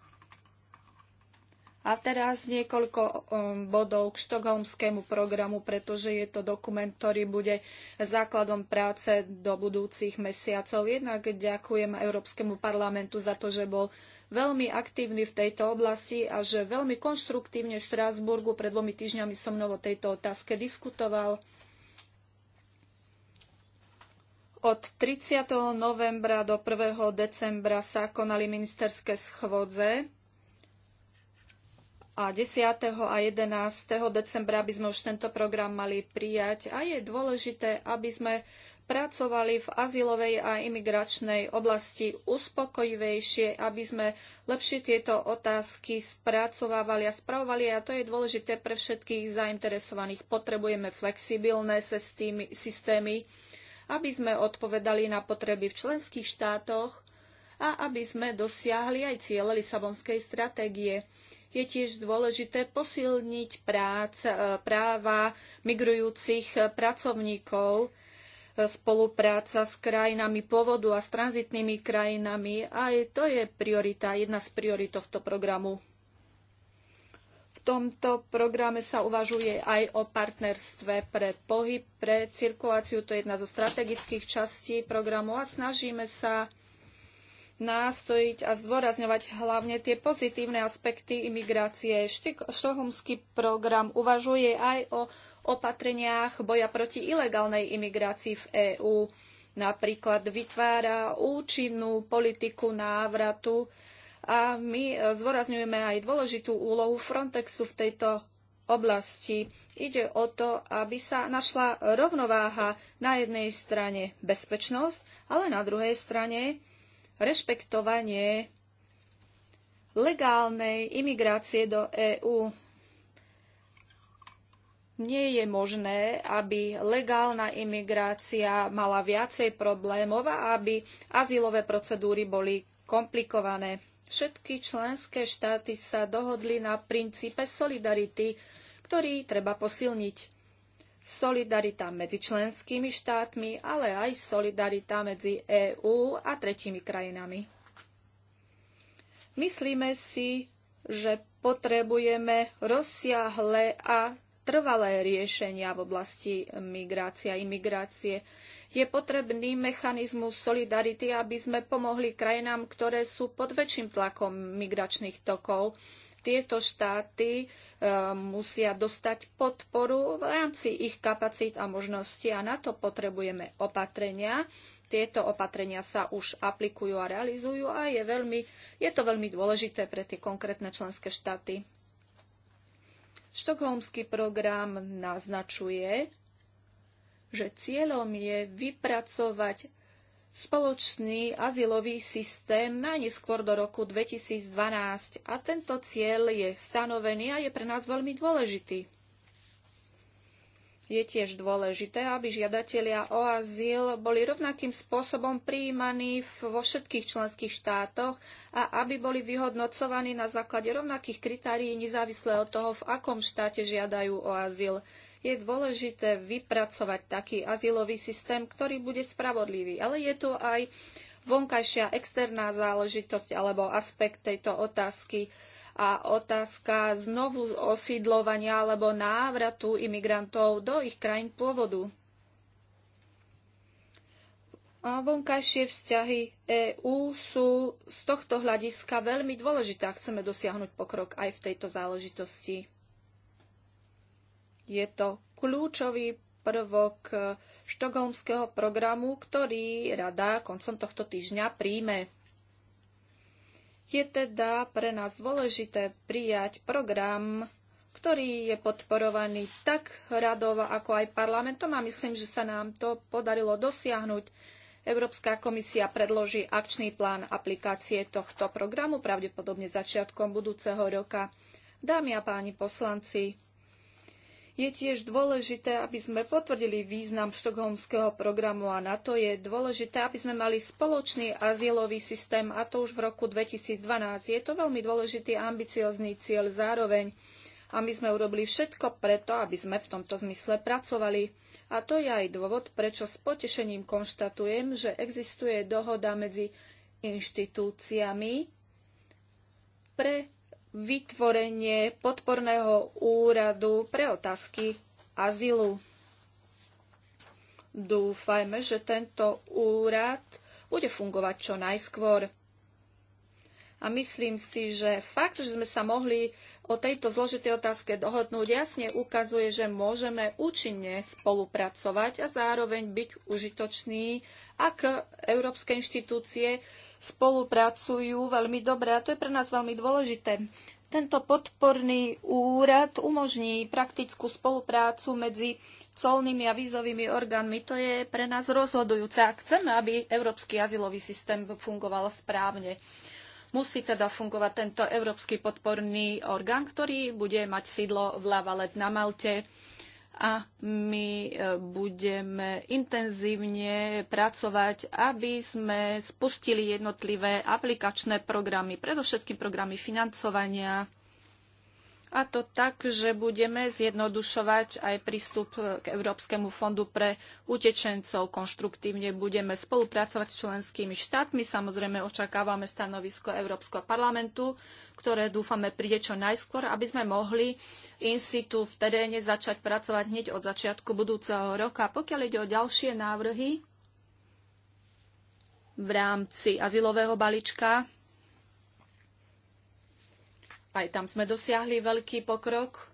Speaker 2: A teraz niekoľko um, bodov k štokholmskému programu, pretože je to dokument, ktorý bude základom práce do budúcich mesiacov. Jednak ďakujem Európskemu parlamentu za to, že bol veľmi aktívny v tejto oblasti a že veľmi konštruktívne v Štrásburgu pred dvomi týždňami so mnou o tejto otázke diskutoval. Od 30. novembra do 1. decembra sa konali ministerské schôdze a 10. a 11. decembra by sme už tento program mali prijať a je dôležité, aby sme pracovali v azylovej a imigračnej oblasti uspokojivejšie, aby sme lepšie tieto otázky spracovávali a spravovali a to je dôležité pre všetkých zainteresovaných. Potrebujeme flexibilné systémy, aby sme odpovedali na potreby v členských štátoch a aby sme dosiahli aj ciele Lisabonskej stratégie. Je tiež dôležité posilniť prác, e, práva migrujúcich pracovníkov, e, spolupráca s krajinami pôvodu a s tranzitnými krajinami. Aj to je priorita, jedna z priorit tohto programu. V tomto programe sa uvažuje aj o partnerstve pre pohyb, pre cirkuláciu. To je jedna zo strategických častí programu a snažíme sa nástojiť a zdôrazňovať hlavne tie pozitívne aspekty imigrácie. Štokholmský program uvažuje aj o opatreniach boja proti ilegálnej imigrácii v EÚ. Napríklad vytvára účinnú politiku návratu a my e, zdôrazňujeme aj dôležitú úlohu Frontexu v tejto oblasti. Ide o to, aby sa našla rovnováha na jednej strane bezpečnosť, ale na druhej strane rešpektovanie legálnej imigrácie do EÚ. Nie je možné, aby legálna imigrácia mala viacej problémov a aby azylové procedúry boli komplikované. Všetky členské štáty sa dohodli na princípe solidarity, ktorý treba posilniť solidarita medzi členskými štátmi, ale aj solidarita medzi EÚ a tretími krajinami. Myslíme si, že potrebujeme rozsiahle a trvalé riešenia v oblasti migrácie a imigrácie. Je potrebný mechanizmus solidarity, aby sme pomohli krajinám, ktoré sú pod väčším tlakom migračných tokov tieto štáty e, musia dostať podporu v rámci ich kapacít a možností a na to potrebujeme opatrenia. Tieto opatrenia sa už aplikujú a realizujú a je, veľmi, je to veľmi dôležité pre tie konkrétne členské štáty. Štokholmský program naznačuje, že cieľom je vypracovať spoločný azylový systém najneskôr do roku 2012 a tento cieľ je stanovený a je pre nás veľmi dôležitý. Je tiež dôležité, aby žiadatelia o azyl boli rovnakým spôsobom prijímaní vo všetkých členských štátoch a aby boli vyhodnocovaní na základe rovnakých kritérií nezávisle od toho, v akom štáte žiadajú o azyl je dôležité vypracovať taký azylový systém, ktorý bude spravodlivý. Ale je tu aj vonkajšia externá záležitosť alebo aspekt tejto otázky a otázka znovu osídlovania alebo návratu imigrantov do ich krajín pôvodu. A vonkajšie vzťahy EÚ sú z tohto hľadiska veľmi dôležité, ak chceme dosiahnuť pokrok aj v tejto záležitosti. Je to kľúčový prvok eh, štokholmského programu, ktorý rada koncom tohto týždňa príjme. Je teda pre nás dôležité prijať program, ktorý je podporovaný tak radov, ako aj parlamentom a myslím, že sa nám to podarilo dosiahnuť. Európska komisia predloží akčný plán aplikácie tohto programu pravdepodobne začiatkom budúceho roka. Dámy a páni poslanci, je tiež dôležité, aby sme potvrdili význam štokholmského programu a na to je dôležité, aby sme mali spoločný azylový systém a to už v roku 2012. Je to veľmi dôležitý ambiciozný cieľ zároveň a my sme urobili všetko preto, aby sme v tomto zmysle pracovali. A to je aj dôvod, prečo s potešením konštatujem, že existuje dohoda medzi inštitúciami pre vytvorenie podporného úradu pre otázky azylu. Dúfajme, že tento úrad bude fungovať čo najskôr. A myslím si, že fakt, že sme sa mohli o tejto zložitej otázke dohodnúť, jasne ukazuje, že môžeme účinne spolupracovať a zároveň byť užitoční, ak európske inštitúcie spolupracujú veľmi dobre a to je pre nás veľmi dôležité. Tento podporný úrad umožní praktickú spoluprácu medzi colnými a vízovými orgánmi. To je pre nás rozhodujúce. Ak chceme, aby európsky azylový systém fungoval správne, musí teda fungovať tento európsky podporný orgán, ktorý bude mať sídlo v Lavalet na Malte a my e, budeme intenzívne pracovať, aby sme spustili jednotlivé aplikačné programy, predovšetkým programy financovania a to tak, že budeme zjednodušovať aj prístup k Európskemu fondu pre utečencov. Konštruktívne budeme spolupracovať s členskými štátmi. Samozrejme očakávame stanovisko Európskeho parlamentu, ktoré dúfame príde čo najskôr, aby sme mohli in situ v teréne začať pracovať hneď od začiatku budúceho roka. Pokiaľ ide o ďalšie návrhy v rámci azylového balíčka, aj tam sme dosiahli veľký pokrok.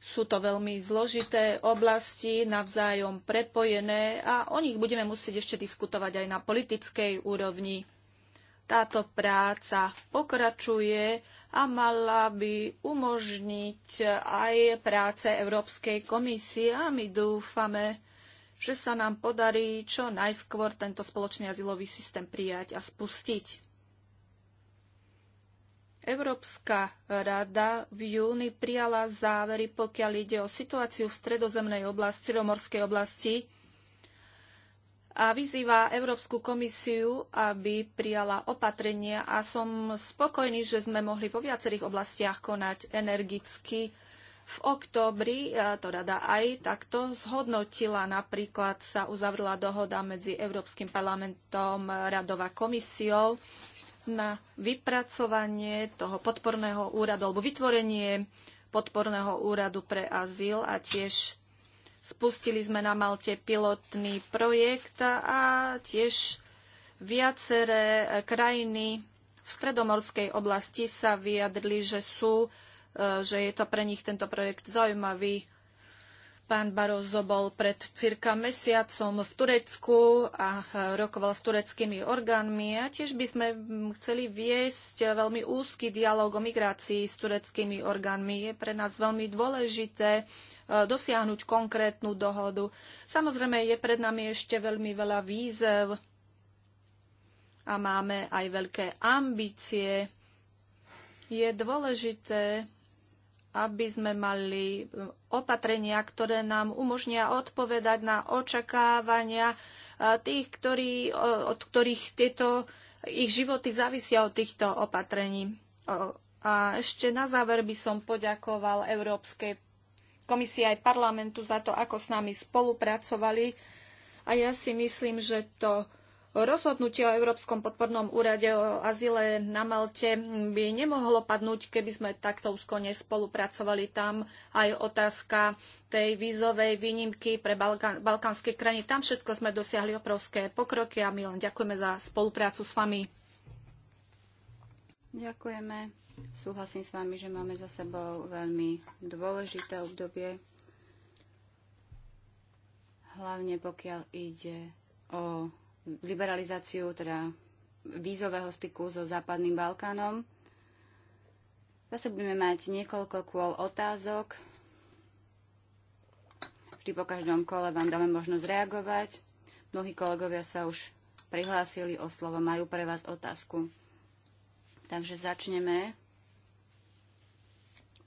Speaker 2: Sú to veľmi zložité oblasti, navzájom prepojené a o nich budeme musieť ešte diskutovať aj na politickej úrovni. Táto práca pokračuje a mala by umožniť aj práce Európskej komisie a my dúfame, že sa nám podarí čo najskôr tento spoločný azylový systém prijať a spustiť. Európska rada v júni prijala závery, pokiaľ ide o situáciu v stredozemnej oblasti, stredomorskej oblasti a vyzýva Európsku komisiu, aby prijala opatrenia a som spokojný, že sme mohli vo viacerých oblastiach konať energicky. V októbri to rada aj takto zhodnotila. Napríklad sa uzavrela dohoda medzi Európskym parlamentom, radou komisiou na vypracovanie toho podporného úradu alebo vytvorenie podporného úradu pre azyl a tiež spustili sme na Malte pilotný projekt a tiež viaceré krajiny v stredomorskej oblasti sa vyjadrili, že sú, e, že je to pre nich tento projekt zaujímavý Pán Barozo bol pred cirka mesiacom v Turecku a rokoval s tureckými orgánmi a tiež by sme chceli viesť veľmi úzky dialog o migrácii s tureckými orgánmi. Je pre nás veľmi dôležité e, dosiahnuť konkrétnu dohodu. Samozrejme, je pred nami ešte veľmi veľa výzev a máme aj veľké ambície. Je dôležité aby sme mali eh, opatrenia, ktoré nám umožnia odpovedať na očakávania eh, tých, ktorí, eh, od ktorých tieto, ich životy závisia od týchto opatrení. A ešte na záver by som poďakoval Európskej komisii aj parlamentu za to, ako s nami spolupracovali. A ja si myslím, že to Rozhodnutie o Európskom podpornom úrade o azile na Malte by nemohlo padnúť, keby sme takto úzko nespolupracovali. Tam aj otázka tej vízovej výnimky pre Balkán, balkánske krajiny. Tam všetko sme dosiahli obrovské pokroky a my len ďakujeme za spoluprácu s vami.
Speaker 1: Ďakujeme. Súhlasím s vami, že máme za sebou veľmi dôležité obdobie, hlavne pokiaľ ide o liberalizáciu teda vízového styku so Západným Balkánom. Zase budeme mať niekoľko kôl otázok. Vždy po každom kole vám dáme možnosť reagovať. Mnohí kolegovia sa už prihlásili o slovo, majú pre vás otázku. Takže začneme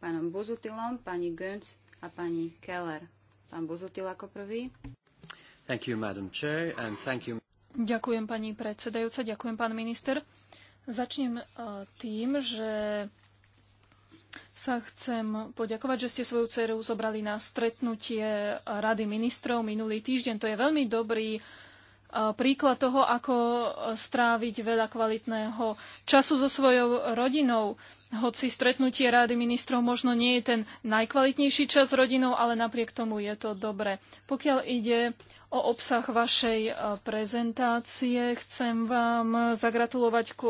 Speaker 1: pánom Buzutilom, pani Gönc a pani Keller. Pán Buzutil ako prvý. Thank you, Madam Chair, and thank you. Ďakujem pani predsedajúca, ďakujem pán minister.
Speaker 3: Začnem e, tým, že sa chcem poďakovať, že ste svoju dceru zobrali na stretnutie Rady ministrov minulý týždeň. To je veľmi dobrý príklad toho, ako stráviť veľa kvalitného času so svojou rodinou. Hoci stretnutie rády ministrov možno nie je ten najkvalitnejší čas s rodinou, ale napriek tomu je to dobre. Pokiaľ ide o obsah vašej e, prezentácie, chcem vám zagratulovať k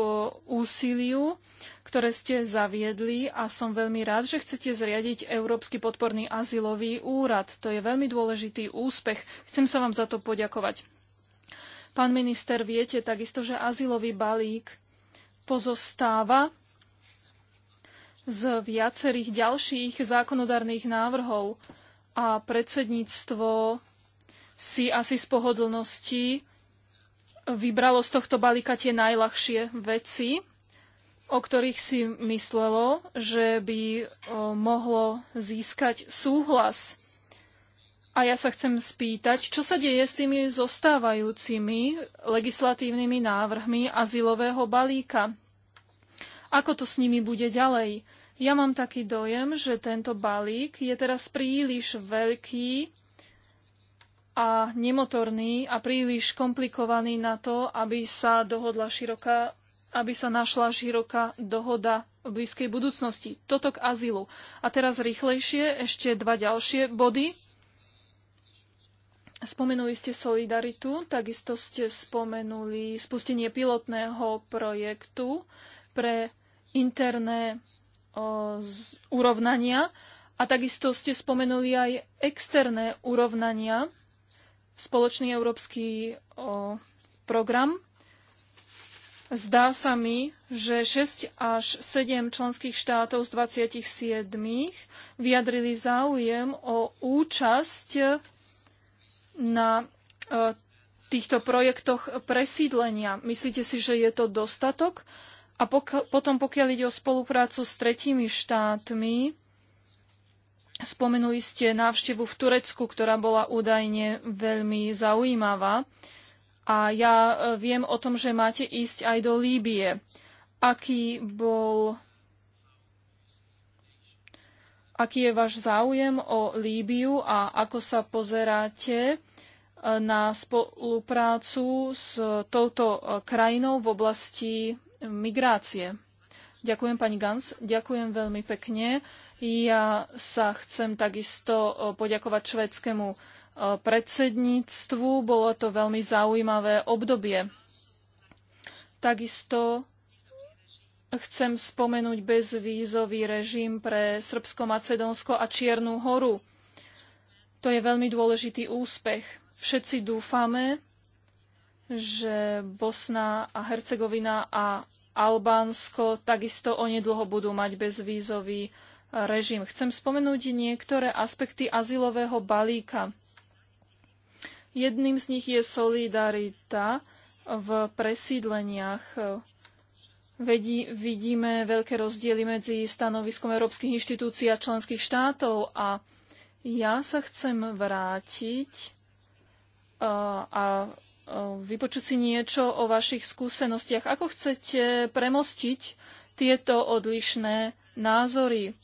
Speaker 3: úsiliu, ktoré ste zaviedli a som veľmi rád, že chcete zriadiť Európsky podporný azylový úrad. To je veľmi dôležitý úspech. Chcem sa vám za to poďakovať. Pán minister, viete takisto, že azylový balík pozostáva z viacerých ďalších zákonodárnych návrhov a predsedníctvo si asi z pohodlnosti vybralo z tohto balíka tie najľahšie veci, o ktorých si myslelo, že by eh, mohlo získať súhlas a ja sa chcem spýtať, čo sa deje s tými zostávajúcimi legislatívnymi návrhmi azylového balíka? Ako to s nimi bude ďalej? Ja mám taký dojem, že tento balík je teraz príliš veľký a nemotorný a príliš komplikovaný na to, aby sa dohodla široká aby sa našla široká dohoda v blízkej budúcnosti. Toto k azylu. A teraz rýchlejšie ešte dva ďalšie body. Spomenuli ste solidaritu, takisto ste spomenuli spustenie pilotného projektu pre interné o, z, urovnania a takisto ste spomenuli aj externé urovnania, spoločný európsky o, program. Zdá sa mi, že 6 až 7 členských štátov z 27 vyjadrili záujem o účasť na e, týchto projektoch presídlenia. Myslíte si, že je to dostatok? A pok- potom, pokiaľ ide o spoluprácu s tretími štátmi, spomenuli ste návštevu v Turecku, ktorá bola údajne veľmi zaujímavá. A ja e, viem o tom, že máte ísť aj do Líbie. Aký bol aký je váš záujem o Líbiu a ako sa pozeráte e, na spoluprácu s touto e, krajinou v oblasti migrácie. Ďakujem, pani Gans. Ďakujem veľmi pekne. Ja sa chcem takisto e, poďakovať švedskému predsedníctvu. Bolo to veľmi zaujímavé obdobie. Takisto chcem spomenúť bezvízový režim pre Srbsko, Macedónsko a Čiernu horu. To je veľmi dôležitý úspech. Všetci dúfame, že Bosna a Hercegovina a Albánsko takisto onedlho budú mať bezvízový režim. Chcem spomenúť niektoré aspekty azylového balíka. Jedným z nich je solidarita v presídleniach Vedí, vidíme veľké rozdiely medzi stanoviskom európskych inštitúcií a členských štátov a ja sa chcem vrátiť a, a vypočuť si niečo o vašich skúsenostiach. Ako chcete premostiť tieto odlišné názory?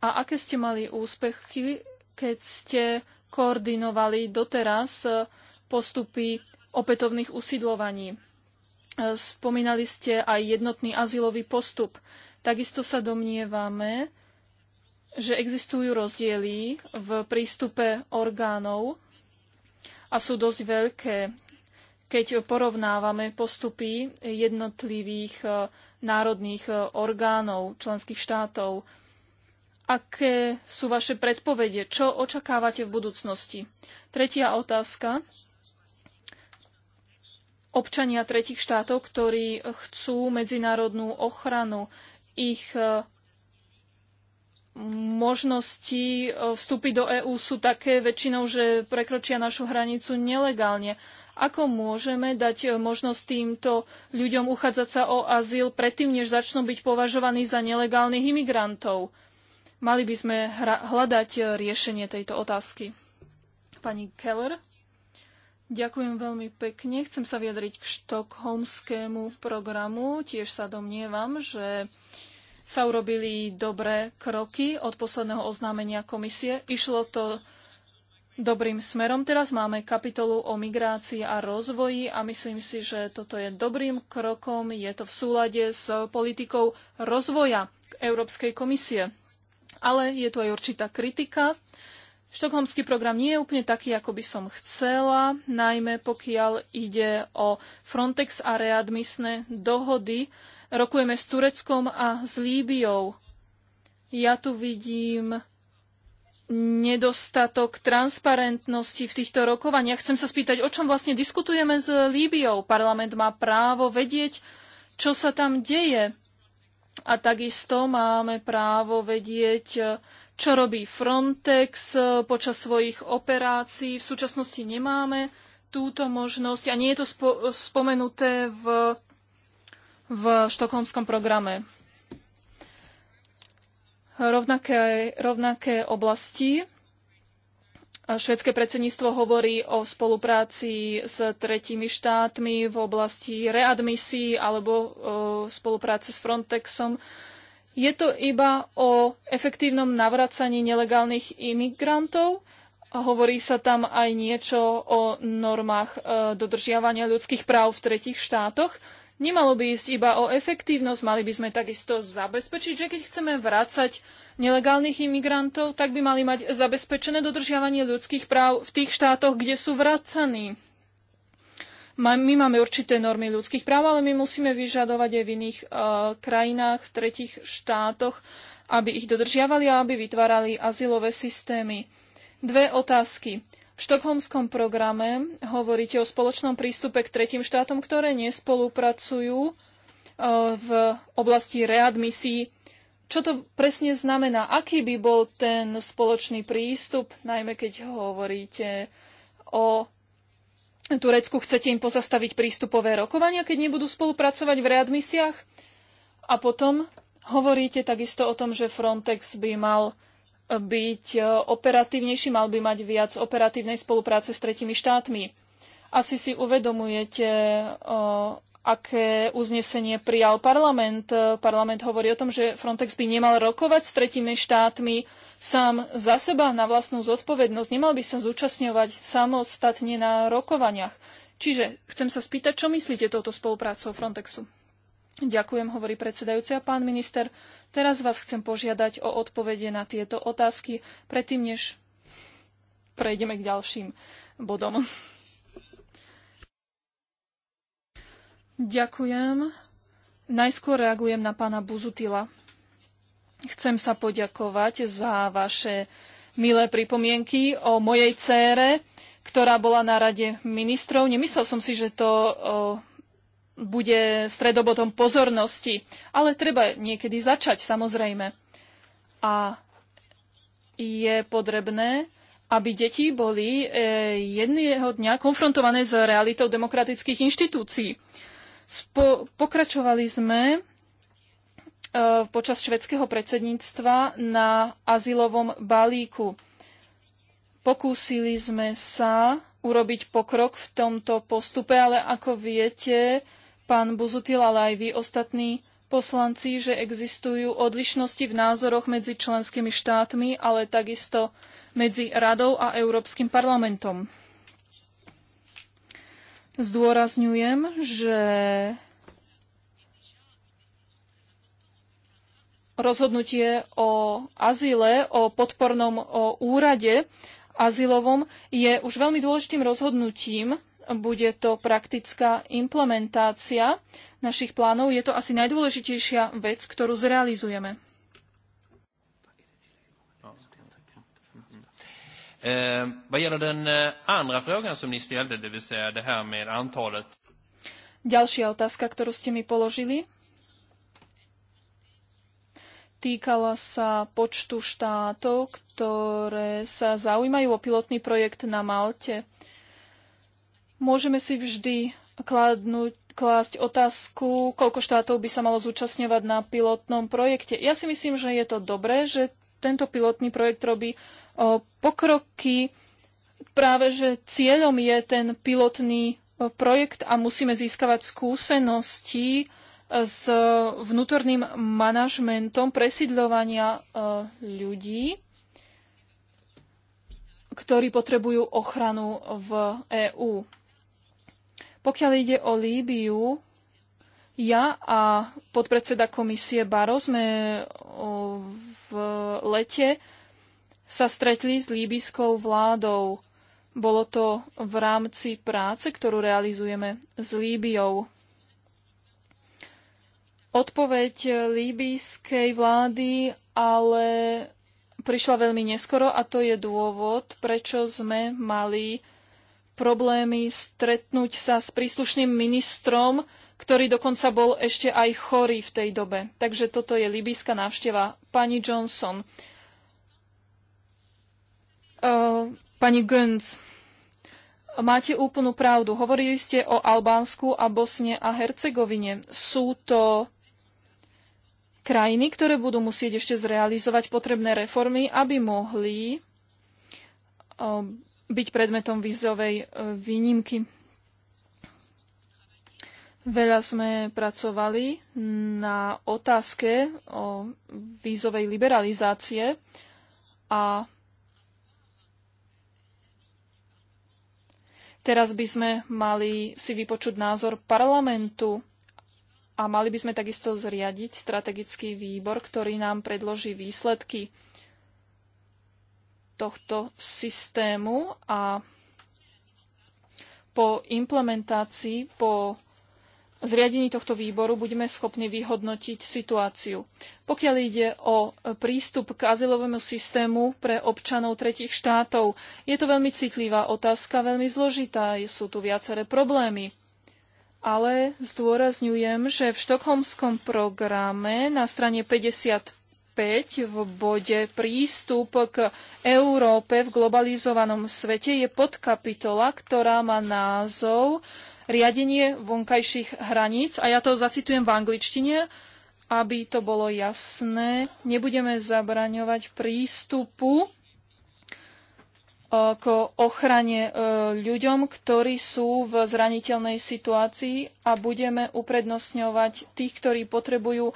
Speaker 3: A aké ste mali úspechy, keď ste koordinovali doteraz postupy opätovných usidlovaní? Spomínali ste aj jednotný azylový postup. Takisto sa domnievame, že existujú rozdiely v prístupe orgánov a sú dosť veľké, keď porovnávame postupy jednotlivých e, národných e, orgánov členských štátov. Aké sú vaše predpovede? Čo očakávate v budúcnosti? Tretia otázka občania tretich štátov, ktorí chcú medzinárodnú ochranu. Ich e, možnosti e, vstúpiť do EÚ sú také väčšinou, že prekročia našu hranicu nelegálne. Ako môžeme dať e, možnosť týmto ľuďom uchádzať sa o azyl predtým, než začnú byť považovaní za nelegálnych imigrantov? Mali by sme hľadať riešenie tejto otázky. Pani Keller? Ďakujem veľmi pekne. Chcem sa vyjadriť k štokholmskému programu. Tiež sa domnievam, že sa urobili dobré kroky od posledného oznámenia komisie. Išlo to dobrým smerom. Teraz máme kapitolu o migrácii a rozvoji a myslím si, že toto je dobrým krokom. Je to v súlade s politikou rozvoja Európskej komisie. Ale je tu aj určitá kritika. Štokholmský program nie je úplne taký, ako by som chcela, najmä pokiaľ ide o Frontex a readmisné dohody. Rokujeme s Tureckom a s Líbiou. Ja tu vidím nedostatok transparentnosti v týchto rokovaniach. Chcem sa spýtať, o čom vlastne diskutujeme s Líbiou. Parlament má právo vedieť, čo sa tam deje. A takisto máme právo vedieť, čo robí Frontex eh, počas svojich operácií. V súčasnosti nemáme túto možnosť a nie je to spo- spomenuté v, v štokholmskom programe. Rovnaké, rovnaké oblasti Švedské predsedníctvo hovorí o spolupráci s tretími štátmi v oblasti readmisí alebo e, spolupráce s Frontexom. Je to iba o efektívnom navracaní nelegálnych imigrantov? A hovorí sa tam aj niečo o normách e, dodržiavania ľudských práv v tretích štátoch. Nemalo by ísť iba o efektívnosť, mali by sme takisto zabezpečiť, že keď chceme vrácať nelegálnych imigrantov, tak by mali mať zabezpečené dodržiavanie ľudských práv v tých štátoch, kde sú vracaní. My máme určité normy ľudských práv, ale my musíme vyžadovať aj v iných uh, krajinách, v tretich štátoch, aby ich dodržiavali a aby vytvárali azylové systémy. Dve otázky. V štokholmskom programe hovoríte o spoločnom prístupe k tretím štátom, ktoré nespolupracujú e, v oblasti readmisí. Čo to presne znamená? Aký by bol ten spoločný prístup, najmä keď hovoríte o Turecku, chcete im pozastaviť prístupové rokovania, keď nebudú spolupracovať v readmisiách? A potom hovoríte takisto o tom, že Frontex by mal byť e, operatívnejší, mal by mať viac operatívnej spolupráce s tretimi štátmi. Asi si uvedomujete, e, aké uznesenie prijal parlament. E, parlament hovorí o tom, že Frontex by nemal rokovať s tretimi štátmi sám za seba na vlastnú zodpovednosť. Nemal by sa zúčastňovať samostatne na rokovaniach. Čiže chcem sa spýtať, čo myslíte touto spoluprácou Frontexu? Ďakujem, hovorí predsedajúca. pán minister. Teraz vás chcem požiadať o odpovede na tieto otázky, predtým než prejdeme k ďalším bodom. Ďakujem. Najskôr reagujem na pána Buzutila. Chcem sa poďakovať za vaše milé pripomienky o mojej cére, ktorá bola na rade ministrov. Nemyslel som si, že to o, bude stredobodom pozornosti. Ale treba niekedy začať, samozrejme. A je potrebné, aby deti boli e, jedného dňa konfrontované s realitou demokratických inštitúcií. Spo- pokračovali sme e, počas švedského predsedníctva na azylovom balíku. Pokúsili sme sa urobiť pokrok v tomto postupe, ale ako viete, pán Buzutil, ale aj vy ostatní poslanci, že existujú odlišnosti v názoroch medzi členskými štátmi, ale takisto medzi Radou a Európskym parlamentom. Zdôrazňujem, že rozhodnutie o azyle, o podpornom o úrade azylovom je už veľmi dôležitým rozhodnutím bude to praktická implementácia našich plánov. Je to asi najdôležitejšia vec, ktorú zrealizujeme. Eh, eh, Ďalšia otázka, ktorú ste mi položili, týkala sa počtu štátov, ktoré sa zaujímajú o pilotný projekt na Malte. Môžeme si vždy kladnúť, klásť otázku, koľko štátov by sa malo zúčastňovať na pilotnom projekte. Ja si myslím, že je to dobré, že tento pilotný projekt robí o, pokroky. Práve, že cieľom je ten pilotný o, projekt a musíme získavať skúsenosti e, s vnútorným manažmentom presídľovania o, e, ľudí, ktorí potrebujú ochranu v EÚ. Pokiaľ ide o Líbiu, ja a podpredseda komisie Baro sme v lete sa stretli s líbyskou vládou. Bolo to v rámci práce, ktorú realizujeme s Líbiou. Odpoveď líbyjskej vlády ale prišla veľmi neskoro a to je dôvod, prečo sme mali problémy stretnúť sa s príslušným ministrom, ktorý dokonca bol ešte aj chorý v tej dobe. Takže toto je libyská návšteva pani Johnson. Uh, pani Gönz, máte úplnú pravdu. Hovorili ste o Albánsku a Bosne a Hercegovine. Sú to krajiny, ktoré budú musieť ešte zrealizovať potrebné reformy, aby mohli e, byť predmetom vízovej e, výnimky. Veľa sme pracovali na otázke o vízovej liberalizácie a teraz by sme mali si vypočuť názor parlamentu a mali by sme takisto zriadiť strategický výbor, ktorý nám predloží výsledky tohto systému a po implementácii, po zriadení tohto výboru budeme schopní vyhodnotiť situáciu. Pokiaľ ide o prístup k azylovému systému pre občanov tretich štátov, je to veľmi citlivá otázka, veľmi zložitá, sú tu viaceré problémy. Ale zdôrazňujem, že v štokholmskom programe na strane 55 5 v bode prístup k Európe v globalizovanom svete je podkapitola, ktorá má názov riadenie vonkajších hraníc a ja to zacitujem v angličtine, aby to bolo jasné. Nebudeme zabraňovať prístupu E, k ochrane e, ľuďom, ktorí sú v zraniteľnej situácii a budeme uprednostňovať tých, ktorí potrebujú e,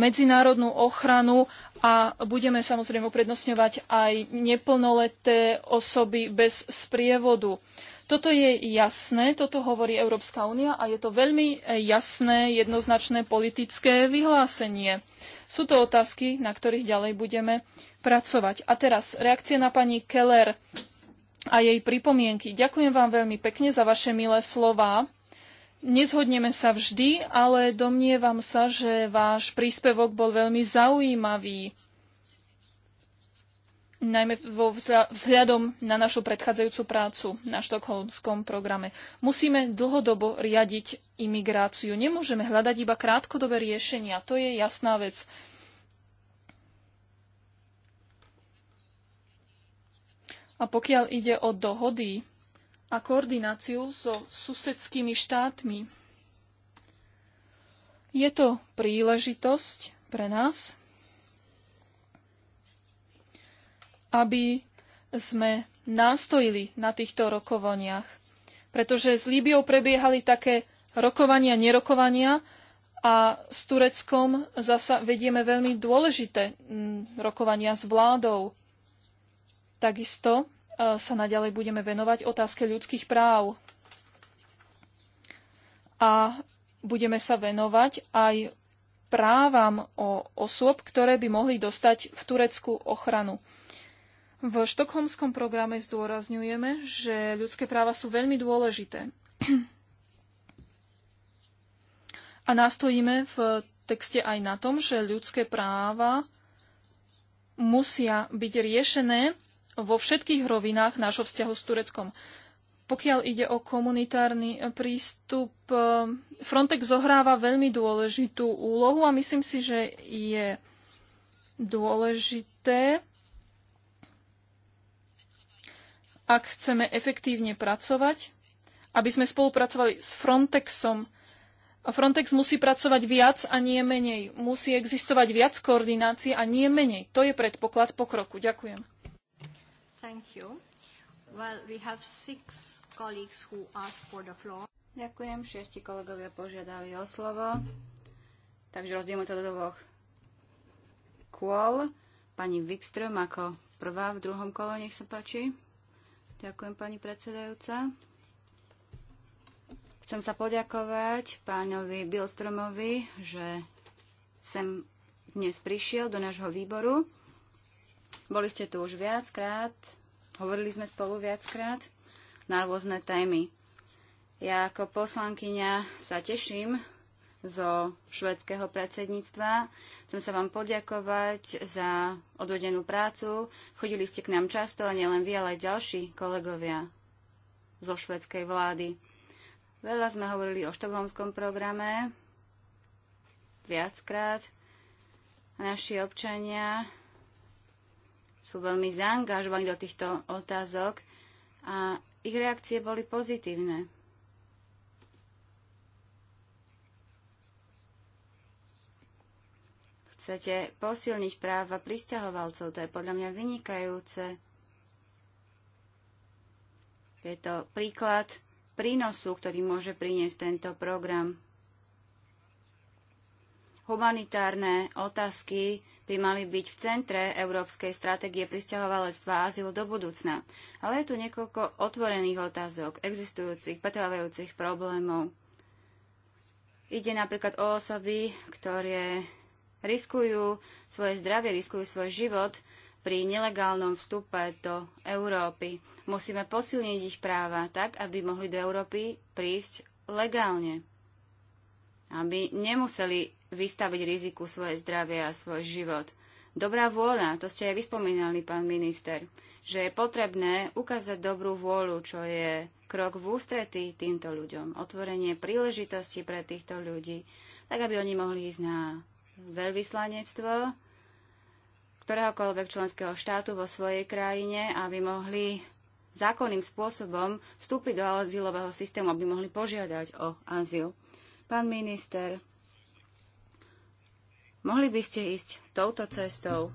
Speaker 3: medzinárodnú ochranu a budeme samozrejme uprednostňovať aj neplnoleté osoby bez sprievodu. Toto je jasné, toto hovorí Európska únia a je to veľmi jasné, jednoznačné politické vyhlásenie. Sú to otázky, na ktorých ďalej budeme pracovať. A teraz reakcie na pani Keller a jej pripomienky. Ďakujem vám veľmi pekne za vaše milé slova. Nezhodneme sa vždy, ale domnievam sa, že váš príspevok bol veľmi zaujímavý, najmä vo vzhľadom na našu predchádzajúcu prácu na štokholmskom programe. Musíme dlhodobo riadiť imigráciu. Nemôžeme hľadať iba krátkodobé riešenia. To je jasná vec. A pokiaľ ide o dohody a koordináciu so susedskými štátmi, je to príležitosť pre nás, aby sme nástojili na týchto rokovaniach. Pretože s Líbiou prebiehali také rokovania, nerokovania a s Tureckom zasa vedieme veľmi dôležité mm, rokovania s vládou. Takisto e, sa naďalej budeme venovať otázke ľudských práv. A budeme sa venovať aj právam o osôb, ktoré by mohli dostať v Turecku ochranu. V štokholmskom programe zdôrazňujeme, že ľudské práva sú veľmi dôležité. A nástojíme v texte aj na tom, že ľudské práva musia byť riešené vo všetkých rovinách nášho vzťahu s Tureckom. Pokiaľ ide o komunitárny e, prístup, e, Frontex zohráva veľmi dôležitú úlohu a myslím si, že je dôležité, ak chceme efektívne pracovať, aby sme spolupracovali s Frontexom. A Frontex musí pracovať viac a nie menej. Musí existovať viac koordinácií a nie menej. To je predpoklad pokroku. Ďakujem.
Speaker 1: Thank you. Well, we have six colleagues who asked for the floor. Ďakujem, šiesti kolegovia požiadali o slovo. Takže rozdielme to do dvoch kôl. Pani Wikström ako prvá v druhom kole, nech sa páči. Ďakujem, pani predsedajúca. Chcem sa poďakovať pánovi Bilstromovi, že sem dnes prišiel do nášho výboru. Boli ste tu už viackrát, hovorili sme spolu viackrát na rôzne témy. Ja ako poslankyňa sa teším zo švedského predsedníctva. Chcem sa vám poďakovať za odvedenú prácu. Chodili ste k nám často a nielen vy, ale aj ďalší kolegovia zo švedskej vlády. Veľa sme hovorili o štokholmskom programe, viackrát. Naši občania sú veľmi zaangažovaní do týchto otázok a ich reakcie boli pozitívne. Chcete posilniť práva pristahovalcov, to je podľa mňa vynikajúce. Je to príklad prínosu, ktorý môže priniesť tento program. Humanitárne otázky by mali byť v centre Európskej stratégie pristahovalectva a azylu do budúcna. Ale je tu niekoľko otvorených otázok, existujúcich, pretrvávajúcich problémov. Ide napríklad o osoby, ktoré riskujú svoje zdravie, riskujú svoj život pri nelegálnom vstupe do Európy. Musíme posilniť ich práva tak, aby mohli do Európy prísť legálne. Aby nemuseli vystaviť riziku svoje zdravie a svoj život. Dobrá vôľa, to ste aj vyspomínali, pán minister, že je potrebné ukázať dobrú vôľu, čo je krok v ústretí týmto ľuďom, otvorenie príležitosti pre týchto ľudí, tak aby oni mohli ísť na veľvyslanectvo ktoréhokoľvek členského štátu vo svojej krajine, aby mohli zákonným spôsobom vstúpiť do azylového systému, aby mohli požiadať o azyl. Pán minister, Mohli by ste ísť touto cestou,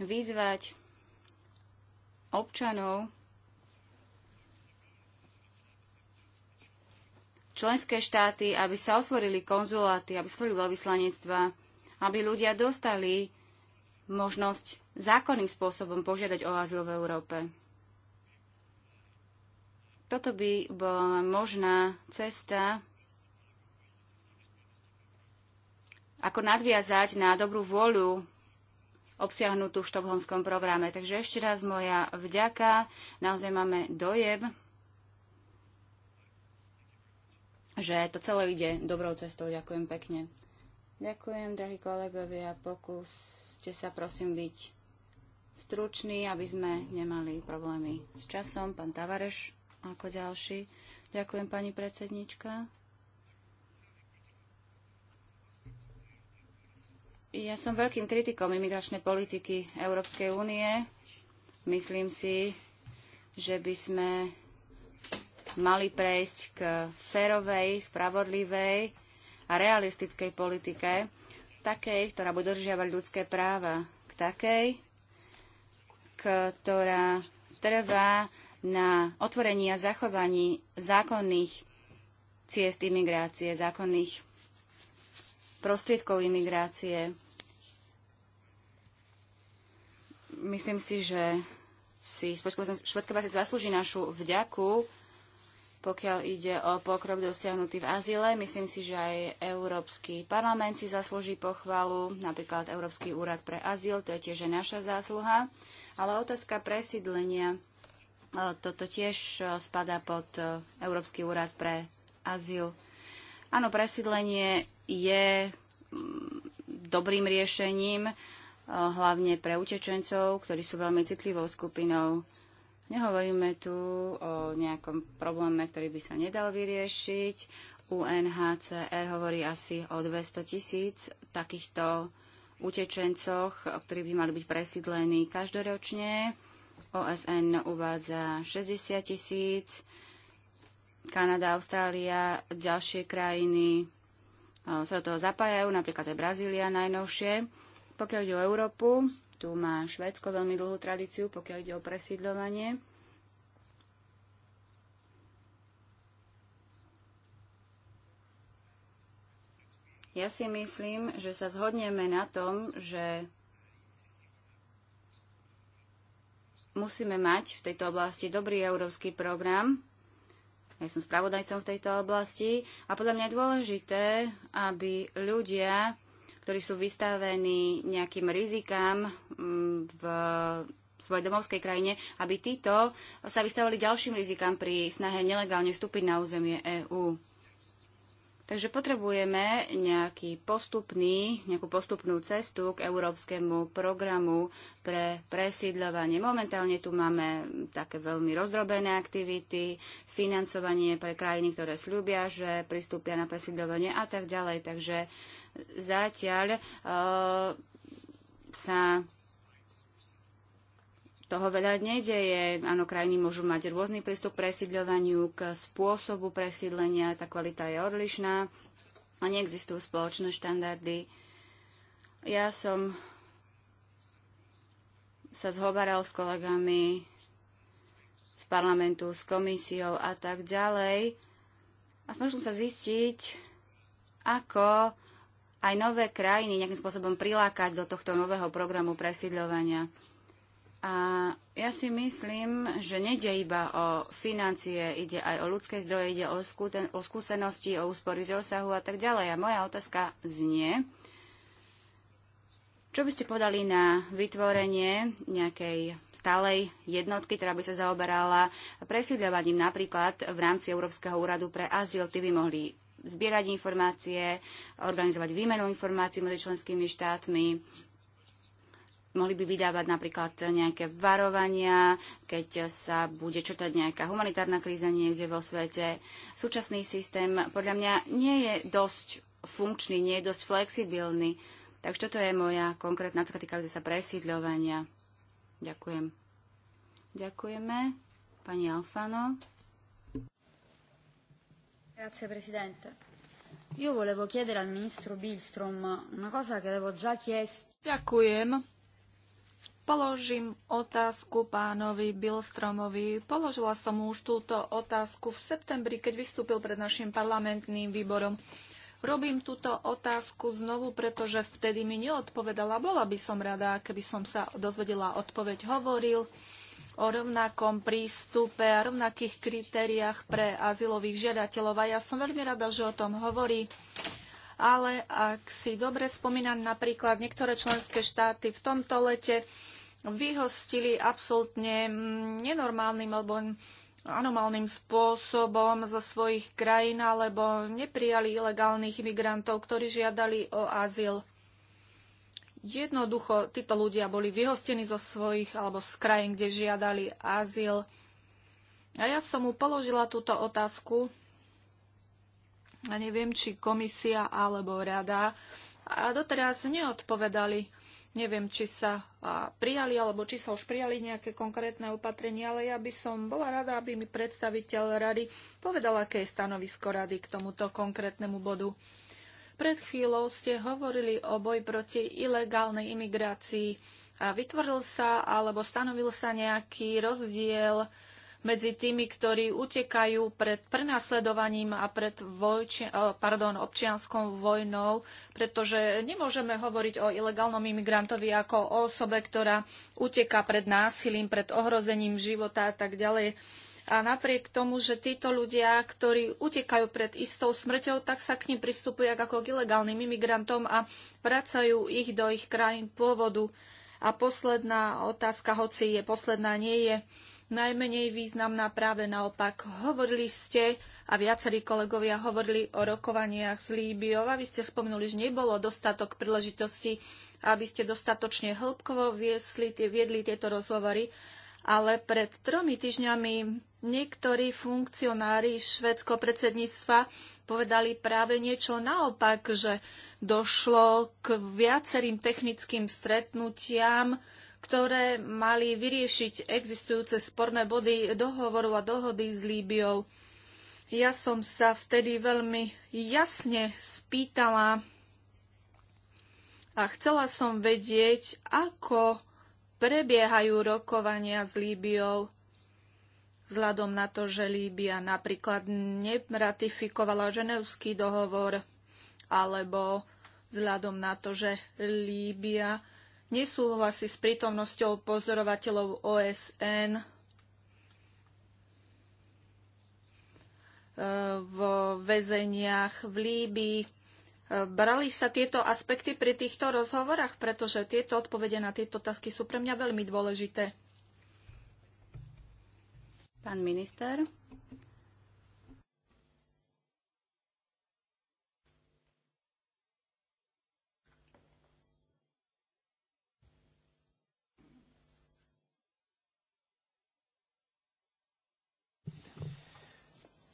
Speaker 1: vyzvať občanov, členské štáty, aby sa otvorili konzuláty, aby stvorili veľvyslanectva, aby ľudia dostali možnosť zákonným spôsobom požiadať o azyl v Európe. Toto by bola možná cesta, ako nadviazať na dobrú vôľu obsiahnutú v štokholmskom programe. Takže ešte raz moja vďaka. Naozaj máme dojem, že to celé ide dobrou cestou. Ďakujem pekne. Ďakujem, drahí kolegovia. Pokúste sa prosím byť stručný, aby sme nemali problémy s časom. Pán Tavareš ako ďalší. Ďakujem, pani predsednička. Ja som veľkým kritikom imigračnej politiky Európskej únie. Myslím si, že by sme mali prejsť k férovej, spravodlivej a realistickej politike, takej, ktorá bude dodržiavať ľudské práva, k takej, ktorá trvá na otvorení a zachovaní zákonných ciest imigrácie, zákonných prostriedkov imigrácie. Myslím si, že si Švedská si zaslúži našu vďaku, pokiaľ ide o pokrok dosiahnutý v azile. Myslím si, že aj Európsky parlament si zaslúži pochvalu, napríklad Európsky úrad pre azyl, to je tiež naša zásluha. Ale otázka presídlenia, e, toto tiež e, spada pod e, Európsky úrad pre azyl. Áno, presídlenie je mm, dobrým riešením, eh, hlavne pre utečencov, ktorí sú veľmi citlivou skupinou. Nehovoríme tu o nejakom probléme, ktorý by sa nedal vyriešiť. UNHCR hovorí asi o 200 tisíc takýchto utečencoch, ktorí by mali byť presídlení každoročne. OSN uvádza 60 tisíc, Kanada, Austrália, ďalšie krajiny sa do toho zapájajú, napríklad aj Brazília najnovšie. Pokiaľ ide o Európu, tu má Švédsko veľmi dlhú tradíciu, pokiaľ ide o presídľovanie. Ja si myslím, že sa zhodneme na tom, že musíme mať v tejto oblasti dobrý európsky program, ja som spravodajcom v tejto oblasti a podľa mňa je dôležité, aby ľudia, ktorí sú vystavení nejakým rizikám mm, v svojej domovskej krajine, aby títo sa vystavovali ďalším rizikám pri snahe nelegálne vstúpiť na územie EÚ. Takže potrebujeme nejaký postupný, nejakú postupnú cestu k európskemu programu pre presídľovanie. Momentálne tu máme také veľmi rozdrobené aktivity, financovanie pre krajiny, ktoré slúbia, že pristúpia na presídľovanie a tak ďalej. Takže zatiaľ uh, sa toho veľa nedeje. Áno, krajiny môžu mať rôzny prístup k presídľovaniu, k spôsobu presídlenia, tá kvalita je odlišná a neexistujú spoločné štandardy. Ja som sa zhovaral s kolegami z parlamentu, s komisiou a tak ďalej a snažil sa zistiť, ako aj nové krajiny nejakým spôsobom prilákať do tohto nového programu presídľovania. A ja si myslím, že nejde iba o financie, ide aj o ľudské zdroje, ide o, skúten- o skúsenosti, o úspory z rozsahu a tak ďalej. A moja otázka znie, čo by ste podali na vytvorenie nejakej stálej jednotky, ktorá by sa zaoberala presídľovaním napríklad v rámci Európskeho úradu pre azyl, ty by mohli zbierať informácie, organizovať výmenu informácií medzi členskými štátmi, mohli by vydávať napríklad nejaké varovania, keď sa bude črtať nejaká humanitárna kríza niekde vo svete. Súčasný systém podľa mňa nie je dosť funkčný, nie je dosť flexibilný. Takže toto je moja konkrétna týkajúca sa presídľovania. Ďakujem. Ďakujeme. Pani Alfano. Grazie, Presidente. Io volevo chiedere al ministro Bilstrom una cosa che avevo già chiesto. Ďakujem.
Speaker 2: Položím otázku pánovi Bilstromovi. Položila som už túto otázku v septembri, keď vystúpil pred našim parlamentným výborom. Robím túto otázku znovu, pretože vtedy mi neodpovedala. Bola by som rada, keby som sa dozvedela odpoveď. Hovoril o rovnakom prístupe a rovnakých kritériách pre azylových žiadateľov. A ja som veľmi rada, že o tom hovorí ale ak si dobre spomínam, napríklad niektoré členské štáty v tomto lete vyhostili absolútne nenormálnym alebo anomálnym spôsobom zo svojich krajín alebo neprijali ilegálnych imigrantov, ktorí žiadali o azyl. Jednoducho títo ľudia boli vyhostení zo svojich alebo z krajín, kde žiadali azyl. A ja som mu položila túto otázku a neviem, či komisia alebo rada a doteraz neodpovedali. Neviem, či sa prijali, alebo či sa už prijali nejaké konkrétne opatrenia, ale ja by som bola rada, aby mi predstaviteľ rady povedal, aké je stanovisko rady k tomuto konkrétnemu bodu. Pred chvíľou ste hovorili o boj proti ilegálnej imigrácii. vytvoril sa alebo stanovil sa nejaký rozdiel medzi tými, ktorí utekajú pred prenasledovaním a pred vojči, eh, pardon, občianskou vojnou, pretože nemôžeme hovoriť o ilegálnom imigrantovi ako o osobe, ktorá uteká pred násilím, pred ohrozením života a tak ďalej. A napriek tomu, že títo ľudia, ktorí utekajú pred istou smrťou, tak sa k ním pristupuje ako k ilegálnym imigrantom a vracajú ich do ich krajín pôvodu. A posledná otázka, hoci je posledná, nie je najmenej významná, práve naopak. Hovorili ste a viacerí kolegovia hovorili o rokovaniach s Líbiou a vy ste spomenuli, že nebolo dostatok príležitosti, aby ste dostatočne hĺbkovo viesli, viedli tieto rozhovory, ale pred tromi týždňami niektorí funkcionári švedského predsedníctva povedali práve niečo naopak, že došlo k viacerým technickým stretnutiam, ktoré mali vyriešiť existujúce sporné body dohovoru a dohody s Líbiou. Ja som sa vtedy veľmi jasne spýtala a chcela som vedieť, ako prebiehajú rokovania s Líbiou vzhľadom na to, že Líbia napríklad neratifikovala ženevský dohovor alebo vzhľadom na to, že Líbia nesúhlasí s prítomnosťou pozorovateľov OSN e, v väzeniach v Líbii. E, brali sa tieto aspekty pri týchto rozhovorách, pretože tieto odpovede na tieto otázky sú pre mňa veľmi dôležité. Pán minister.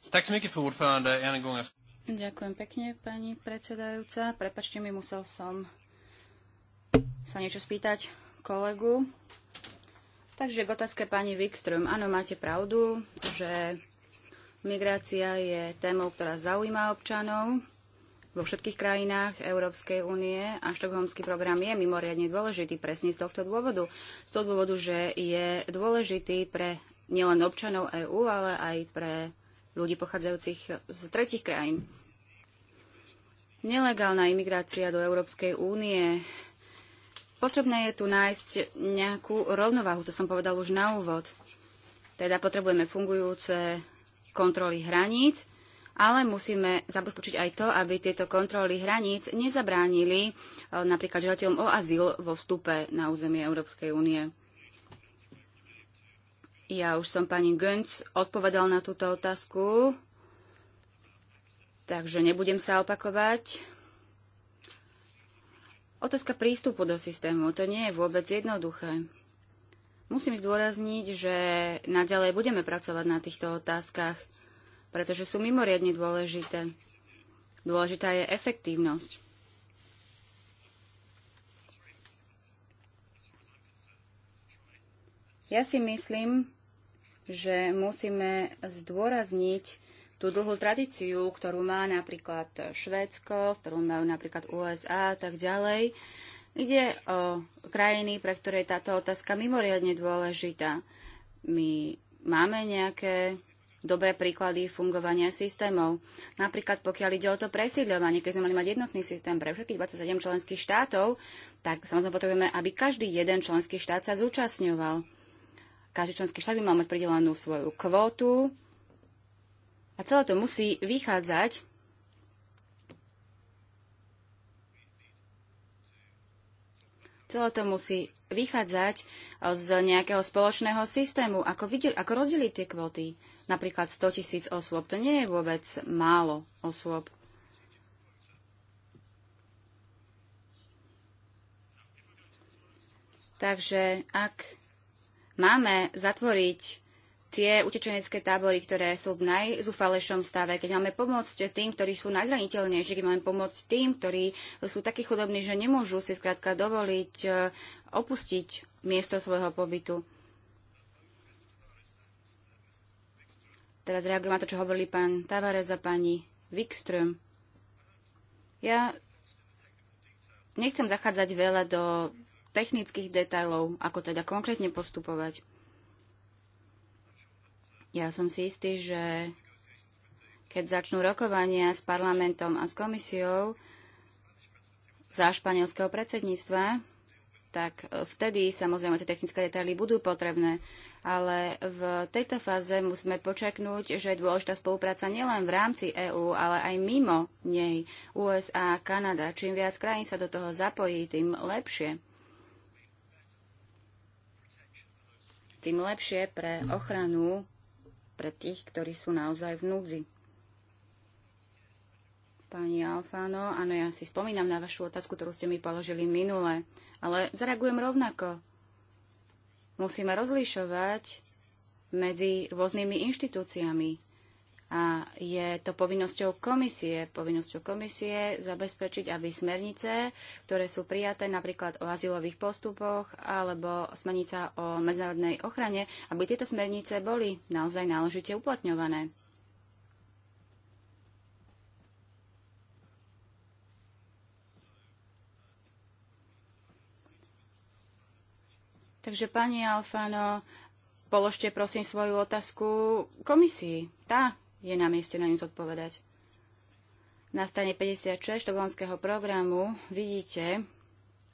Speaker 1: Tak ordförande, en gång. Ďakujem pekne, pani predsedajúca. Prepačte mi, musel som sa niečo spýtať kolegu. Takže k otázke pani Wikström. Áno, máte pravdu, že migrácia je témou, ktorá zaujíma občanov vo všetkých krajinách Európskej únie a štokholmský program je mimoriadne dôležitý presne z tohto dôvodu. Z toho dôvodu, že je dôležitý pre nielen občanov EÚ, ale aj pre ľudí pochádzajúcich z tretich krajín. Nelegálna imigrácia do Európskej únie. Potrebné je tu nájsť nejakú rovnováhu, to som povedal už na úvod. Teda potrebujeme fungujúce kontroly hraníc, ale musíme zabezpečiť aj to, aby tieto kontroly hraníc nezabránili eh, napríklad žiadateľom o azyl vo vstupe na územie Európskej únie. Ja už som pani Gönc odpovedal na túto otázku, takže nebudem sa opakovať. Otázka prístupu do systému, to nie je vôbec jednoduché. Musím zdôrazniť, že naďalej budeme pracovať na týchto otázkach, pretože sú mimoriadne dôležité. Dôležitá je efektívnosť. Ja si myslím, že musíme zdôrazniť tú dlhú tradíciu, ktorú má napríklad Švédsko, ktorú majú napríklad USA a tak ďalej. Ide o krajiny, pre ktoré je táto otázka mimoriadne dôležitá. My máme nejaké dobré príklady fungovania systémov. Napríklad pokiaľ ide o to presídľovanie, keď sme mali mať jednotný systém pre všetkých 27 členských štátov, tak samozrejme potrebujeme, aby každý jeden členský štát sa zúčastňoval. Každý členský štát by mal mať pridelenú svoju kvótu a celé to musí vychádzať celé to musí vychádzať eh, z nejakého spoločného systému, ako, videl, ako rozdeliť tie kvóty. Napríklad 100 tisíc osôb, to nie je vôbec málo osôb. Takže ak Máme zatvoriť tie utečenecké tábory, ktoré sú v najzúfalejšom stave, keď máme pomôcť tým, ktorí sú najzraniteľnejší, keď máme pomôcť tým, ktorí sú takí chudobní, že nemôžu si skrátka dovoliť e, opustiť miesto svojho pobytu. Teraz reagujem na to, čo hovorili pán Tavares a pani Wikström. Ja nechcem zachádzať veľa do technických detajlov, ako teda konkrétne postupovať. Ja som si istý, že keď začnú rokovania s parlamentom a s komisiou za španielského predsedníctva, tak e, vtedy samozrejme tie technické detaily budú potrebné. Ale v tejto fáze musíme počaknúť, že je dôležitá spolupráca nielen v rámci EÚ, ale aj mimo nej. USA, Kanada, čím viac krajín sa do toho zapojí, tým lepšie. tým lepšie pre ochranu pre tých, ktorí sú naozaj v núdzi. Pani Alfano, áno, ja si spomínam na vašu otázku, ktorú ste mi položili minule, ale zareagujem rovnako. Musíme rozlišovať medzi rôznymi inštitúciami. A je to povinnosťou komisie, povinnosťou komisie zabezpečiť, aby smernice, ktoré sú prijaté napríklad o azylových postupoch alebo smernica o medzinárodnej ochrane, aby tieto smernice boli naozaj náležite uplatňované. Takže pani Alfano, položte prosím svoju otázku komisii. Tá je na mieste na ňu zodpovedať. Na strane 56 štokholmského programu vidíte,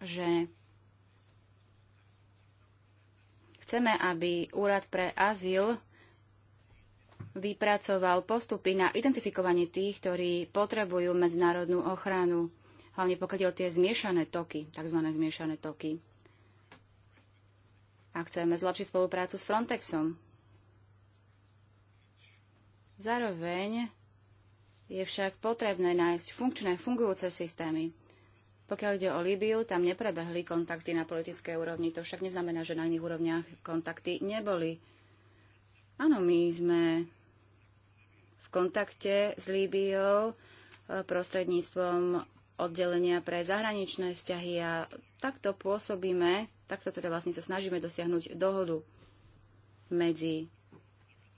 Speaker 1: že chceme, aby Úrad pre azyl vypracoval postupy na identifikovanie tých, ktorí potrebujú medzinárodnú ochranu, hlavne pokiaľ tie zmiešané toky, tzv. zmiešané toky. A chceme zlepšiť spoluprácu s Frontexom. Zároveň je však potrebné nájsť funkčné, fungujúce systémy. Pokiaľ ide o Líbiu, tam neprebehli kontakty na politické úrovni. To však neznamená, že na iných úrovniach kontakty neboli. Áno, my sme v kontakte s Líbiou e, prostredníctvom oddelenia pre zahraničné vzťahy a takto pôsobíme, takto teda vlastne sa snažíme dosiahnuť dohodu medzi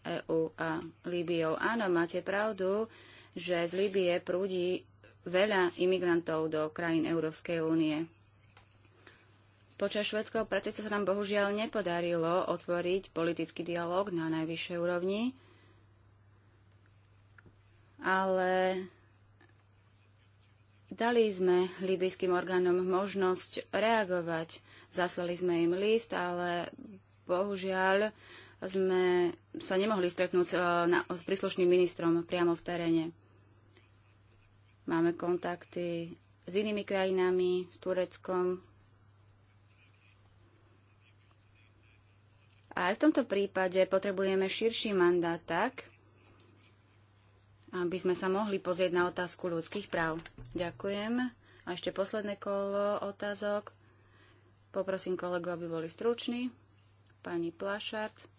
Speaker 1: EÚ a Líbiou. Áno, máte pravdu, že z Líbie prúdi veľa imigrantov do krajín Európskej únie. Počas švedského predsedstva sa nám bohužiaľ nepodarilo otvoriť politický dialog na najvyššej úrovni, ale dali sme libyským orgánom možnosť reagovať. Zaslali sme im list, ale bohužiaľ sme sa nemohli stretnúť eh, na, s príslušným ministrom priamo v teréne. Máme kontakty s inými krajinami, s Tureckom. A aj v tomto prípade potrebujeme širší mandát tak, aby sme sa mohli pozrieť na otázku ľudských práv. Ďakujem. A ešte posledné kolo otázok. Poprosím kolegu, aby boli struční. Pani Plašart.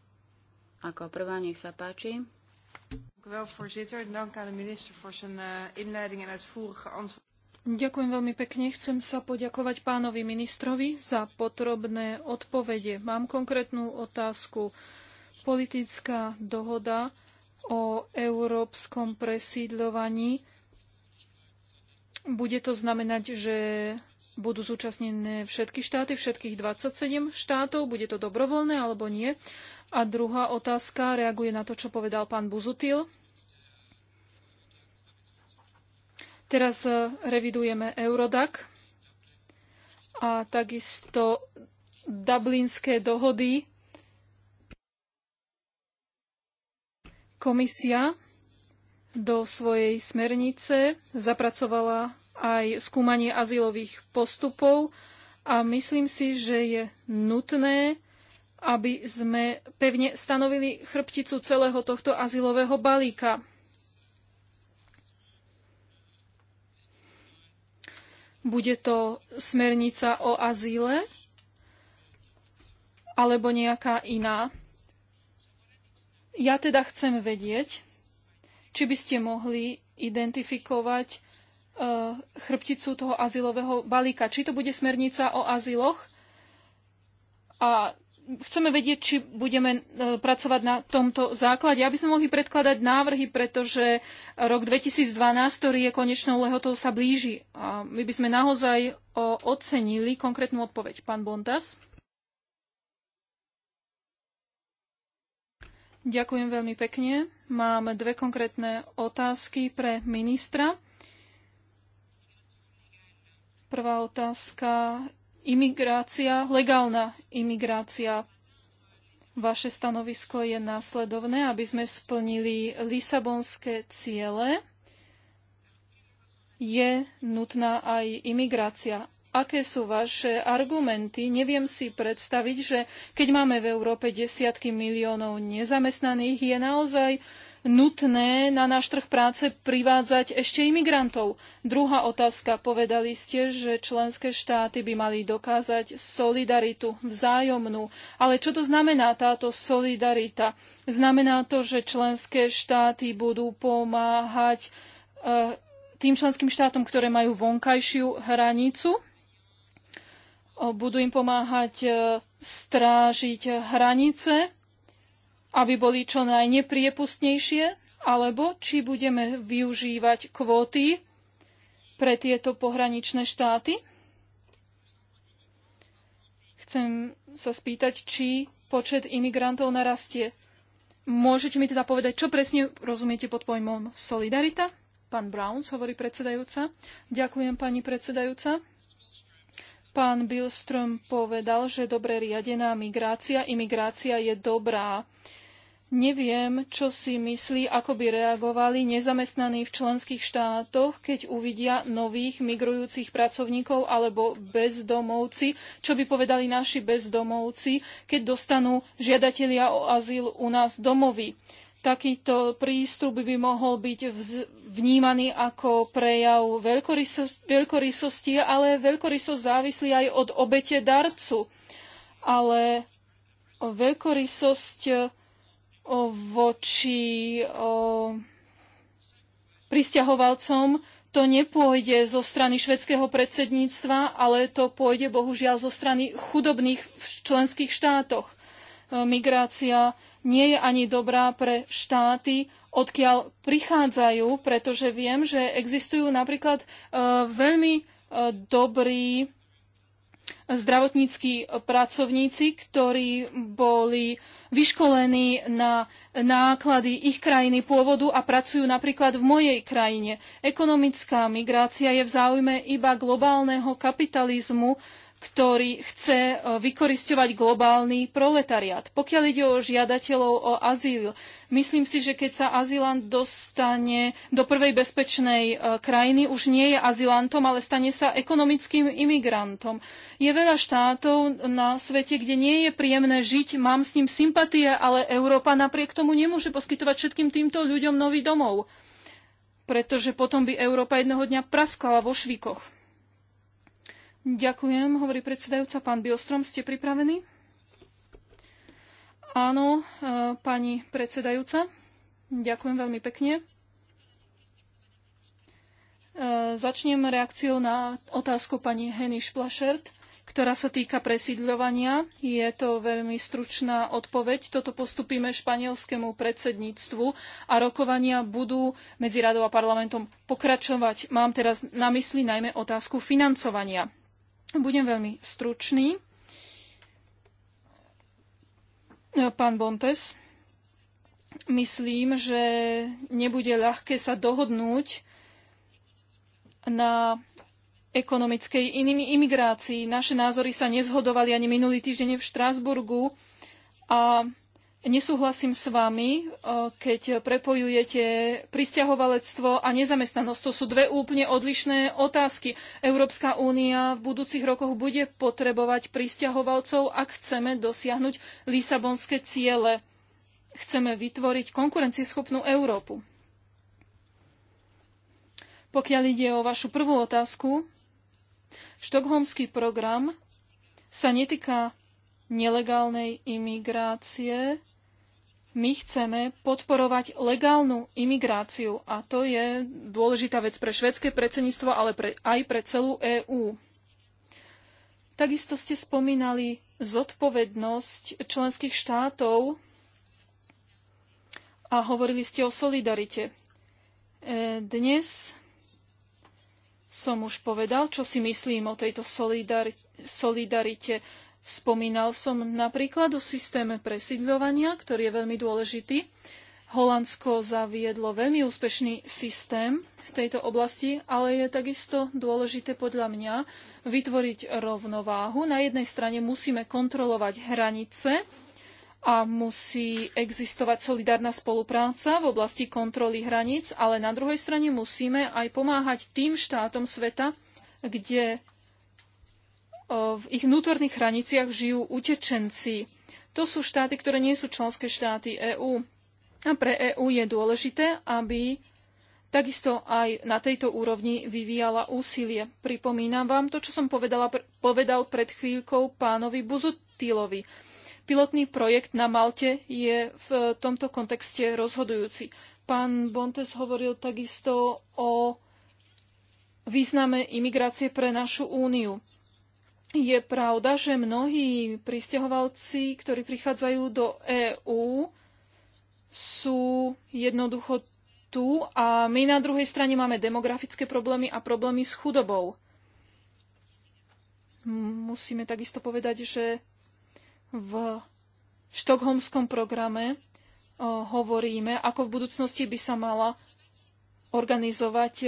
Speaker 1: Ako prvá, nech sa páči.
Speaker 3: Eh, Ďakujem veľmi pekne. Chcem sa poďakovať pánovi ministrovi za potrobné odpovede. Mám konkrétnu otázku. Politická dohoda o európskom presídľovaní. Bude to znamenať, že budú zúčastnené všetky štáty, všetkých 27 štátov, bude to dobrovoľné alebo nie. A druhá otázka reaguje na to, čo povedal pán Buzutil. Teraz e, revidujeme Eurodac a takisto Dublinské dohody. Komisia do svojej smernice zapracovala aj skúmanie azylových postupov a myslím si, že je nutné, aby sme pevne stanovili chrbticu celého tohto azylového balíka. Bude to smernica o azyle alebo nejaká iná? Ja teda chcem vedieť, či by ste mohli identifikovať Eh, chrbticu toho azylového balíka. Či to bude smernica o azyloch a chceme vedieť, či budeme eh, pracovať na tomto základe, aby sme mohli predkladať návrhy, pretože rok 2012, ktorý je konečnou lehotou, sa blíži. A my by sme naozaj eh, ocenili konkrétnu odpoveď. Pán Bontas. Ďakujem veľmi pekne. Mám dve konkrétne otázky pre ministra. Prvá otázka. Imigrácia, legálna imigrácia. Vaše stanovisko je následovné, aby sme splnili lisabonské ciele. Je nutná aj imigrácia aké sú vaše argumenty. Neviem si predstaviť, že keď máme v Európe desiatky miliónov nezamestnaných, je naozaj nutné na náš trh práce privádzať ešte imigrantov? Druhá otázka. Povedali ste, že členské štáty by mali dokázať solidaritu vzájomnú. Ale čo to znamená táto solidarita? Znamená to, že členské štáty budú pomáhať e, tým členským štátom, ktoré majú vonkajšiu hranicu? budú im pomáhať eh, strážiť hranice aby boli čo najnepriepustnejšie, alebo či budeme využívať kvóty pre tieto pohraničné štáty. Chcem sa spýtať, či počet imigrantov narastie. Môžete mi teda povedať, čo presne rozumiete pod pojmom solidarita? Pán Browns, hovorí predsedajúca. Ďakujem, pani predsedajúca. Pán Bilström povedal, že dobre riadená migrácia, imigrácia je dobrá. Neviem, čo si myslí, ako by reagovali nezamestnaní v členských štátoch, keď uvidia nových migrujúcich pracovníkov alebo bezdomovci, čo by povedali naši bezdomovci, keď dostanú žiadatelia o azyl u nás domovy. Takýto prístup by mohol byť vnímaný ako prejav veľkorysos- veľkorysosti, ale veľkorysosť závislí aj od obete darcu. Ale veľkorysosť e, voči e, pristahovalcom to nepôjde zo strany švedského predsedníctva, ale to pôjde bohužiaľ zo strany chudobných v členských štátoch. E, migrácia nie je ani dobrá pre štáty, odkiaľ prichádzajú, pretože viem, že existujú napríklad e, veľmi e, dobrí e, zdravotníckí pracovníci, ktorí boli vyškolení na náklady ich krajiny pôvodu a pracujú napríklad v mojej krajine. Ekonomická migrácia je v záujme iba globálneho kapitalizmu, ktorý chce e, vykorisťovať globálny proletariat. Pokiaľ ide o žiadateľov o azyl, myslím si, že keď sa azylant dostane do prvej bezpečnej e, krajiny, už nie je azylantom, ale stane sa ekonomickým imigrantom. Je veľa štátov na svete, kde nie je príjemné žiť, mám s ním sympatie, ale Európa napriek tomu nemôže poskytovať všetkým týmto ľuďom nový domov, pretože potom by Európa jedného dňa praskala vo švíkoch. Ďakujem, hovorí predsedajúca. Pán Biostrom, ste pripravení? Áno, e, pani predsedajúca. Ďakujem veľmi pekne. E, začnem reakciou na otázku pani Heny Šplašert, ktorá sa týka presídľovania. Je to veľmi stručná odpoveď. Toto postupíme španielskému predsedníctvu a rokovania budú medzi radou a parlamentom pokračovať. Mám teraz na mysli najmä otázku financovania. Budem veľmi stručný. Pán Bontes, myslím, že nebude ľahké sa dohodnúť na ekonomickej imigrácii. Naše názory sa nezhodovali ani minulý týždeň v Štrásburgu a Nesúhlasím s vami, e, keď prepojujete pristahovalectvo a nezamestnanosť. To sú dve úplne odlišné otázky. Európska únia v budúcich rokoch bude potrebovať pristahovalcov, ak chceme dosiahnuť lisabonské ciele. Chceme vytvoriť konkurencieschopnú Európu. Pokiaľ ide o vašu prvú otázku, štokholmský program sa netýka nelegálnej imigrácie, my chceme podporovať legálnu imigráciu a to je dôležitá vec pre švedské predsedníctvo, ale pre, aj pre celú EÚ. Takisto ste spomínali zodpovednosť členských štátov a hovorili ste o solidarite. E, dnes som už povedal, čo si myslím o tejto solidarite. Spomínal som napríklad o systéme presídľovania, ktorý je veľmi dôležitý. Holandsko zaviedlo veľmi úspešný systém v tejto oblasti, ale je takisto dôležité podľa mňa vytvoriť rovnováhu. Na jednej strane musíme kontrolovať hranice a musí existovať solidárna spolupráca v oblasti kontroly hraníc, ale na druhej strane musíme aj pomáhať tým štátom sveta, kde v ich vnútorných hraniciach žijú utečenci. To sú štáty, ktoré nie sú členské štáty EÚ. A pre EÚ je dôležité, aby takisto aj na tejto úrovni vyvíjala úsilie. Pripomínam vám to, čo som povedala, povedal pred chvíľkou pánovi Buzutilovi. Pilotný projekt na Malte je v tomto kontexte rozhodujúci. Pán Bontes hovoril takisto o význame imigrácie pre našu úniu. Je pravda, že mnohí pristahovalci, ktorí prichádzajú do EÚ, sú jednoducho tu a my na druhej strane máme demografické problémy a problémy s chudobou. Musíme takisto povedať, že v štokholmskom programe hovoríme, ako v budúcnosti by sa mala organizovať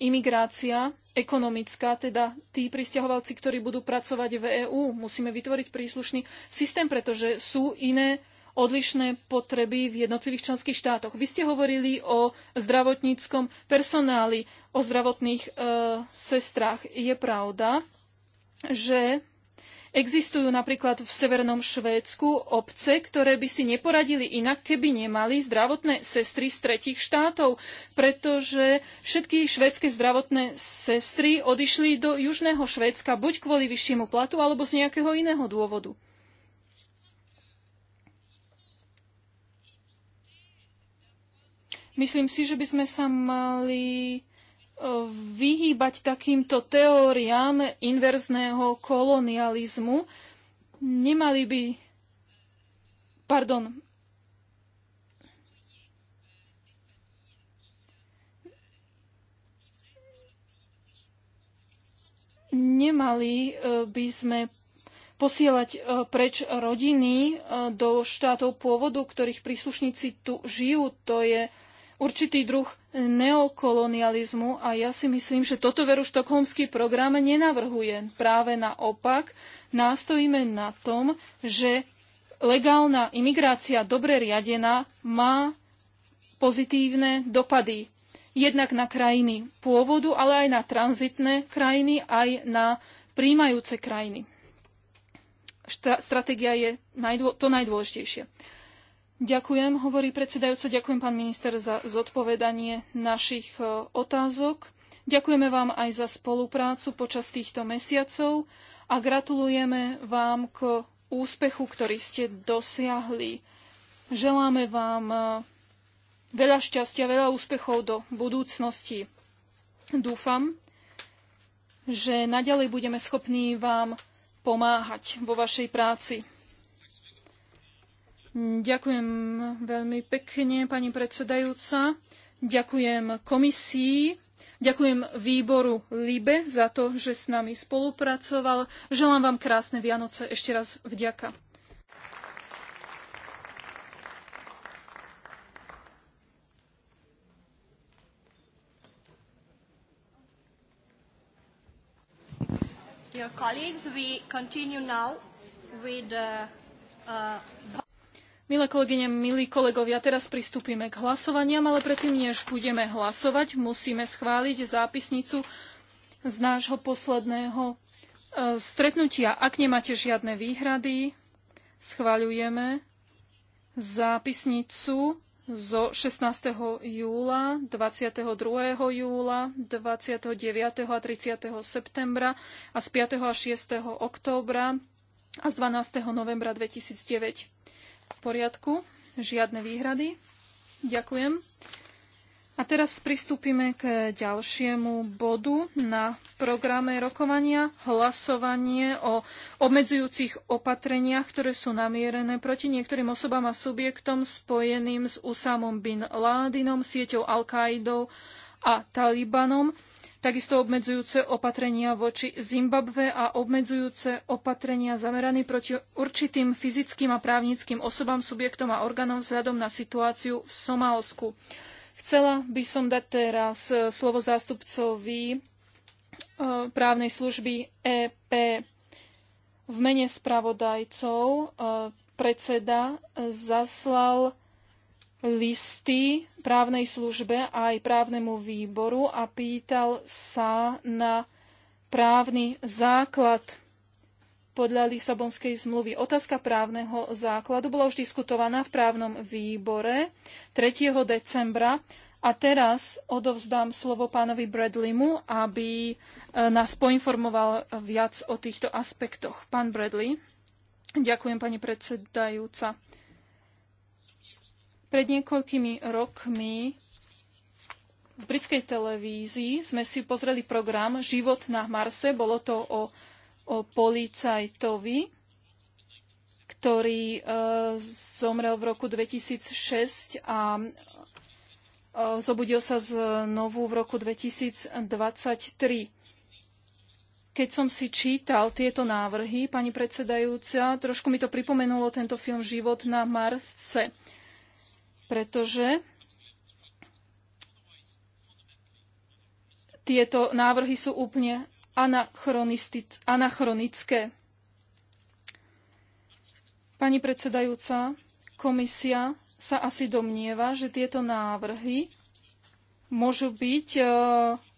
Speaker 3: imigrácia ekonomická, teda tí pristahovalci, ktorí budú pracovať v EÚ. Musíme vytvoriť príslušný systém, pretože sú iné odlišné potreby v jednotlivých členských štátoch. Vy ste hovorili o zdravotníckom personáli, o zdravotných e, sestrách. Je pravda, že Existujú napríklad v Severnom Švédsku obce, ktoré by si neporadili inak, keby nemali zdravotné sestry z tretich štátov, pretože všetky švédske zdravotné sestry odišli do Južného Švédska buď kvôli vyššiemu platu alebo z nejakého iného dôvodu. Myslím si, že by sme sa mali vyhýbať takýmto teóriám inverzného kolonializmu. Nemali by, pardon, nemali e, by sme posielať e, preč rodiny e, do štátov pôvodu, ktorých príslušníci tu žijú. To je určitý druh neokolonializmu a ja si myslím, že toto veru štokholmský program nenavrhuje. Práve naopak, nástojíme na tom, že legálna imigrácia dobre riadená má pozitívne dopady. Jednak na krajiny pôvodu, ale aj na tranzitné krajiny, aj na príjmajúce krajiny. Štra- stratégia je najdô- to najdôležitejšie. Ďakujem, hovorí predsedajúca. Ďakujem, pán minister, za zodpovedanie našich e, otázok. Ďakujeme vám aj za spoluprácu počas týchto mesiacov a gratulujeme vám k úspechu, ktorý ste dosiahli. Želáme vám e, veľa šťastia, veľa úspechov do budúcnosti. Dúfam, že naďalej budeme schopní vám pomáhať vo vašej práci. Mm, ďakujem veľmi pekne, pani predsedajúca. Ďakujem komisii, ďakujem výboru LIBE za to, že s nami spolupracoval. Želám vám krásne Vianoce. Ešte raz vďaka.
Speaker 2: colleagues, we continue now with uh, uh
Speaker 3: Milé kolegyne, milí kolegovia, teraz pristúpime k hlasovaniam, ale predtým, než budeme hlasovať, musíme schváliť zápisnicu z nášho posledného e, stretnutia. Ak nemáte žiadne výhrady, schváľujeme zápisnicu zo 16. júla, 22. júla, 29. a 30. septembra a z 5. a 6. októbra a z 12. novembra 2009. V poriadku, žiadne výhrady. Ďakujem. A teraz pristúpime k ďalšiemu bodu na programe rokovania. Hlasovanie o obmedzujúcich opatreniach, ktoré sú namierené proti niektorým osobám a subjektom spojeným s Usamom bin Ládinom, sieťou Al-Kaidou a Talibanom takisto obmedzujúce opatrenia voči Zimbabve a obmedzujúce opatrenia zamerané proti určitým fyzickým a právnickým osobám, subjektom a orgánom vzhľadom na situáciu v Somálsku. Chcela by som dať teraz e, slovo zástupcovi e, právnej služby EP. V mene spravodajcov e, predseda zaslal listy právnej službe aj právnemu výboru a pýtal sa na právny základ podľa Lisabonskej zmluvy. Otázka právneho základu bola už diskutovaná v právnom výbore 3. decembra a teraz odovzdám slovo pánovi Bradleymu, aby e, nás poinformoval viac o týchto aspektoch. Pán Bradley. Ďakujem, pani predsedajúca. Pred niekoľkými rokmi v britskej televízii sme si pozreli program Život na Marse. Bolo to o, o policajtovi, ktorý e, zomrel v roku 2006 a e, zobudil sa znovu v roku 2023 keď som si čítal tieto návrhy, pani predsedajúca, trošku mi to pripomenulo tento film Život na Marse pretože tieto návrhy sú úplne anachronické. Pani predsedajúca, komisia sa asi domnieva, že tieto návrhy môžu byť e,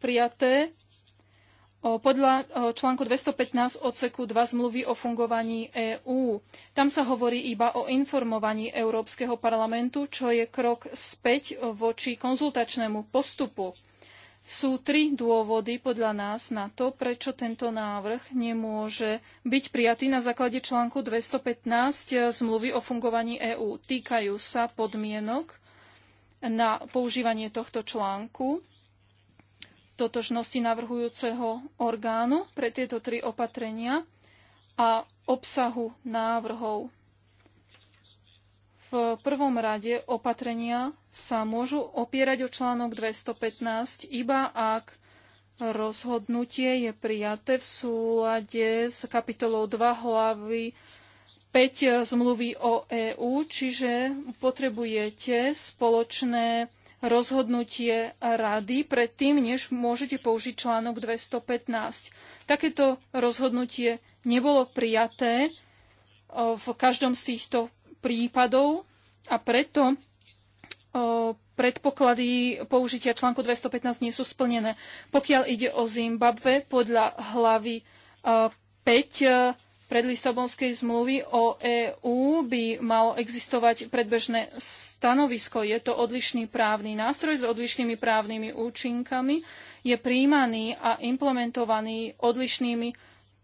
Speaker 3: prijaté podľa článku 215 odseku 2 zmluvy o fungovaní EÚ. Tam sa hovorí iba o informovaní Európskeho parlamentu, čo je krok späť voči konzultačnému postupu. Sú tri dôvody podľa nás na to, prečo tento návrh nemôže byť prijatý na základe článku 215 zmluvy o fungovaní EÚ. Týkajú sa podmienok na používanie tohto článku totožnosti navrhujúceho orgánu pre tieto tri opatrenia a obsahu návrhov. V prvom rade opatrenia sa môžu opierať o článok 215 iba ak rozhodnutie je prijaté v súlade s kapitolou 2 hlavy 5 zmluvy o EÚ, čiže potrebujete spoločné rozhodnutie rady predtým, než môžete použiť článok 215. Takéto rozhodnutie nebolo prijaté e, v každom z týchto prípadov a preto e, predpoklady použitia článku 215 nie sú splnené. Pokiaľ ide o Zimbabve, podľa hlavy 5 e, predlisabonskej zmluvy o EÚ by malo existovať predbežné stanovisko. Je to odlišný právny nástroj s odlišnými právnymi účinkami. Je príjmaný a implementovaný odlišnými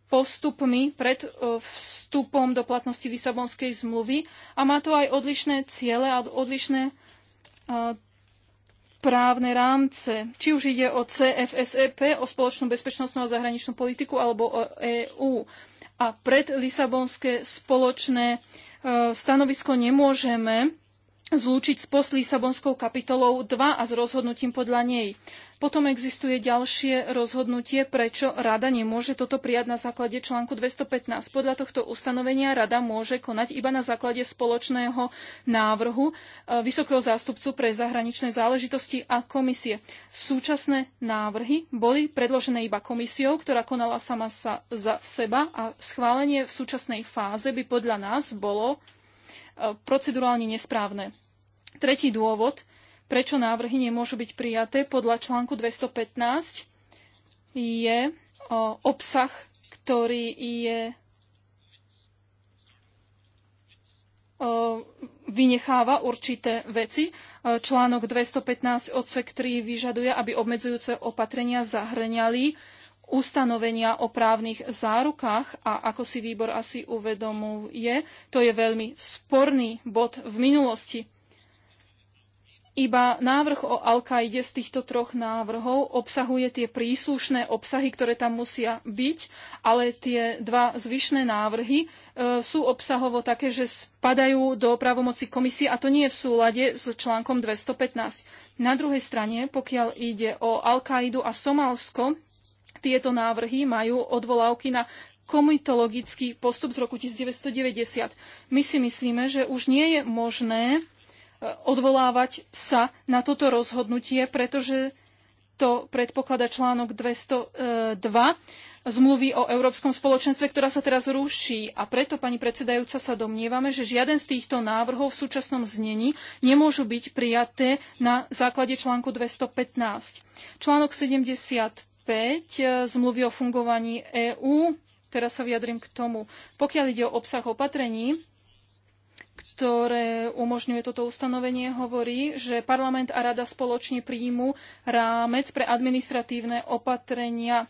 Speaker 3: postupmi pred e, vstupom do platnosti Lisabonskej zmluvy a má to aj odlišné ciele a odlišné e, právne rámce, či už ide o CFSEP, o spoločnú bezpečnostnú a zahraničnú politiku, alebo o EÚ a predlisabonské spoločné e, stanovisko nemôžeme zlúčiť s Lisabonskou kapitolou 2 a s rozhodnutím podľa nej. Potom existuje ďalšie rozhodnutie, prečo rada nemôže toto prijať na základe článku 215. Podľa tohto ustanovenia rada môže konať iba na základe spoločného návrhu e, vysokého zástupcu pre zahraničné záležitosti a komisie. Súčasné návrhy boli predložené iba komisiou, ktorá konala sama sa za seba a schválenie v súčasnej fáze by podľa nás bolo procedurálne nesprávne. Tretí dôvod, prečo návrhy nemôžu byť prijaté podľa článku 215, je obsah, ktorý je vynecháva určité veci. E, článok 215 odsek 3 vyžaduje, aby obmedzujúce opatrenia zahrňali ustanovenia o právnych zárukách a ako si výbor asi uvedomuje, to je veľmi sporný bod v minulosti. Iba návrh o Alkaide z týchto troch návrhov obsahuje tie príslušné obsahy, ktoré tam musia byť, ale tie dva zvyšné návrhy e, sú obsahovo také, že spadajú do právomoci komisie a to nie je v súlade s článkom 215. Na druhej strane, pokiaľ ide o Alkaidu a Somálsko, tieto návrhy majú odvolávky na komitologický postup z roku 1990. My si myslíme, že už nie je možné e, odvolávať sa na toto rozhodnutie, pretože to predpoklada článok 202 e, zmluvy o Európskom spoločenstve, ktorá sa teraz ruší. A preto, pani predsedajúca, sa domnievame, že žiaden z týchto návrhov v súčasnom znení nemôžu byť prijaté na základe článku 215. Článok 75 5 e, zmluvy o fungovaní EÚ. Teraz sa vyjadrím k tomu. Pokiaľ ide o obsah opatrení, ktoré umožňuje toto ustanovenie, hovorí, že parlament a rada spoločne príjmu rámec pre administratívne opatrenia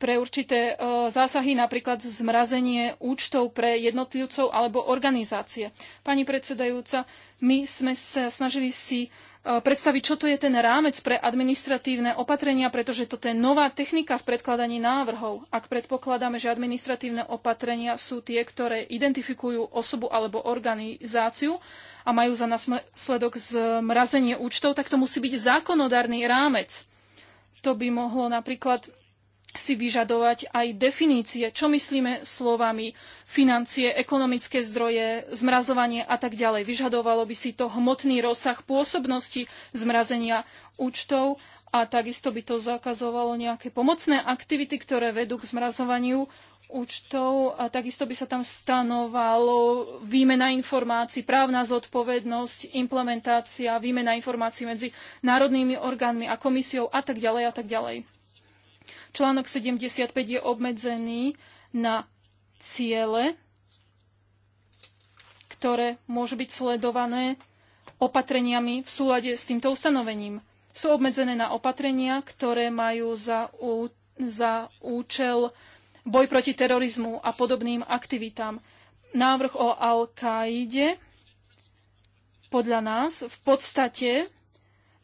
Speaker 3: pre určité e, zásahy, napríklad zmrazenie účtov pre jednotlivcov alebo organizácie. Pani predsedajúca, my sme sa snažili si e, predstaviť, čo to je ten rámec pre administratívne opatrenia, pretože toto je nová technika v predkladaní návrhov. Ak predpokladáme, že administratívne opatrenia sú tie, ktoré identifikujú osobu alebo organizáciu a majú za následok zmrazenie účtov, tak to musí byť zákonodárny rámec. To by mohlo napríklad si vyžadovať aj definície, čo myslíme slovami financie, ekonomické zdroje, zmrazovanie a tak ďalej. Vyžadovalo by si to hmotný rozsah pôsobnosti zmrazenia účtov a takisto by to zakazovalo nejaké pomocné aktivity, ktoré vedú k zmrazovaniu účtov a takisto by sa tam stanovalo výmena informácií, právna zodpovednosť, implementácia, výmena informácií medzi národnými orgánmi a komisiou a tak ďalej a tak ďalej. Článok 75 je obmedzený na ciele, ktoré môžu byť sledované opatreniami v súlade s týmto ustanovením. Sú obmedzené na opatrenia, ktoré majú za, ú, za účel boj proti terorizmu a podobným aktivitám. Návrh o Al-Kaide podľa nás v podstate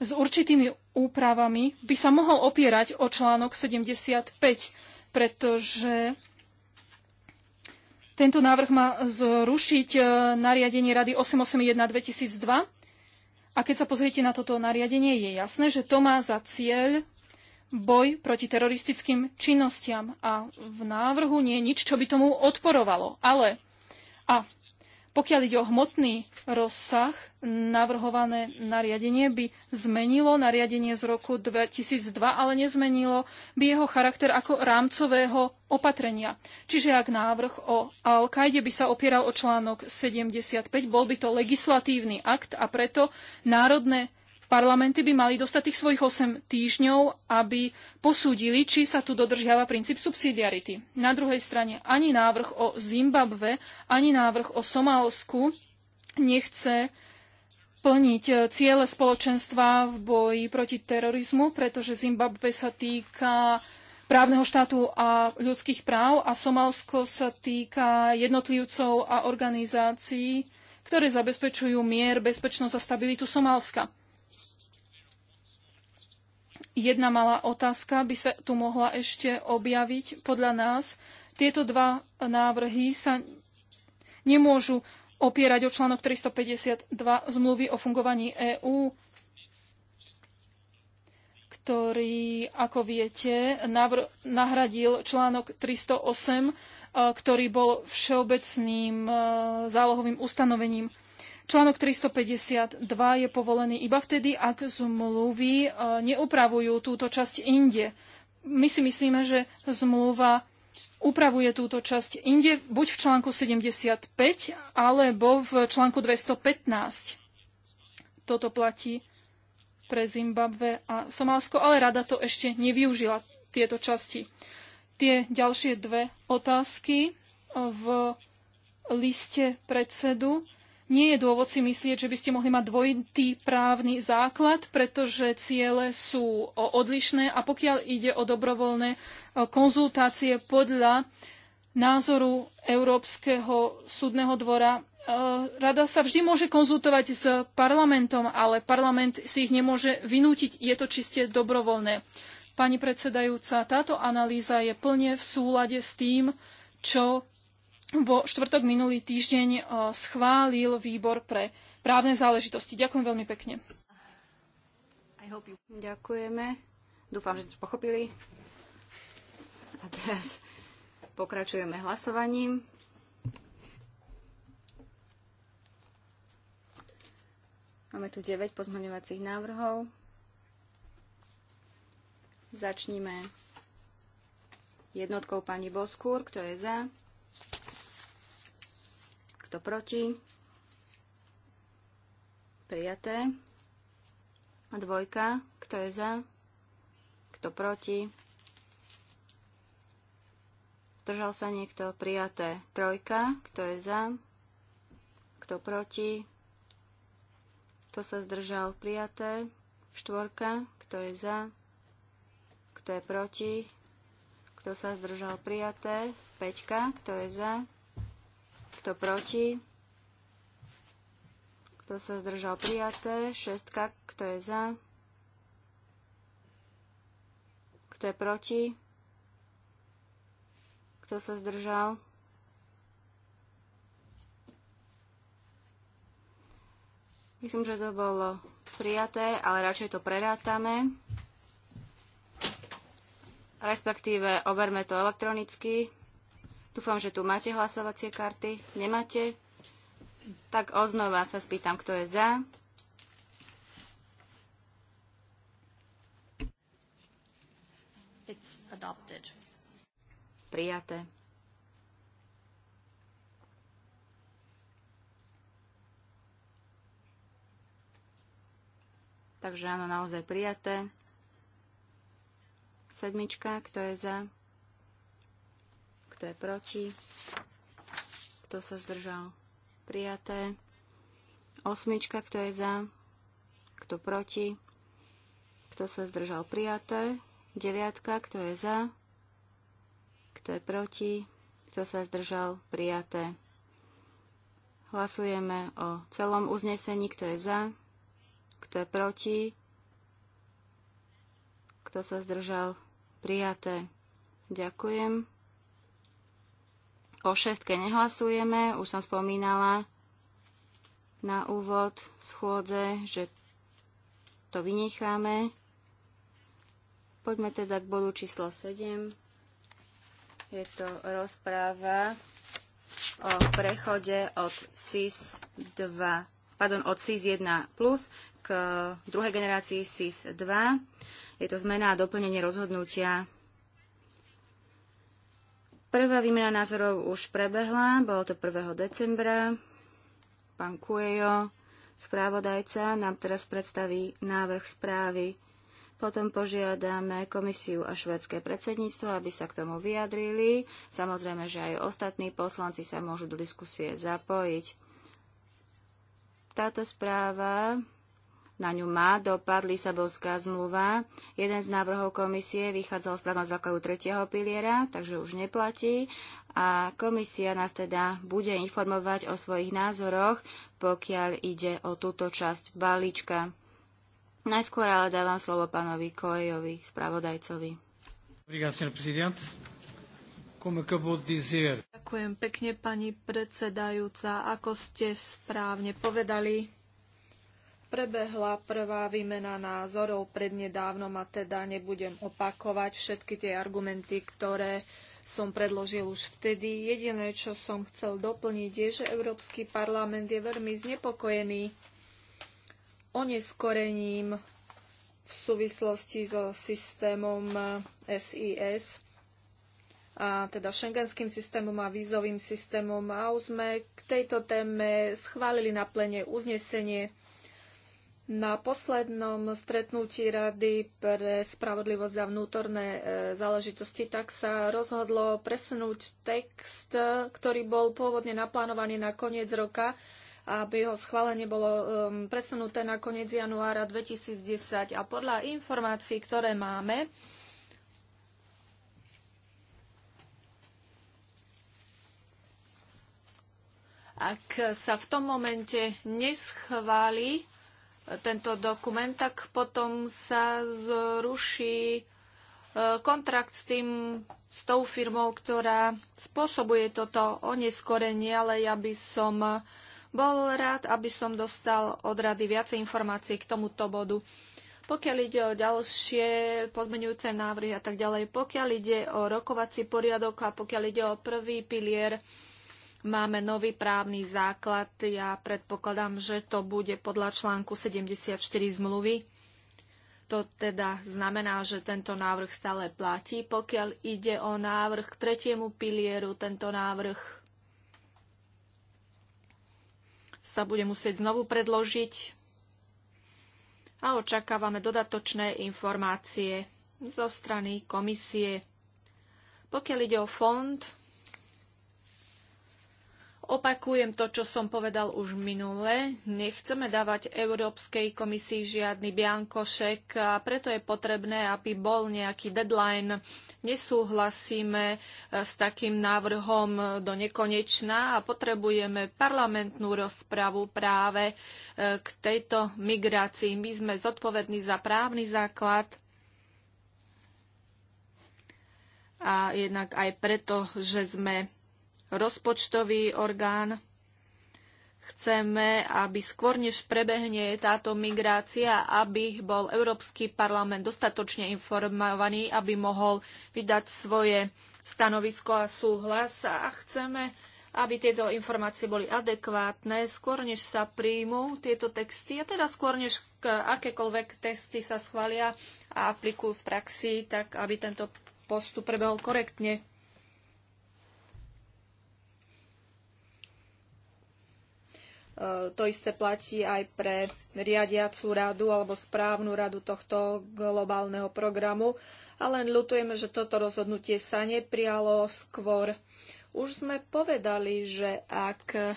Speaker 3: s určitými úpravami by sa mohol opierať o článok 75, pretože tento návrh má zrušiť e, nariadenie Rady 881-2002. A keď sa pozriete na toto nariadenie, je jasné, že to má za cieľ boj proti teroristickým činnostiam. A v návrhu nie je nič, čo by tomu odporovalo. Ale a pokiaľ ide o hmotný rozsah, navrhované nariadenie by zmenilo nariadenie z roku 2002, ale nezmenilo by jeho charakter ako rámcového opatrenia. Čiže ak návrh o al by sa opieral o článok 75, bol by to legislatívny akt a preto národné Parlamenty by mali dostať tých svojich 8 týždňov, aby posúdili, či sa tu dodržiava princíp subsidiarity. Na druhej strane ani návrh o Zimbabve, ani návrh o Somálsku nechce plniť ciele spoločenstva v boji proti terorizmu, pretože Zimbabve sa týka právneho štátu a ľudských práv a Somálsko sa týka jednotlivcov a organizácií, ktoré zabezpečujú mier, bezpečnosť a stabilitu Somálska jedna malá otázka by sa tu mohla ešte objaviť. Podľa nás tieto dva návrhy sa nemôžu opierať o článok 352 zmluvy o fungovaní EÚ, ktorý, ako viete, nahradil článok 308, eh, ktorý bol všeobecným eh, zálohovým ustanovením Článok 352 je povolený iba vtedy, ak zmluvy e, neupravujú túto časť inde. My si myslíme, že zmluva upravuje túto časť inde, buď v článku 75, alebo v článku 215. Toto platí pre Zimbabve a Somálsko, ale rada to ešte nevyužila, tieto časti. Tie ďalšie dve otázky v liste predsedu nie je dôvod si myslieť, že by ste mohli mať dvojitý právny základ, pretože ciele sú odlišné a pokiaľ ide o dobrovoľné konzultácie podľa názoru Európskeho súdneho dvora, rada sa vždy môže konzultovať s parlamentom, ale parlament si ich nemôže vynútiť. Je to čiste dobrovoľné. Pani predsedajúca, táto analýza je plne v súlade s tým, čo vo štvrtok minulý týždeň e, schválil výbor pre právne záležitosti. Ďakujem veľmi pekne.
Speaker 1: Ďakujeme. Dúfam, že ste pochopili. A teraz pokračujeme hlasovaním. Máme tu 9 pozmaňovacích návrhov. Začníme jednotkou pani Boskúr, kto je za kto proti? Prijaté. A dvojka. Kto je za? Kto proti? Zdržal sa niekto? Prijaté. Trojka. Kto je za? Kto proti? Kto sa zdržal? Prijaté. Štvorka. Kto je za? Kto je proti? Kto sa zdržal? Prijaté. Peťka. Kto je za? Kto proti? Kto sa zdržal prijaté? Šestka. Kto je za? Kto je proti? Kto sa zdržal? Myslím, že to bolo prijaté, ale radšej to prerátame. Respektíve overme to elektronicky. Dúfam, že tu máte hlasovacie karty. Nemáte? Tak odznova sa spýtam, kto je za. It's adopted. Prijaté. Takže áno, naozaj prijaté. Sedmička, kto je za? Kto je proti? Kto sa zdržal? Prijaté. Osmička, kto je za? Kto proti? Kto sa zdržal? Prijaté. Deviatka, kto je za? Kto je proti? Kto sa zdržal? Prijaté. Hlasujeme o celom uznesení, kto je za, kto je proti, kto sa zdržal, prijaté. Ďakujem. Po šestke nehlasujeme, už som spomínala na úvod schôdze, že to vynecháme. Poďme teda k bodu číslo 7. Je to rozpráva o prechode od SIS 2, pardon, od SIS 1 plus k druhej generácii SIS 2. Je to zmena a doplnenie rozhodnutia Prvá výmena názorov už prebehla, bolo to 1. decembra. Pán Kuejo, správodajca, nám teraz predstaví návrh správy. Potom požiadame komisiu a švedské predsedníctvo, aby sa k tomu vyjadrili. Samozrejme, že aj ostatní poslanci sa môžu do diskusie zapojiť. Táto správa na ňu má dopad Lisabonská zmluva. Jeden z návrhov komisie vychádzal z právneho základu tretieho piliera, takže už neplatí. A komisia nás teda bude informovať o svojich názoroch, pokiaľ ide o túto časť balíčka. Najskôr ale dávam slovo pánovi Kojovi spravodajcovi. Ďakujem pekne, pani predsedajúca.
Speaker 2: Ako ste správne povedali, Prebehla prvá výmena názorov prednedávnom a teda nebudem opakovať všetky tie argumenty, ktoré som predložil už vtedy. Jediné, čo som chcel doplniť, je, že Európsky parlament je veľmi znepokojený oneskorením v súvislosti so systémom SIS, a teda šengenským systémom a vízovým systémom. A už sme k tejto téme schválili na plene uznesenie na poslednom stretnutí Rady pre spravodlivosť a vnútorné e, záležitosti tak sa rozhodlo presunúť text, e, ktorý bol pôvodne naplánovaný na koniec roka, aby ho schválenie bolo e, presunuté na koniec januára 2010. A podľa informácií, ktoré máme, ak sa v tom momente neschváli tento dokument, tak potom sa zruší e, kontrakt s tým, s tou firmou, ktorá spôsobuje toto oneskorenie, ale ja by som bol rád, aby som dostal od rady viacej informácií k tomuto bodu. Pokiaľ ide o ďalšie podmenujúce návrhy a tak ďalej, pokiaľ ide o rokovací poriadok a pokiaľ ide o prvý pilier, Máme nový právny základ. Ja predpokladám, že to bude podľa článku 74 zmluvy. To teda znamená, že tento návrh stále platí. Pokiaľ ide o návrh k tretiemu pilieru, tento návrh sa bude musieť znovu predložiť a očakávame dodatočné informácie zo strany komisie. Pokiaľ ide o fond, Opakujem to, čo som povedal už minule. Nechceme dávať Európskej komisii žiadny biankošek a preto je potrebné, aby bol nejaký deadline. Nesúhlasíme eh, s takým návrhom eh, do nekonečná a potrebujeme parlamentnú rozpravu práve eh, k tejto migrácii. My sme zodpovední za právny základ a jednak aj preto, že sme rozpočtový orgán. Chceme, aby skôr než prebehne táto migrácia, aby bol Európsky parlament dostatočne informovaný, aby mohol vydať svoje stanovisko a súhlas a chceme, aby tieto informácie boli adekvátne, skôr než sa príjmú tieto texty a teda skôr než akékoľvek testy sa schvália a aplikujú v praxi, tak aby tento postup prebehol korektne. Eh, to isté platí aj pre riadiacu radu alebo správnu radu tohto globálneho programu. A len ľutujeme, že toto rozhodnutie sa neprijalo skôr. Už sme povedali, že ak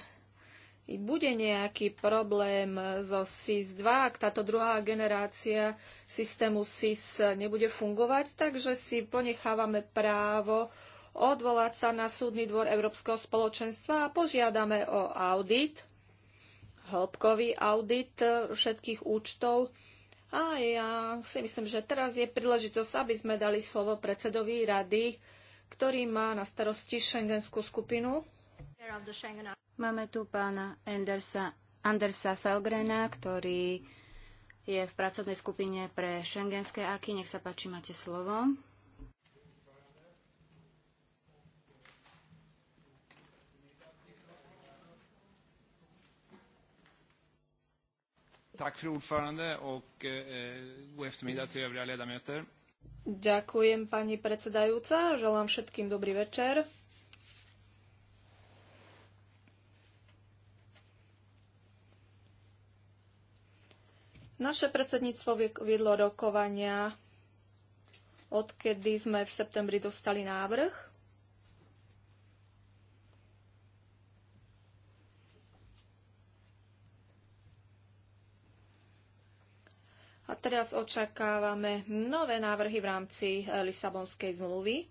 Speaker 2: bude nejaký problém zo SIS-2, ak táto druhá generácia systému SIS nebude fungovať, takže si ponechávame právo odvolať sa na súdny dvor Európskeho spoločenstva a požiadame o audit hĺbkový audit e, všetkých účtov. A ja si myslím, že teraz je príležitosť, aby sme dali slovo predsedovi rady, ktorý má na starosti šengenskú skupinu.
Speaker 1: Máme tu pána Andersa, Andersa Felgrena, ktorý je v pracovnej skupine pre šengenské aky. Nech sa páči, máte slovo.
Speaker 3: Tack för ordförande och eh, god eftermiddag till övriga ledamöter.
Speaker 2: Ďakujem pani predsedajúca, želám všetkým dobrý večer. Naše predsedníctvo viedlo rokovania, odkedy sme v septembri dostali návrh A teraz očakávame nové návrhy v rámci e, Lisabonskej zmluvy.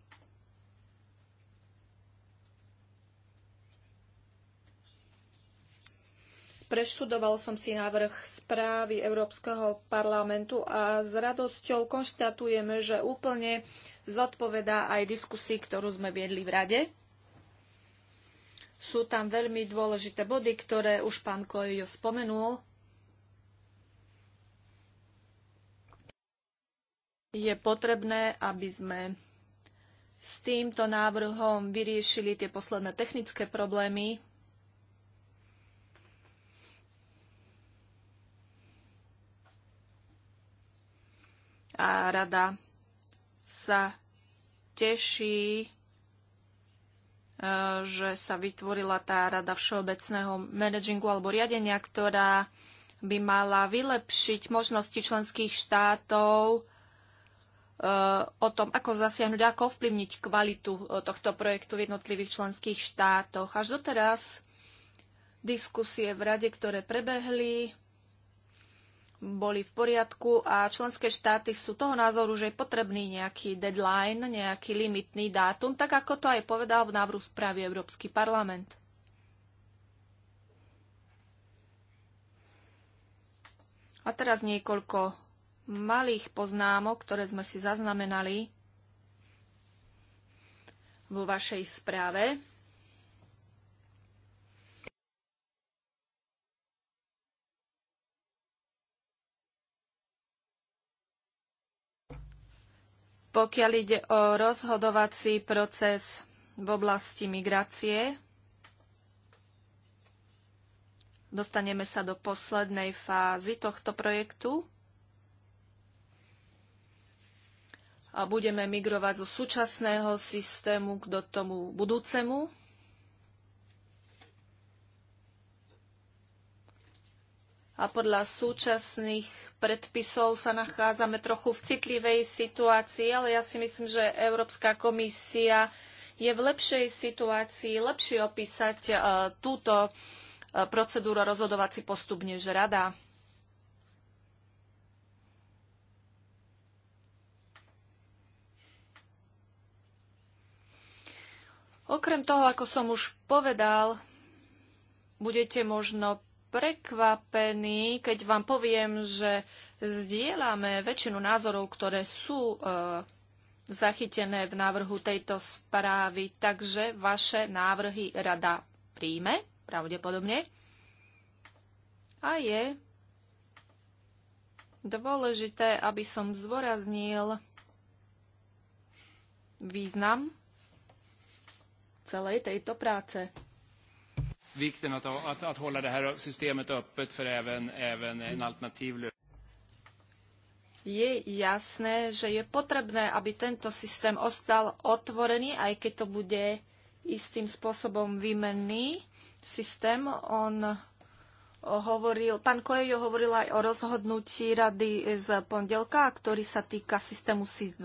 Speaker 2: Preštudoval som si návrh správy Európskeho parlamentu a s radosťou konštatujeme, že úplne zodpovedá aj diskusii, ktorú sme viedli v rade. Sú tam veľmi dôležité body, ktoré už pán Kojo spomenul. je potrebné, aby sme s týmto návrhom vyriešili tie posledné technické problémy. A rada sa teší, eh, že sa vytvorila tá rada všeobecného managingu alebo riadenia, ktorá by mala vylepšiť možnosti členských štátov o tom, ako zasiahnuť, ako ovplyvniť kvalitu e, tohto projektu v jednotlivých členských štátoch. Až doteraz diskusie v rade, ktoré prebehli, boli v poriadku a členské štáty sú toho názoru, že je potrebný nejaký deadline, nejaký limitný dátum, tak ako to aj povedal v návrhu správy Európsky parlament. A teraz niekoľko malých poznámok, ktoré sme si zaznamenali vo vašej správe. Pokiaľ ide o rozhodovací proces v oblasti migrácie, dostaneme sa do poslednej fázy tohto projektu. a budeme migrovať zo súčasného systému k do tomu budúcemu. A podľa súčasných predpisov sa nachádzame trochu v citlivej situácii, ale ja si myslím, že Európska komisia je v lepšej situácii lepšie opísať e, túto e, procedúru rozhodovací postup než rada. Okrem toho, ako som už povedal, budete možno prekvapení, keď vám poviem, že zdieľame väčšinu názorov, ktoré sú e, zachytené v návrhu tejto správy, takže vaše návrhy rada príjme, pravdepodobne. A je dôležité, aby som zvoraznil význam celej tejto práce. je jasné, že je potrebné, aby tento systém ostal otvorený, aj keď to bude istým spôsobom výmenný systém. On hovoril, pán Kojejo hovoril aj o rozhodnutí rady z pondelka, ktorý sa týka systému SIS-2.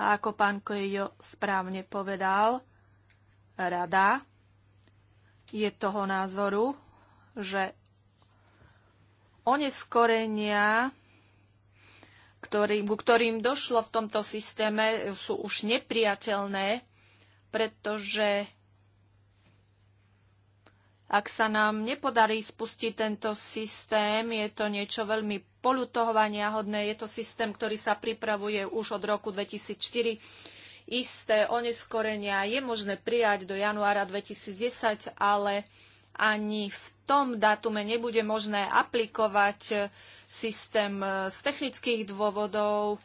Speaker 2: A ako pán Kojo správne povedal, rada je toho názoru, že oneskorenia, ktorý, ktorým došlo v tomto systéme, sú už nepriateľné, pretože ak sa nám nepodarí spustiť tento systém, je to niečo veľmi polutohovania hodné. Je to systém, ktorý sa pripravuje už od roku 2004. Isté oneskorenia je možné prijať do januára 2010, ale ani v tom dátume nebude možné aplikovať e, systém e, z technických dôvodov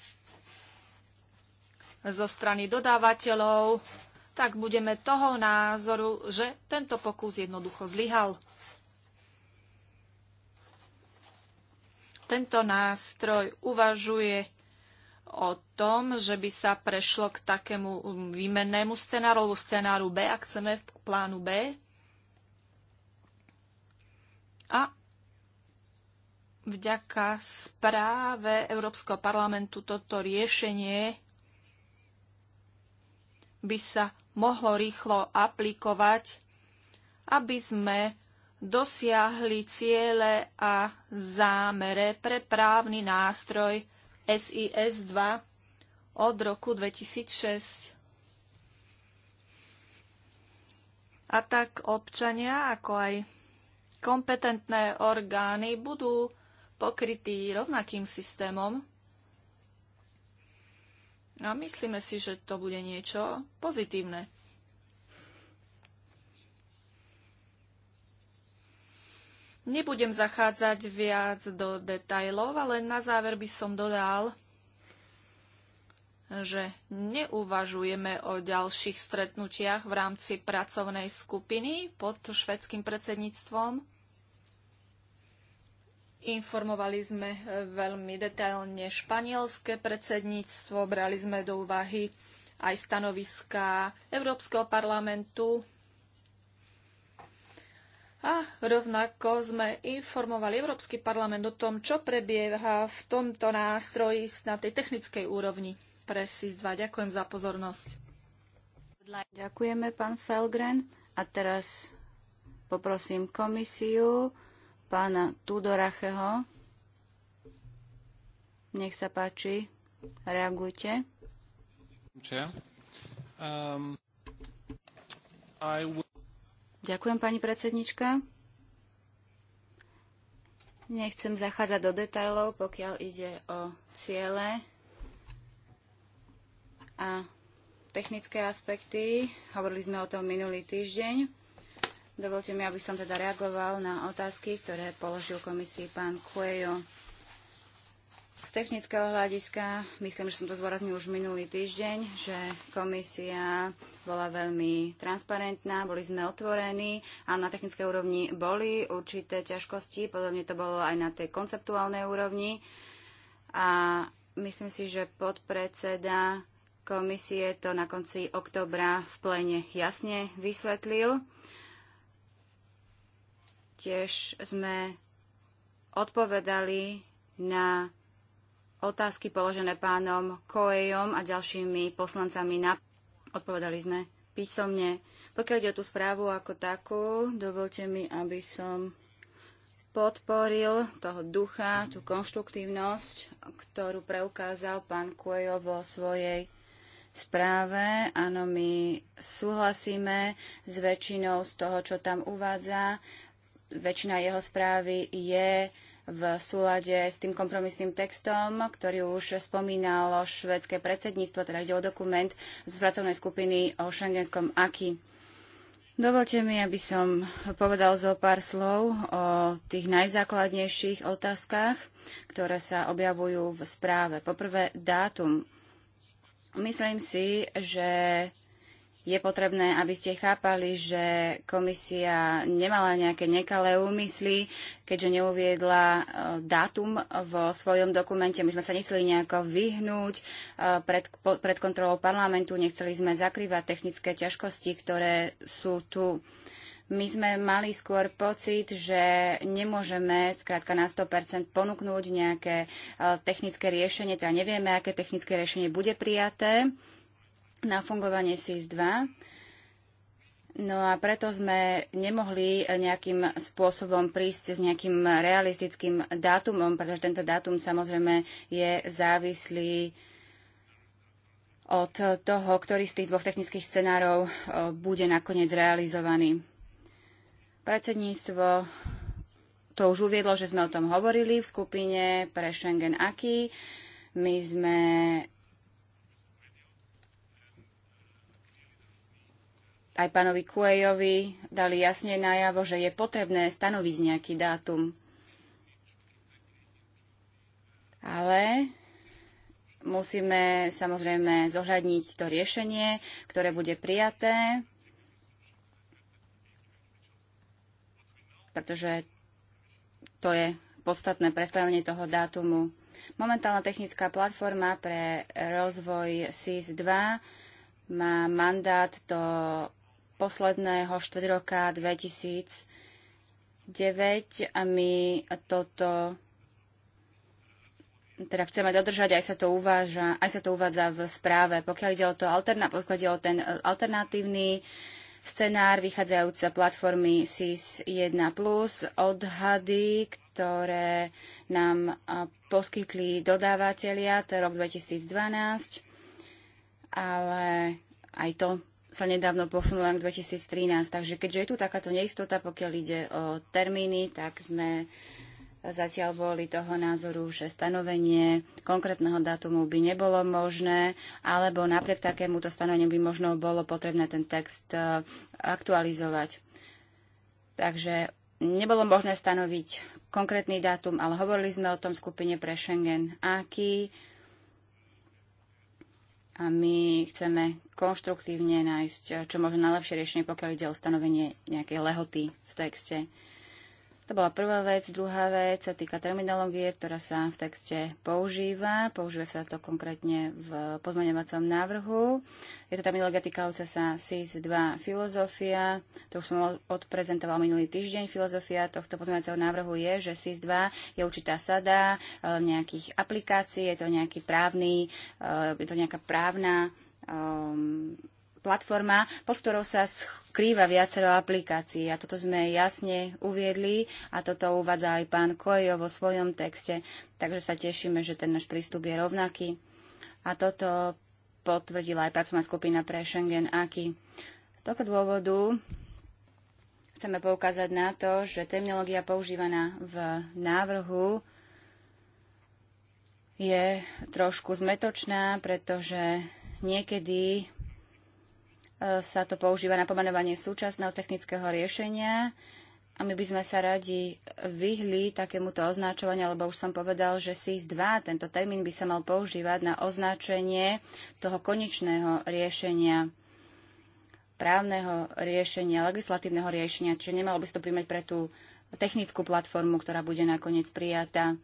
Speaker 2: zo strany dodávateľov tak budeme toho názoru, že tento pokus jednoducho zlyhal. Tento nástroj uvažuje o tom, že by sa prešlo k takému výmennému scenáru alebo scenáru B, ak chceme k plánu B. A vďaka správe Európskeho parlamentu toto riešenie by sa mohlo rýchlo aplikovať, aby sme dosiahli ciele a zámere pre právny nástroj SIS-2 od roku 2006. A tak občania, ako aj kompetentné orgány budú pokrytí rovnakým systémom, a myslíme si, že to bude niečo pozitívne. Nebudem zachádzať viac do detajlov, ale na záver by som dodal, že neuvažujeme o ďalších stretnutiach v rámci pracovnej skupiny pod švedským predsedníctvom. Informovali sme e, veľmi detailne španielské predsedníctvo, brali sme do úvahy aj stanoviska Európskeho parlamentu a rovnako sme informovali Európsky parlament o tom, čo prebieha v tomto nástroji na tej technickej úrovni pre SIS-2. Ďakujem za pozornosť.
Speaker 1: Ďakujeme, pán Felgren. A teraz poprosím komisiu pána Tudoracheho. Nech sa páči, reagujte. Um, Ďakujem, pani predsednička. Nechcem zachádzať do detajlov, pokiaľ ide o ciele a technické aspekty. Hovorili sme o tom minulý týždeň. Dovolte mi, aby som teda reagoval na otázky, ktoré položil komisii pán Cuello. Z technického hľadiska, myslím, že som to zdôraznil už minulý týždeň, že komisia bola veľmi transparentná, boli sme otvorení a na technickej úrovni boli určité ťažkosti, podobne to bolo aj na tej konceptuálnej úrovni. A myslím si, že podpredseda komisie to na konci oktobra v plene jasne vysvetlil. Tiež sme odpovedali na otázky položené pánom Koejom a ďalšími poslancami na... Odpovedali sme písomne. Pokiaľ ide o tú správu ako takú, dovolte mi, aby som podporil toho ducha, tú konštruktívnosť, ktorú preukázal pán Kuejo vo svojej správe. Áno, my súhlasíme s väčšinou z toho, čo tam uvádza väčšina jeho správy je v súlade s tým kompromisným textom, ktorý už spomínalo švedské predsedníctvo, teda ide o dokument z pracovnej skupiny o šengenskom AKI. Dovolte mi, aby som povedal zo pár slov o tých najzákladnejších otázkach, ktoré sa objavujú v správe. Poprvé, dátum. Myslím si, že je potrebné, aby ste chápali, že komisia nemala nejaké nekalé úmysly, keďže neuviedla e, dátum vo svojom dokumente. My sme sa nechceli nejako vyhnúť e, pred, pred kontrolou parlamentu, nechceli sme zakrývať technické ťažkosti, ktoré sú tu. My sme mali skôr pocit, že nemôžeme skrátka na 100% ponúknúť nejaké e, technické riešenie, teda nevieme, aké technické riešenie bude prijaté na fungovanie SIS-2. No a preto sme nemohli nejakým spôsobom prísť s nejakým realistickým dátumom, pretože tento dátum samozrejme je závislý od toho, ktorý z tých dvoch technických scenárov bude nakoniec realizovaný. Predsedníctvo to už uviedlo, že sme o tom hovorili v skupine pre Schengen Aki. My sme aj pánovi Kuejovi dali jasne najavo, že je potrebné stanoviť nejaký dátum. Ale musíme samozrejme zohľadniť to riešenie, ktoré bude prijaté, pretože to je podstatné predstavenie toho dátumu. Momentálna technická platforma pre rozvoj SIS-2 má mandát do posledného štvrť roka 2009 a my toto teda chceme dodržať, aj sa to, uváža, aj sa to uvádza v správe. Pokiaľ ide o, to alterna- pokiaľ ide o ten e, alternatívny scenár vychádzajúce platformy SIS-1+, odhady, ktoré nám e, poskytli dodávateľia, to je rok 2012, ale aj to sa nedávno posunula na 2013. Takže keďže je tu takáto neistota, pokiaľ ide o termíny, tak sme zatiaľ boli toho názoru, že stanovenie konkrétneho dátumu by nebolo možné, alebo napriek takémuto stanoveniu by možno bolo potrebné ten text e, aktualizovať. Takže nebolo možné stanoviť konkrétny dátum, ale hovorili sme o tom skupine pre Schengen. Aký a my chceme konštruktívne nájsť čo možno najlepšie riešenie, pokiaľ ide o stanovenie nejakej lehoty v texte. To bola prvá vec. Druhá vec sa týka terminológie, ktorá sa v texte používa. Používa sa to konkrétne v podmaňovacom návrhu. Je to terminológia týkajúca sa SIS-2 filozofia. To už som odprezentoval minulý týždeň. Filozofia tohto podmaňovacieho návrhu je, že SIS-2 je určitá sada eh, nejakých aplikácií, je to nejaký právny, eh, je to nejaká právna um, platforma, pod ktorou sa skrýva viacero aplikácií. A toto sme jasne uviedli a toto uvádza aj pán Kojo vo svojom texte. Takže sa tešíme, že ten náš prístup je rovnaký. A toto potvrdila aj pracovná skupina pre Schengen AKI. Z tohto dôvodu chceme poukázať na to, že terminológia používaná v návrhu je trošku zmetočná, pretože niekedy sa to používa na pomenovanie súčasného technického riešenia a my by sme sa radi vyhli takémuto označovaniu, lebo už som povedal, že SIS-2, tento termín by sa mal používať na označenie toho konečného riešenia právneho riešenia, legislatívneho riešenia, čiže nemalo by sa to príjmať pre tú technickú platformu, ktorá bude nakoniec prijatá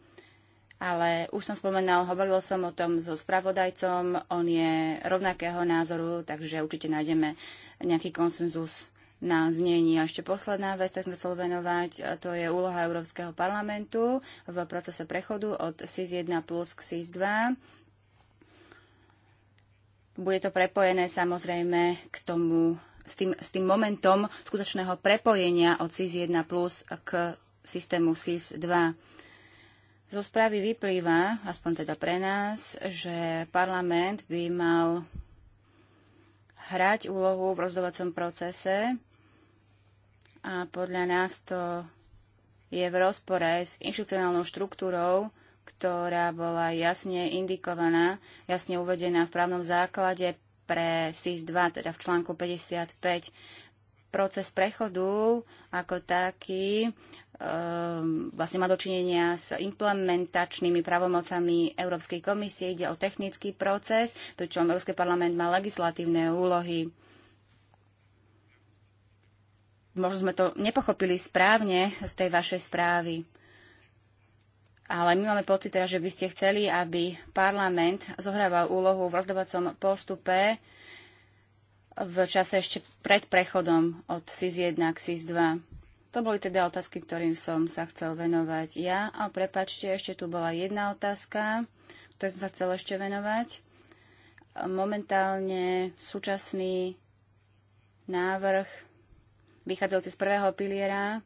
Speaker 1: ale už som spomenal, hovoril som o tom so spravodajcom, on je rovnakého názoru, takže určite nájdeme nejaký konsenzus na znení. A ešte posledná vec, tak sme chcel venovať, to je úloha Európskeho parlamentu v procese prechodu od SIS 1 plus k SIS 2. Bude to prepojené samozrejme k tomu, s tým, s tým momentom skutočného prepojenia od SIS 1 plus k systému SIS 2 zo správy vyplýva, aspoň teda pre nás, že parlament by mal hrať úlohu v rozdovacom procese a podľa nás to je v rozpore s inštitucionálnou štruktúrou, ktorá bola jasne indikovaná, jasne uvedená v právnom základe pre SIS-2, teda v článku 55. Proces prechodu ako taký Ehm, vlastne má dočinenia s implementačnými pravomocami Európskej komisie. Ide o technický proces, pričom Európsky parlament má legislatívne úlohy. Možno sme to nepochopili správne z tej vašej správy. Ale my máme pocit teda, že by ste chceli, aby parlament zohrával úlohu v rozdobacom postupe v čase ešte pred prechodom od SIS 1 k SIS 2. To boli teda otázky, ktorým som sa chcel venovať ja. A prepačte, ešte tu bola jedna otázka, ktorú som sa chcel ešte venovať. Momentálne súčasný návrh vychádzajúci z prvého piliera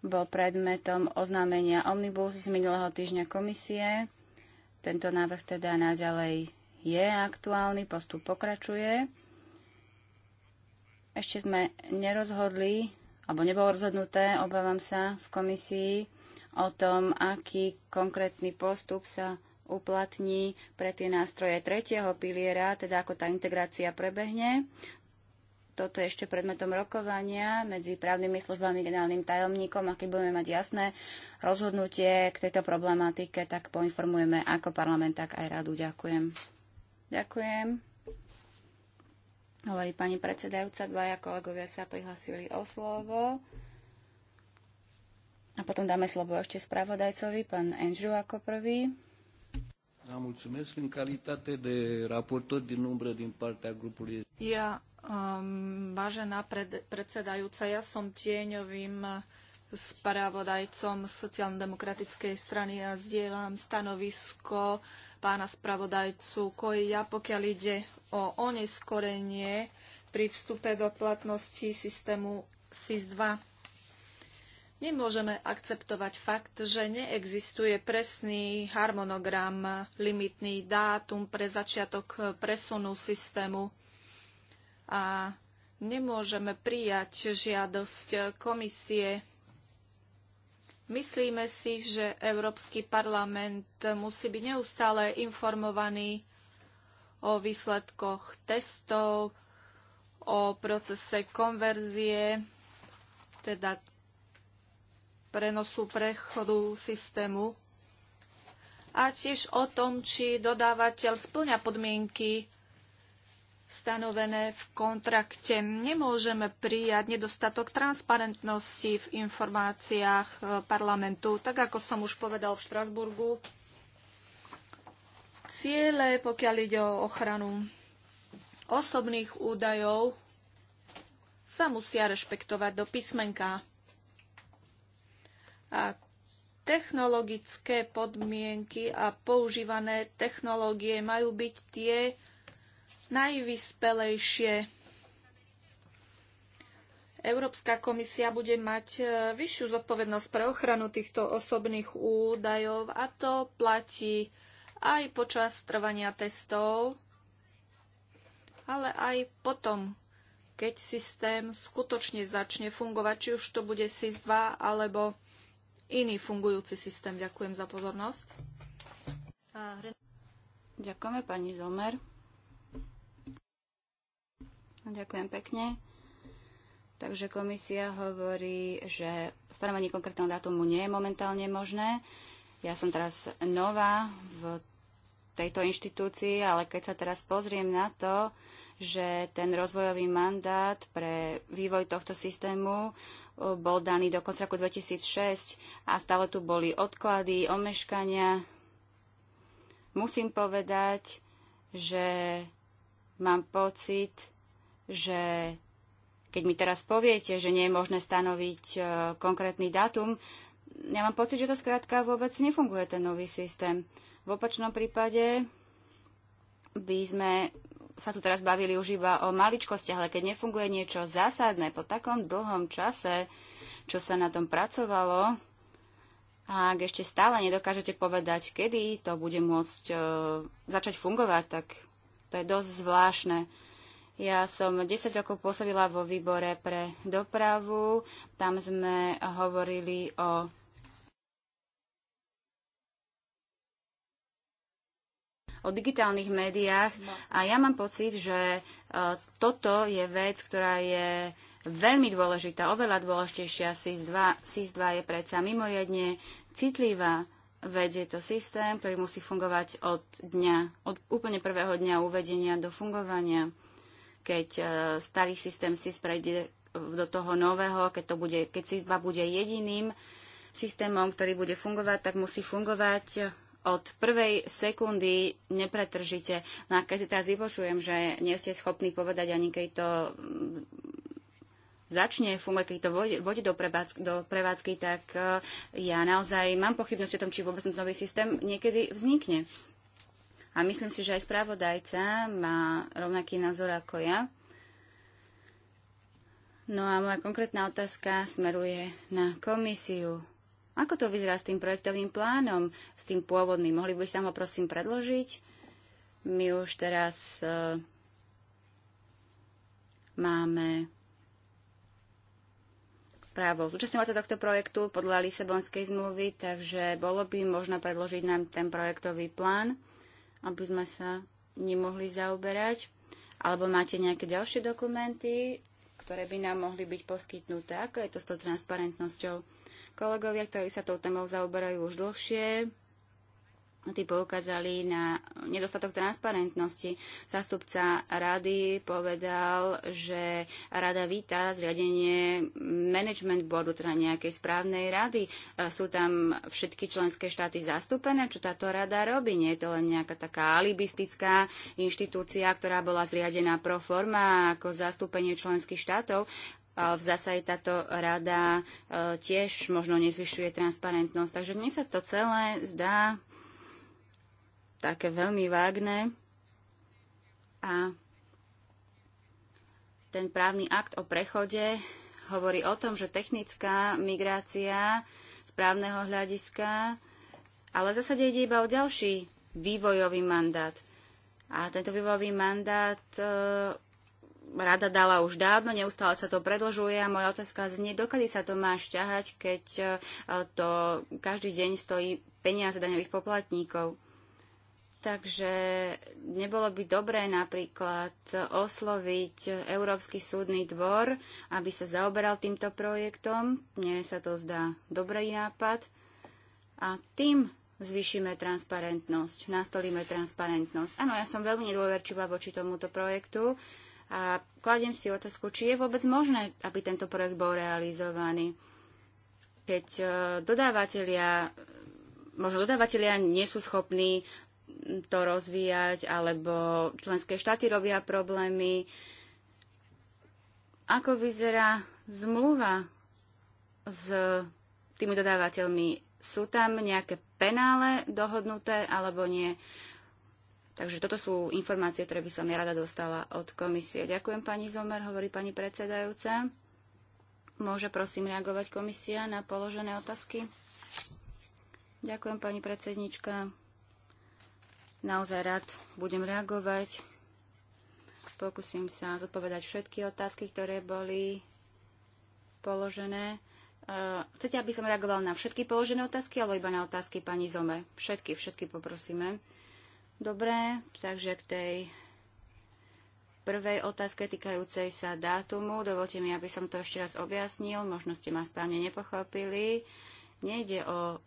Speaker 1: bol predmetom oznámenia Omnibus z minulého týždňa komisie. Tento návrh teda naďalej je aktuálny, postup pokračuje. Ešte sme nerozhodli, alebo nebolo rozhodnuté, obávam sa, v komisii o tom, aký konkrétny postup sa uplatní pre tie nástroje tretieho piliera, teda ako tá integrácia prebehne. Toto je ešte predmetom rokovania medzi právnymi službami, generálnym tajomníkom. keď budeme mať jasné rozhodnutie k tejto problematike, tak poinformujeme ako parlament, tak aj radu. Ďakujem. Ďakujem. Hovorí pani predsedajúca, dvaja kolegovia sa prihlasili o slovo. A potom dáme slovo ešte spravodajcovi, pán Andrew ako prvý. Da, mulțumesc în calitate de raportor din umbră din partea grupului.
Speaker 2: Ja, um, vážená pred, predsedajúca, ja som tieňovým spravodajcom sociálno-demokratickej strany a zdieľam stanovisko uh, pána spravodajcu Koja, pokiaľ ide o oneskorenie pri vstupe do platnosti systému SIS-2. Nemôžeme akceptovať fakt, že neexistuje presný harmonogram, limitný dátum pre začiatok presunu systému a nemôžeme prijať žiadosť komisie Myslíme si, že Európsky parlament musí byť neustále informovaný o výsledkoch testov, o procese konverzie, teda prenosu prechodu systému a tiež o tom, či dodávateľ splňa podmienky stanovené v kontrakte. Nemôžeme prijať nedostatok transparentnosti v informáciách e, parlamentu. Tak ako som už povedal v Štrasburgu, ciele, pokiaľ ide o ochranu osobných údajov, sa musia rešpektovať do písmenka. A technologické podmienky a používané technológie majú byť tie, najvyspelejšie. Európska komisia bude mať e, vyššiu zodpovednosť pre ochranu týchto osobných údajov a to platí aj počas trvania testov, ale aj potom, keď systém skutočne začne fungovať, či už to bude SIS-2 alebo iný fungujúci systém.
Speaker 1: Ďakujem za pozornosť. Ďakujeme pani Zomer. Ďakujem pekne. Takže komisia hovorí, že stanovenie konkrétneho dátumu nie je momentálne možné. Ja som teraz nová v tejto inštitúcii, ale keď sa teraz pozriem na to, že ten rozvojový mandát pre vývoj tohto systému uh, bol daný do konca roku 2006 a stále tu boli odklady, omeškania. Musím povedať, že mám pocit, že keď mi teraz poviete, že nie je možné stanoviť e, konkrétny dátum, ja mám pocit, že to skrátka vôbec nefunguje, ten nový systém. V opačnom prípade by sme sa tu teraz bavili už iba o maličkosti, ale keď nefunguje niečo zásadné po takom dlhom čase, čo sa na tom pracovalo, a ak ešte stále nedokážete povedať, kedy to bude môcť e, začať fungovať, tak to je dosť zvláštne. Ja som 10 rokov pôsobila vo výbore pre dopravu. Tam sme hovorili o o digitálnych médiách no. a ja mám pocit, že e, toto je vec, ktorá je veľmi dôležitá, oveľa dôležitejšia. SIS-2, SIS-2 je predsa mimoriadne citlivá vec, je to systém, ktorý musí fungovať od dňa, od úplne prvého dňa uvedenia do fungovania keď e, starý systém SIS prejde e, do toho nového, keď, to bude, keď SIS-2 bude jediným systémom, ktorý bude fungovať, tak musí fungovať od prvej sekundy nepretržite. No a keď si teraz vypočujem, že nie ste schopní povedať ani keď to mm, začne fungovať, keď to vodi do, prevádzky, do prevádzky, tak e, ja naozaj mám pochybnosť o tom, či vôbec nový systém niekedy vznikne. A myslím si, že aj správodajca má rovnaký názor ako ja. No a moja konkrétna otázka smeruje na komisiu. Ako to vyzerá s tým projektovým plánom, s tým pôvodným? Mohli by sa ho prosím predložiť? My už teraz uh, máme právo zúčastňovať sa tohto projektu podľa Lisabonskej zmluvy, takže bolo by možno predložiť nám ten projektový plán aby sme sa nemohli zaoberať? Alebo máte nejaké ďalšie dokumenty, ktoré by nám mohli byť poskytnuté? Ako je to s tou transparentnosťou? Kolegovia, ktorí sa tou témou zaoberajú už dlhšie, tí poukázali na nedostatok transparentnosti. Zástupca rady povedal, že rada víta zriadenie management boardu, teda nejakej správnej rady. Sú tam všetky členské štáty zastúpené, čo táto rada robí. Nie je to len nejaká taká alibistická inštitúcia, ktorá bola zriadená pro forma ako zastúpenie členských štátov. Ale v zásade táto rada e, tiež možno nezvyšuje transparentnosť. Takže mne sa to celé zdá také veľmi vágne a ten právny akt o prechode hovorí o tom, že technická migrácia z právneho hľadiska, ale v zásade ide iba o ďalší vývojový mandát. A tento vývojový mandát e, rada dala už dávno, neustále sa to predlžuje a moja otázka znie, dokedy sa to má šťahať, keď e, to každý deň stojí peniaze daňových poplatníkov. Takže nebolo by dobré napríklad osloviť Európsky súdny dvor, aby sa zaoberal týmto projektom. Mne sa to zdá dobrý nápad. A tým zvýšime transparentnosť, nastolíme transparentnosť. Áno, ja som veľmi nedôverčivá voči tomuto projektu a kladiem si otázku, či je vôbec možné, aby tento projekt bol realizovaný. Keď eh, dodávateľia možno dodávateľia nie sú schopní to rozvíjať, alebo členské štáty robia problémy. Ako vyzerá zmluva s tými dodávateľmi? Sú tam nejaké penále dohodnuté alebo nie? Takže toto sú informácie, ktoré by som ja rada dostala od komisie. Ďakujem pani Zomer, hovorí pani predsedajúca. Môže prosím reagovať komisia na položené otázky? Ďakujem pani predsednička. Naozaj rád budem reagovať. Pokúsim sa zodpovedať všetky otázky, ktoré boli položené. E, chcete, aby som reagoval na všetky položené otázky, alebo iba na otázky pani Zome? Všetky, všetky poprosíme. Dobre, takže k tej prvej otázke týkajúcej sa dátumu. Dovolte mi, aby som to ešte raz objasnil. Možno ste ma správne nepochopili. Nejde o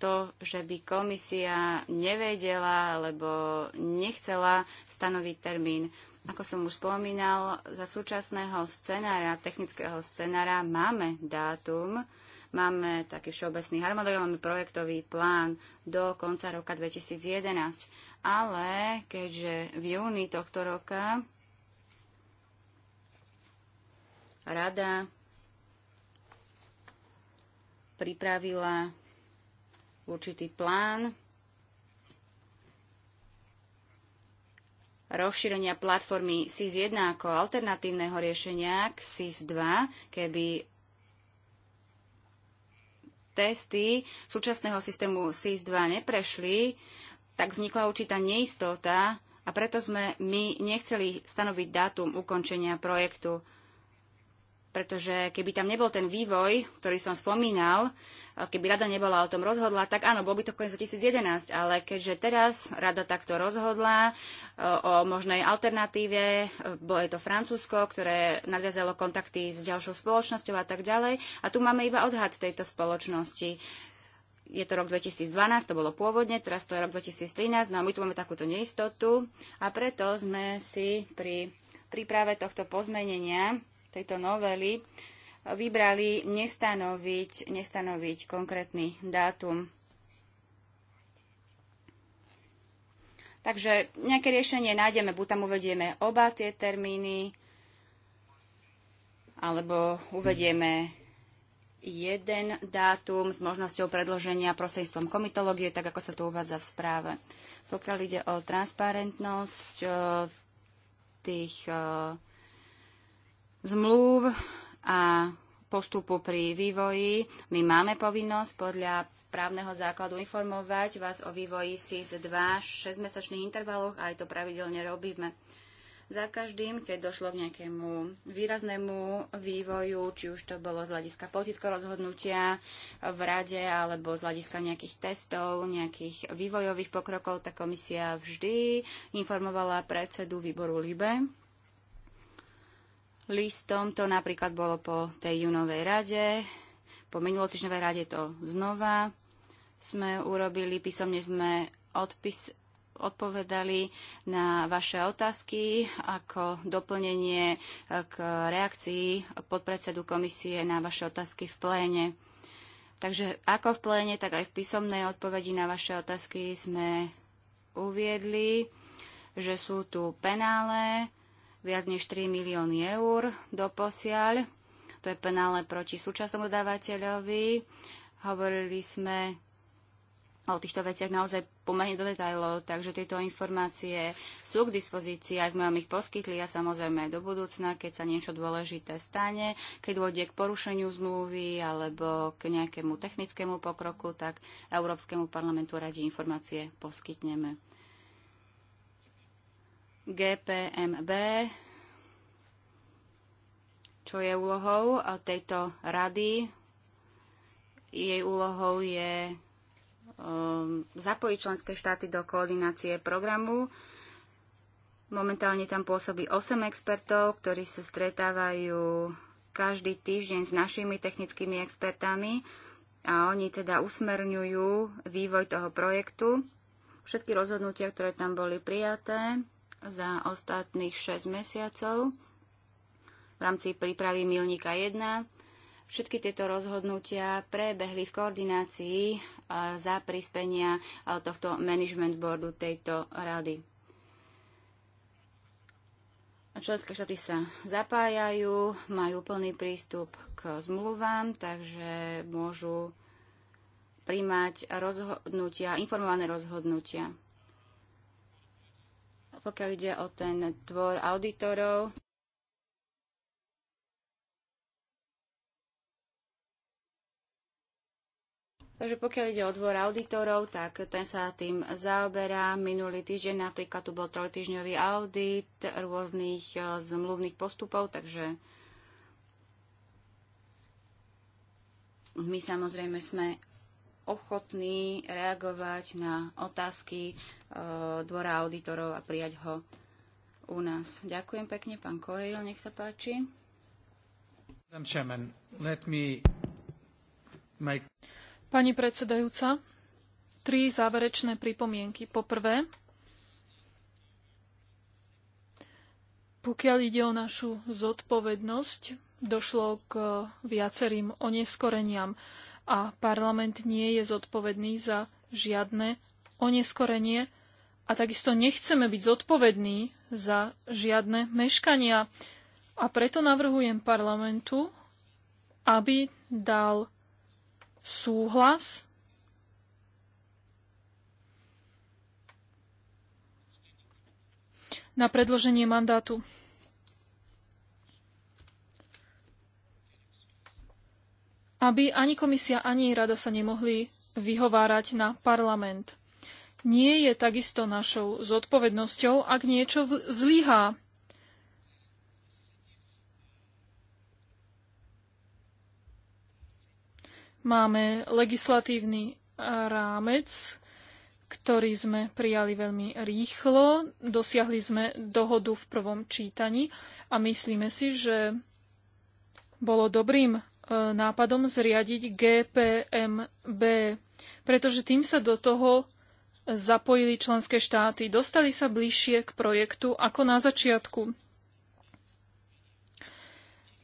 Speaker 1: to, že by komisia nevedela alebo nechcela stanoviť termín. Ako som už spomínal, za súčasného scenára, technického scenára máme dátum, máme taký všeobecný harmonogram, máme projektový plán do konca roka 2011. Ale keďže v júni tohto roka rada pripravila určitý plán rozšírenia platformy SIS-1 ako alternatívneho riešenia k SIS-2, keby testy súčasného systému SIS-2 neprešli, tak vznikla určitá neistota a preto sme my nechceli stanoviť dátum ukončenia projektu pretože keby tam nebol ten vývoj, ktorý som spomínal, keby rada nebola o tom rozhodla, tak áno, bol by to koniec 2011, ale keďže teraz rada takto rozhodla e, o možnej alternatíve, e, bolo je to Francúzsko, ktoré nadviazalo kontakty s ďalšou spoločnosťou a tak ďalej. A tu máme iba odhad tejto spoločnosti. Je to rok 2012, to bolo pôvodne, teraz to je rok 2013, no a my tu máme takúto neistotu a preto sme si pri príprave tohto pozmenenia tejto novely vybrali nestanoviť, nestanoviť konkrétny dátum. Takže nejaké riešenie nájdeme, buď tam uvedieme oba tie termíny, alebo uvedieme jeden dátum s možnosťou predloženia prostredníctvom komitológie, tak ako sa to uvádza v správe. Pokiaľ ide o transparentnosť eh, tých eh, zmluv a postupu pri vývoji. My máme povinnosť podľa právneho základu informovať vás o vývoji SIS-2 v 6-mesačných intervaloch aj to pravidelne robíme. Za každým, keď došlo k nejakému výraznému vývoju, či už to bolo z hľadiska politického rozhodnutia v rade alebo z hľadiska nejakých testov, nejakých vývojových pokrokov, tá komisia vždy informovala predsedu výboru LIBE listom. To napríklad bolo po tej junovej rade, po minulotýždňovej rade to znova sme urobili, písomne sme odpis, odpovedali na vaše otázky ako doplnenie e, k reakcii podpredsedu komisie na vaše otázky v pléne. Takže ako v pléne, tak aj v písomnej odpovedi na vaše otázky sme uviedli, že sú tu penále, viac než 3 milióny eur doposiaľ. To je penále proti súčasnému dodávateľovi. Hovorili sme o týchto veciach naozaj pomerne do detajlov, takže tieto informácie sú k dispozícii, aj sme vám ich poskytli a samozrejme aj do budúcna, keď sa niečo dôležité stane, keď dôjde k porušeniu zmluvy alebo k nejakému technickému pokroku, tak Európskemu parlamentu radi informácie poskytneme. GPMB, čo je úlohou tejto rady. Jej úlohou je um, zapojiť členské štáty do koordinácie programu. Momentálne tam pôsobí 8 expertov, ktorí sa stretávajú každý týždeň s našimi technickými expertami a oni teda usmerňujú vývoj toho projektu. Všetky rozhodnutia, ktoré tam boli prijaté, za ostatných 6 mesiacov v rámci prípravy Milníka 1. Všetky tieto rozhodnutia prebehli v koordinácii e, za prispenia e, tohto management boardu tejto rady. Členské štáty sa zapájajú, majú plný prístup k zmluvám, takže môžu príjmať rozhodnutia, informované rozhodnutia pokiaľ ide o ten dvor auditorov. Takže pokiaľ ide o dvor auditorov, tak ten sa tým zaoberá. Minulý týždeň napríklad tu bol trojtyžňový audit rôznych e, zmluvných postupov, takže my samozrejme sme ochotný reagovať na otázky e, dvora auditorov a prijať ho u nás. Ďakujem pekne, pán Koejl, nech sa páči. Pani predsedajúca,
Speaker 3: tri záverečné pripomienky. Poprvé, pokiaľ ide o našu zodpovednosť, došlo k viacerým oneskoreniam a parlament nie je zodpovedný za žiadne oneskorenie a takisto nechceme byť zodpovední za žiadne meškania. A preto navrhujem parlamentu, aby dal súhlas na predloženie mandátu. aby ani komisia, ani rada sa nemohli vyhovárať na parlament. Nie je takisto našou zodpovednosťou, ak niečo zlyhá. Máme legislatívny e, rámec, ktorý sme prijali veľmi rýchlo. Dosiahli sme dohodu v prvom čítaní a myslíme si, že bolo dobrým nápadom zriadiť GPMB, pretože tým sa do toho zapojili členské štáty. Dostali sa bližšie k projektu ako na začiatku.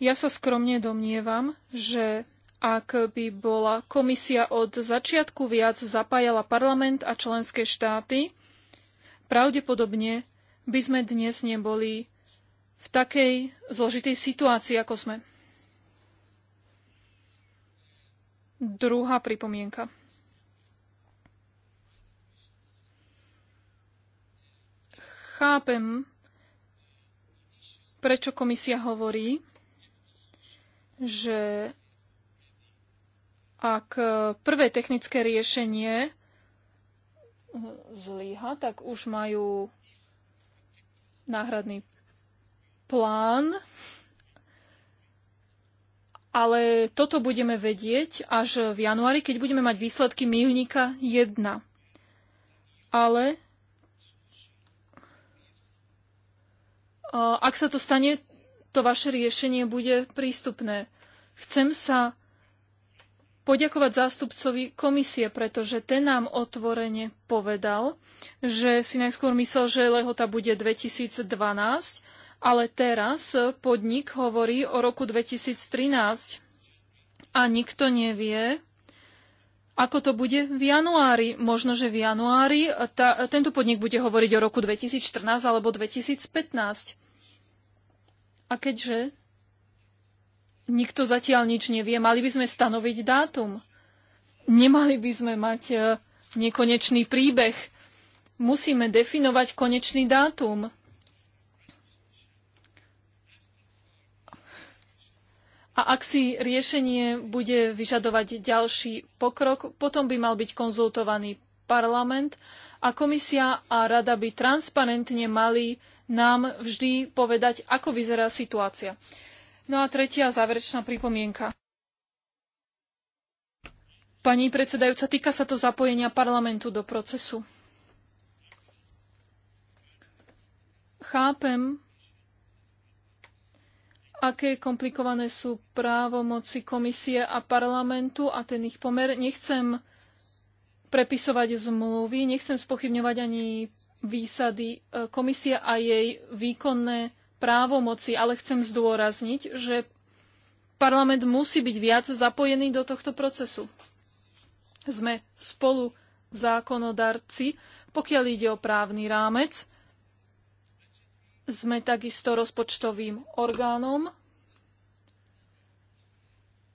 Speaker 3: Ja sa skromne domnievam, že ak by bola komisia od začiatku viac zapájala parlament a členské štáty, pravdepodobne by sme dnes neboli v takej zložitej situácii, ako sme. Druhá pripomienka. Chápem, prečo komisia hovorí, že ak prvé technické riešenie zlíha, tak už majú náhradný plán ale toto budeme vedieť až v januári, keď budeme mať výsledky milníka 1. Ale ak sa to stane, to vaše riešenie bude prístupné. Chcem sa poďakovať zástupcovi komisie, pretože ten nám otvorene povedal, že si najskôr myslel, že lehota bude 2012, ale teraz podnik hovorí o roku 2013 a nikto nevie, ako to bude v januári. Možno, že v januári tá, tento podnik bude hovoriť o roku 2014 alebo 2015. A keďže nikto zatiaľ nič nevie, mali by sme stanoviť dátum. Nemali by sme mať e, nekonečný príbeh. Musíme definovať konečný dátum. A ak si riešenie bude vyžadovať ďalší pokrok, potom by mal byť konzultovaný parlament a komisia a rada by transparentne mali nám vždy povedať, ako vyzerá situácia. No a tretia záverečná pripomienka. Pani predsedajúca, týka sa to zapojenia parlamentu do procesu. Chápem, aké komplikované sú právomoci komisie a parlamentu a ten ich pomer. Nechcem prepisovať zmluvy, nechcem spochybňovať ani výsady e, komisie a jej výkonné právomoci, ale chcem zdôrazniť, že parlament musí byť viac zapojený do tohto procesu. Sme spolu zákonodarci, pokiaľ ide o právny rámec, sme takisto rozpočtovým orgánom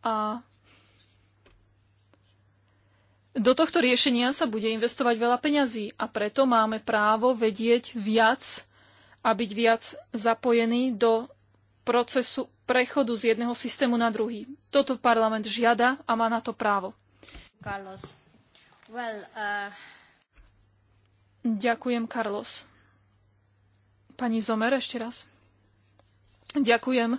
Speaker 3: a do tohto riešenia sa bude investovať veľa peňazí a preto máme právo vedieť viac a byť viac zapojený do procesu prechodu z jedného systému na druhý. Toto parlament žiada a má na to právo.
Speaker 2: Carlos. Well, uh...
Speaker 3: Ďakujem, Carlos. Pani Zomer, ešte raz. Ďakujem.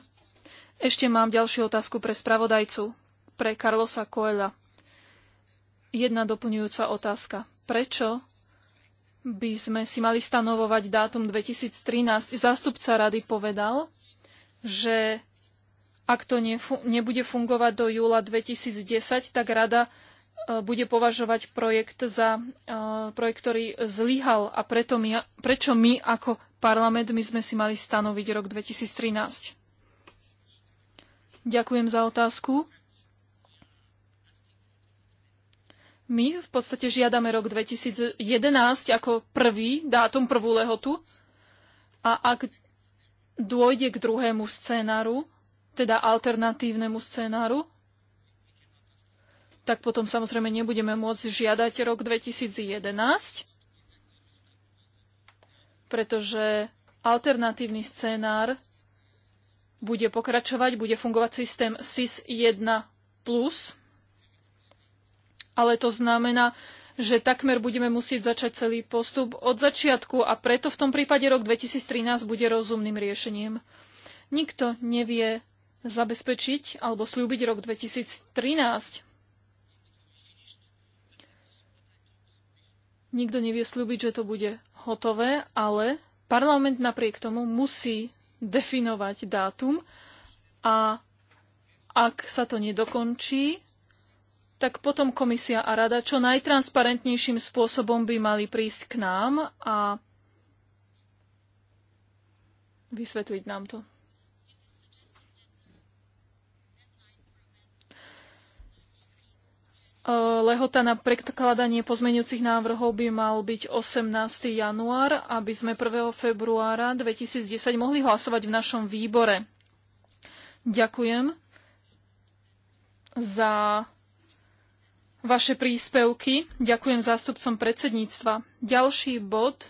Speaker 3: Ešte mám ďalšiu otázku pre spravodajcu, pre Carlosa Coela. Jedna doplňujúca otázka. Prečo by sme si mali stanovovať dátum 2013? Zástupca rady povedal, že ak to nefu- nebude fungovať do júla 2010, tak rada e, bude považovať projekt za e, projekt, ktorý zlyhal a preto my, prečo my ako parlament, my sme si mali stanoviť rok 2013. Ďakujem za otázku. My v podstate žiadame rok 2011 ako prvý dátum, prvú lehotu. A ak dôjde k druhému scénáru, teda alternatívnemu scénáru, tak potom samozrejme nebudeme môcť žiadať rok 2011, pretože alternatívny scénár bude pokračovať, bude fungovať systém SIS-1+, ale to znamená, že takmer budeme musieť začať celý postup od začiatku a preto v tom prípade rok 2013 bude rozumným riešením. Nikto nevie zabezpečiť alebo slúbiť rok 2013. Nikto nevie slúbiť, že to bude hotové, ale parlament napriek tomu musí definovať dátum a ak sa to nedokončí, tak potom komisia a rada čo najtransparentnejším spôsobom by mali prísť k nám a vysvetliť nám to. Lehota na prekladanie pozmeňujúcich návrhov by mal byť 18. január, aby sme 1. februára 2010 mohli hlasovať v našom výbore. Ďakujem za vaše príspevky. Ďakujem zástupcom predsedníctva. Ďalší bod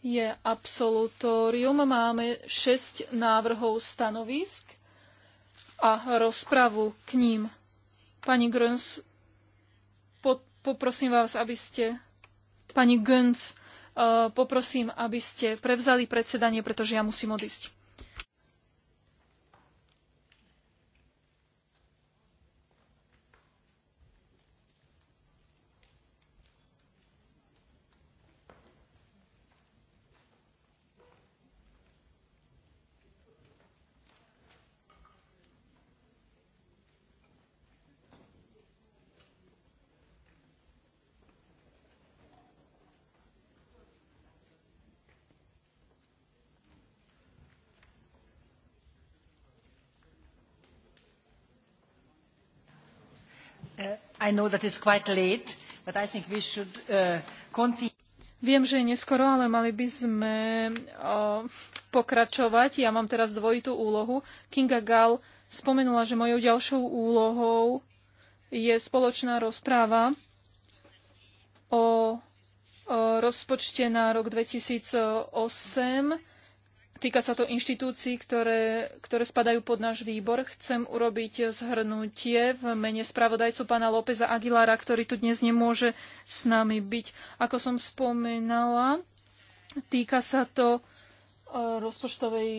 Speaker 3: je absolutórium. Máme 6 návrhov stanovisk a rozpravu k ním. Pani Gröns Poprosím vás, aby ste, pani Gönc, eh, poprosím, aby ste prevzali predsedanie, pretože ja musím odísť. Uh, Viem, že je neskoro, ale mali by sme pokračovať. Ja mám teraz dvojitú úlohu. Kinga Gall spomenula, že mojou ďalšou úlohou je spoločná rozpráva o, o rozpočte na rok 2008 Týka sa to inštitúcií, ktoré, ktoré spadajú pod náš výbor. Chcem urobiť zhrnutie v mene spravodajcu pána Lópeza Aguilara, ktorý tu dnes nemôže s nami byť. Ako som spomenala, týka sa to e, rozpočtovej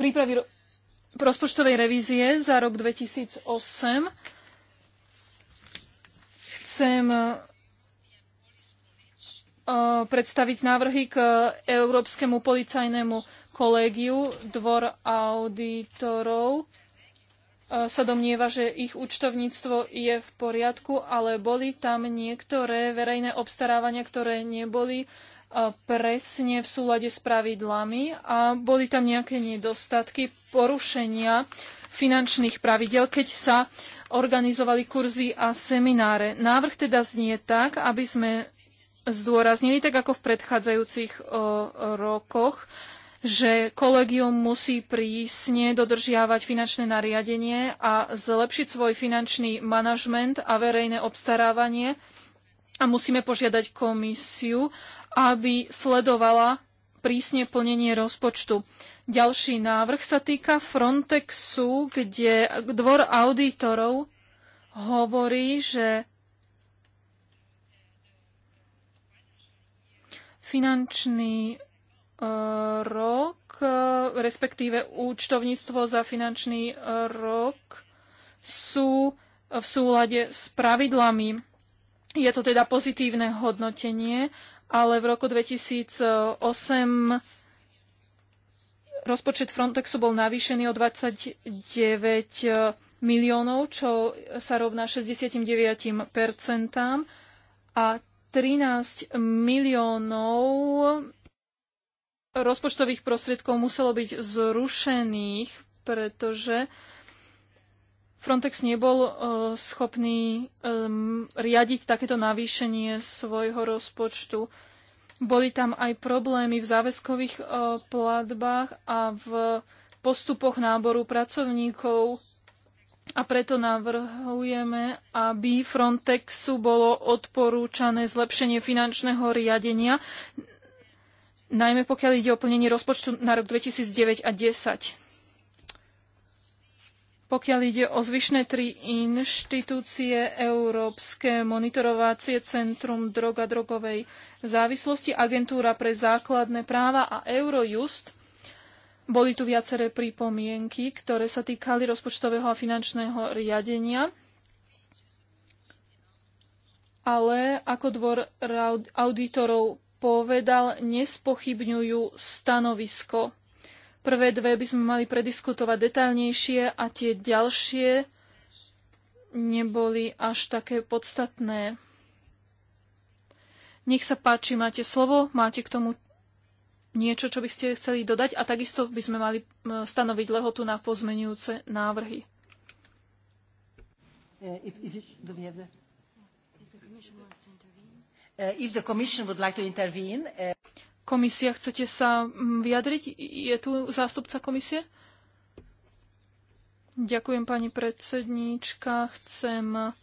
Speaker 3: prípravy rozpočtovej revízie za rok 2008. Chcem predstaviť návrhy k e, Európskemu policajnému kolégiu. Dvor auditorov e, sa domnieva, že ich účtovníctvo je v poriadku, ale boli tam niektoré verejné obstarávania, ktoré neboli e, presne v súlade s pravidlami a boli tam nejaké nedostatky, porušenia finančných pravidel, keď sa organizovali kurzy a semináre. Návrh teda znie tak, aby sme zdôraznili, tak ako v predchádzajúcich o, eh, rokoch, že kolegium musí prísne dodržiavať finančné nariadenie a zlepšiť svoj finančný manažment a verejné obstarávanie. A musíme požiadať komisiu, aby sledovala prísne plnenie rozpočtu. Ďalší návrh sa týka Frontexu, kde dvor auditorov hovorí, že finančný e, rok, e, respektíve účtovníctvo za finančný e, rok sú v súlade s pravidlami. Je to teda pozitívne hodnotenie, ale v roku 2008 rozpočet Frontexu bol navýšený o 29 miliónov, čo sa rovná 69 a 13 miliónov rozpočtových prostriedkov muselo byť zrušených, pretože Frontex nebol e, schopný e, riadiť takéto navýšenie svojho rozpočtu. Boli tam aj problémy v záväzkových e, platbách a v postupoch náboru pracovníkov. A preto navrhujeme, aby Frontexu bolo odporúčané zlepšenie finančného riadenia, najmä pokiaľ ide o plnenie rozpočtu na rok 2009 a 2010. Pokiaľ ide o zvyšné tri inštitúcie, Európske monitorovacie centrum droga drogovej závislosti, Agentúra pre základné práva a Eurojust, boli tu viaceré pripomienky, ktoré sa týkali rozpočtového a finančného riadenia. Ale ako dvor auditorov povedal, nespochybňujú stanovisko. Prvé dve by sme mali prediskutovať detailnejšie a tie ďalšie neboli až také podstatné. Nech sa páči, máte slovo, máte k tomu niečo, čo by ste chceli dodať a takisto by sme mali stanoviť lehotu na pozmenujúce návrhy. Uh, uh, uh, Komisia, chcete sa vyjadriť? Je tu zástupca komisie? Ďakujem, pani predsedníčka. Chcem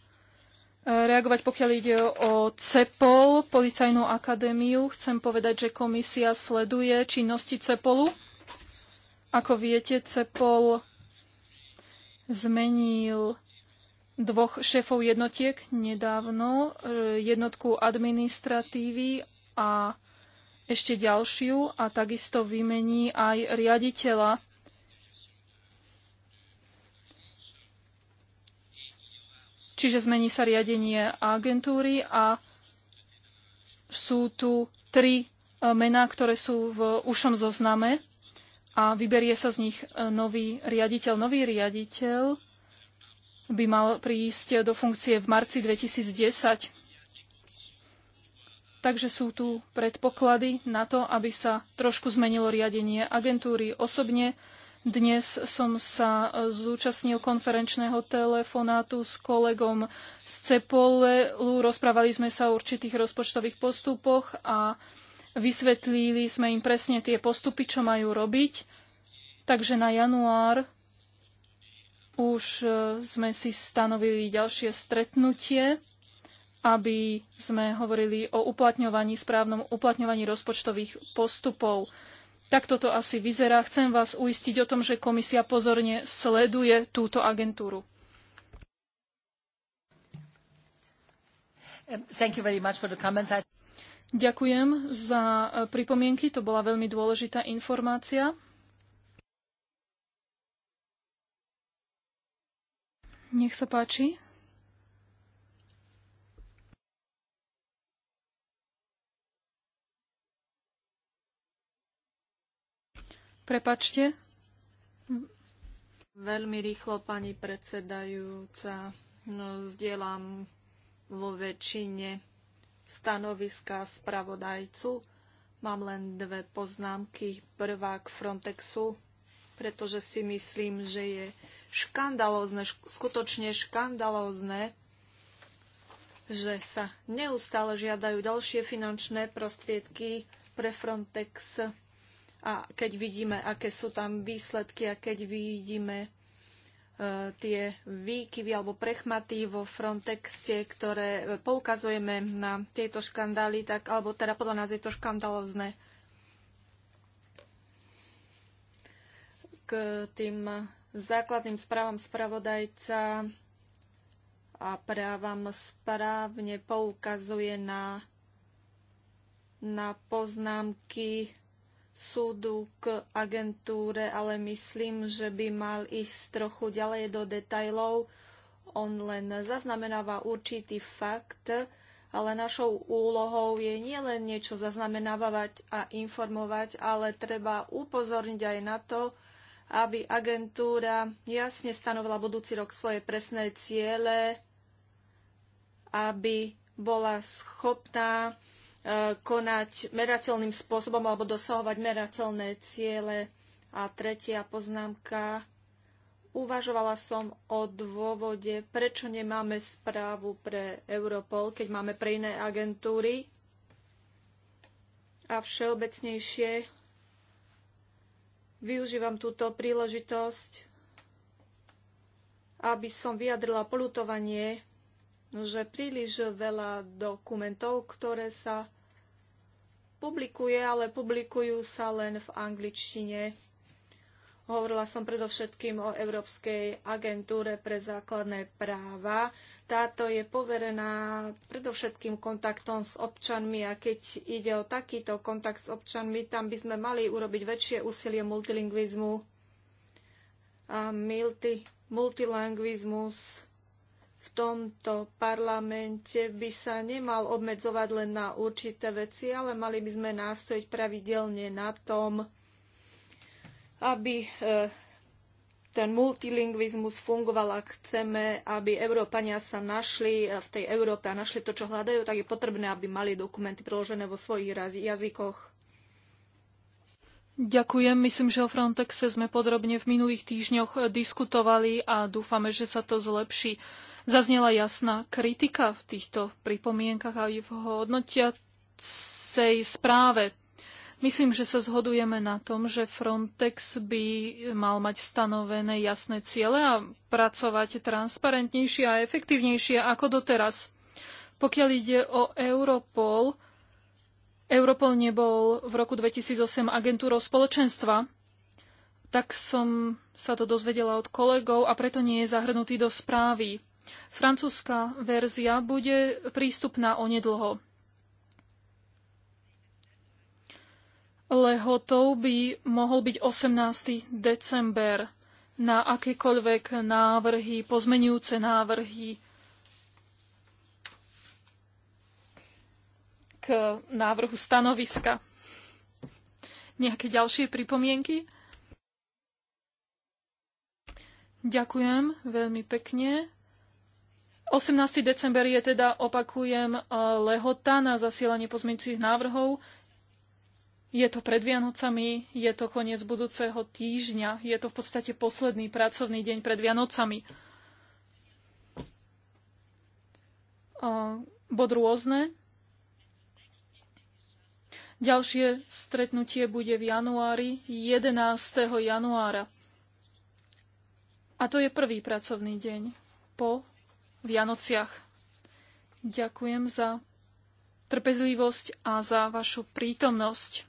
Speaker 3: reagovať, pokiaľ ide o CEPOL, Policajnú akadémiu. Chcem povedať, že komisia sleduje činnosti CEPOLu. Ako viete, CEPOL zmenil dvoch šéfov jednotiek nedávno, jednotku administratívy a ešte ďalšiu a takisto vymení aj riaditeľa Čiže zmení sa riadenie agentúry a sú tu tri e, mená, ktoré sú v ušom zozname a vyberie sa z nich e, nový riaditeľ. Nový riaditeľ by mal prísť do funkcie v marci 2010. Takže sú tu predpoklady na to, aby sa trošku zmenilo riadenie agentúry. Osobne dnes som sa e, zúčastnil konferenčného telefonátu s kolegom z Cepolu. Rozprávali sme sa o určitých rozpočtových postupoch a vysvetlili sme im presne tie postupy, čo majú robiť. Takže na január už e, sme si stanovili ďalšie stretnutie aby sme hovorili o uplatňovaní, správnom uplatňovaní rozpočtových postupov. Tak toto asi vyzerá. Chcem vás uistiť o tom, že komisia pozorne sleduje túto agentúru. Um, Ďakujem za e, pripomienky, to bola veľmi dôležitá informácia. Nech sa páči. Prepačte.
Speaker 2: Veľmi rýchlo, pani predsedajúca. No, zdieľam vo väčšine stanoviska spravodajcu. Mám len dve poznámky. Prvá k Frontexu, pretože si myslím, že je škandalózne, skutočne škandalózne, že sa neustále žiadajú ďalšie finančné prostriedky pre Frontex a keď vidíme, aké sú tam výsledky a keď vidíme e, tie výkyvy alebo prechmaty vo Frontexte, ktoré poukazujeme na tieto škandály, tak, alebo teda podľa nás je to škandalozne. K tým základným správam spravodajca a právam správne poukazuje na, na poznámky súdu k agentúre, ale myslím, že by mal ísť trochu ďalej do detajlov. On len zaznamenáva určitý fakt, ale našou úlohou je nielen niečo zaznamenávať a informovať, ale treba upozorniť aj na to, aby agentúra jasne stanovila budúci rok svoje presné ciele, aby bola schopná konať merateľným spôsobom alebo dosahovať merateľné ciele. A tretia poznámka. Uvažovala som o dôvode, prečo nemáme správu pre Europol, keď máme pre iné agentúry. A všeobecnejšie využívam túto príležitosť, aby som vyjadrila polutovanie, že príliš veľa dokumentov, ktoré sa publikuje, ale publikujú sa len v angličtine. Hovorila som predovšetkým o Európskej agentúre pre základné práva. Táto je poverená predovšetkým kontaktom s občanmi a keď ide o takýto kontakt s občanmi, tam by sme mali urobiť väčšie úsilie multilingvizmu a multi, multilingvizmus v tomto parlamente by sa nemal obmedzovať len na určité veci, ale mali by sme nástojiť pravidelne na tom, aby e, ten multilingvizmus fungoval, ak chceme, aby Európania sa našli e, v tej Európe a našli to, čo hľadajú, tak je potrebné, aby mali dokumenty preložené vo svojich jazykoch.
Speaker 3: Ďakujem. Myslím, že o Frontexe sme podrobne v minulých týždňoch e, diskutovali a dúfame, že sa to zlepší. Zaznela jasná kritika v týchto pripomienkach aj v hodnotiacej správe. Myslím, že sa zhodujeme na tom, že Frontex by mal mať stanovené jasné ciele a pracovať transparentnejšie a efektívnejšie ako doteraz. Pokiaľ ide o Europol, Europol nebol v roku 2008 agentúrou spoločenstva, tak som sa to dozvedela od kolegov a preto nie je zahrnutý do správy. Francúzska verzia bude prístupná onedlho. Lehotou by mohol byť 18. december na akékoľvek návrhy, pozmenujúce návrhy k návrhu stanoviska. Nejaké ďalšie pripomienky? Ďakujem veľmi pekne. 18. december je teda, opakujem, e, lehota na zasielanie pozmeňujúcich návrhov. Je to pred Vianocami, je to koniec budúceho týždňa, je to v podstate posledný pracovný deň pred Vianocami. E, bod rôzne. Ďalšie stretnutie bude v januári, 11. januára. A to je prvý pracovný deň po Vianociach. Ďakujem za trpezlivosť a za vašu prítomnosť.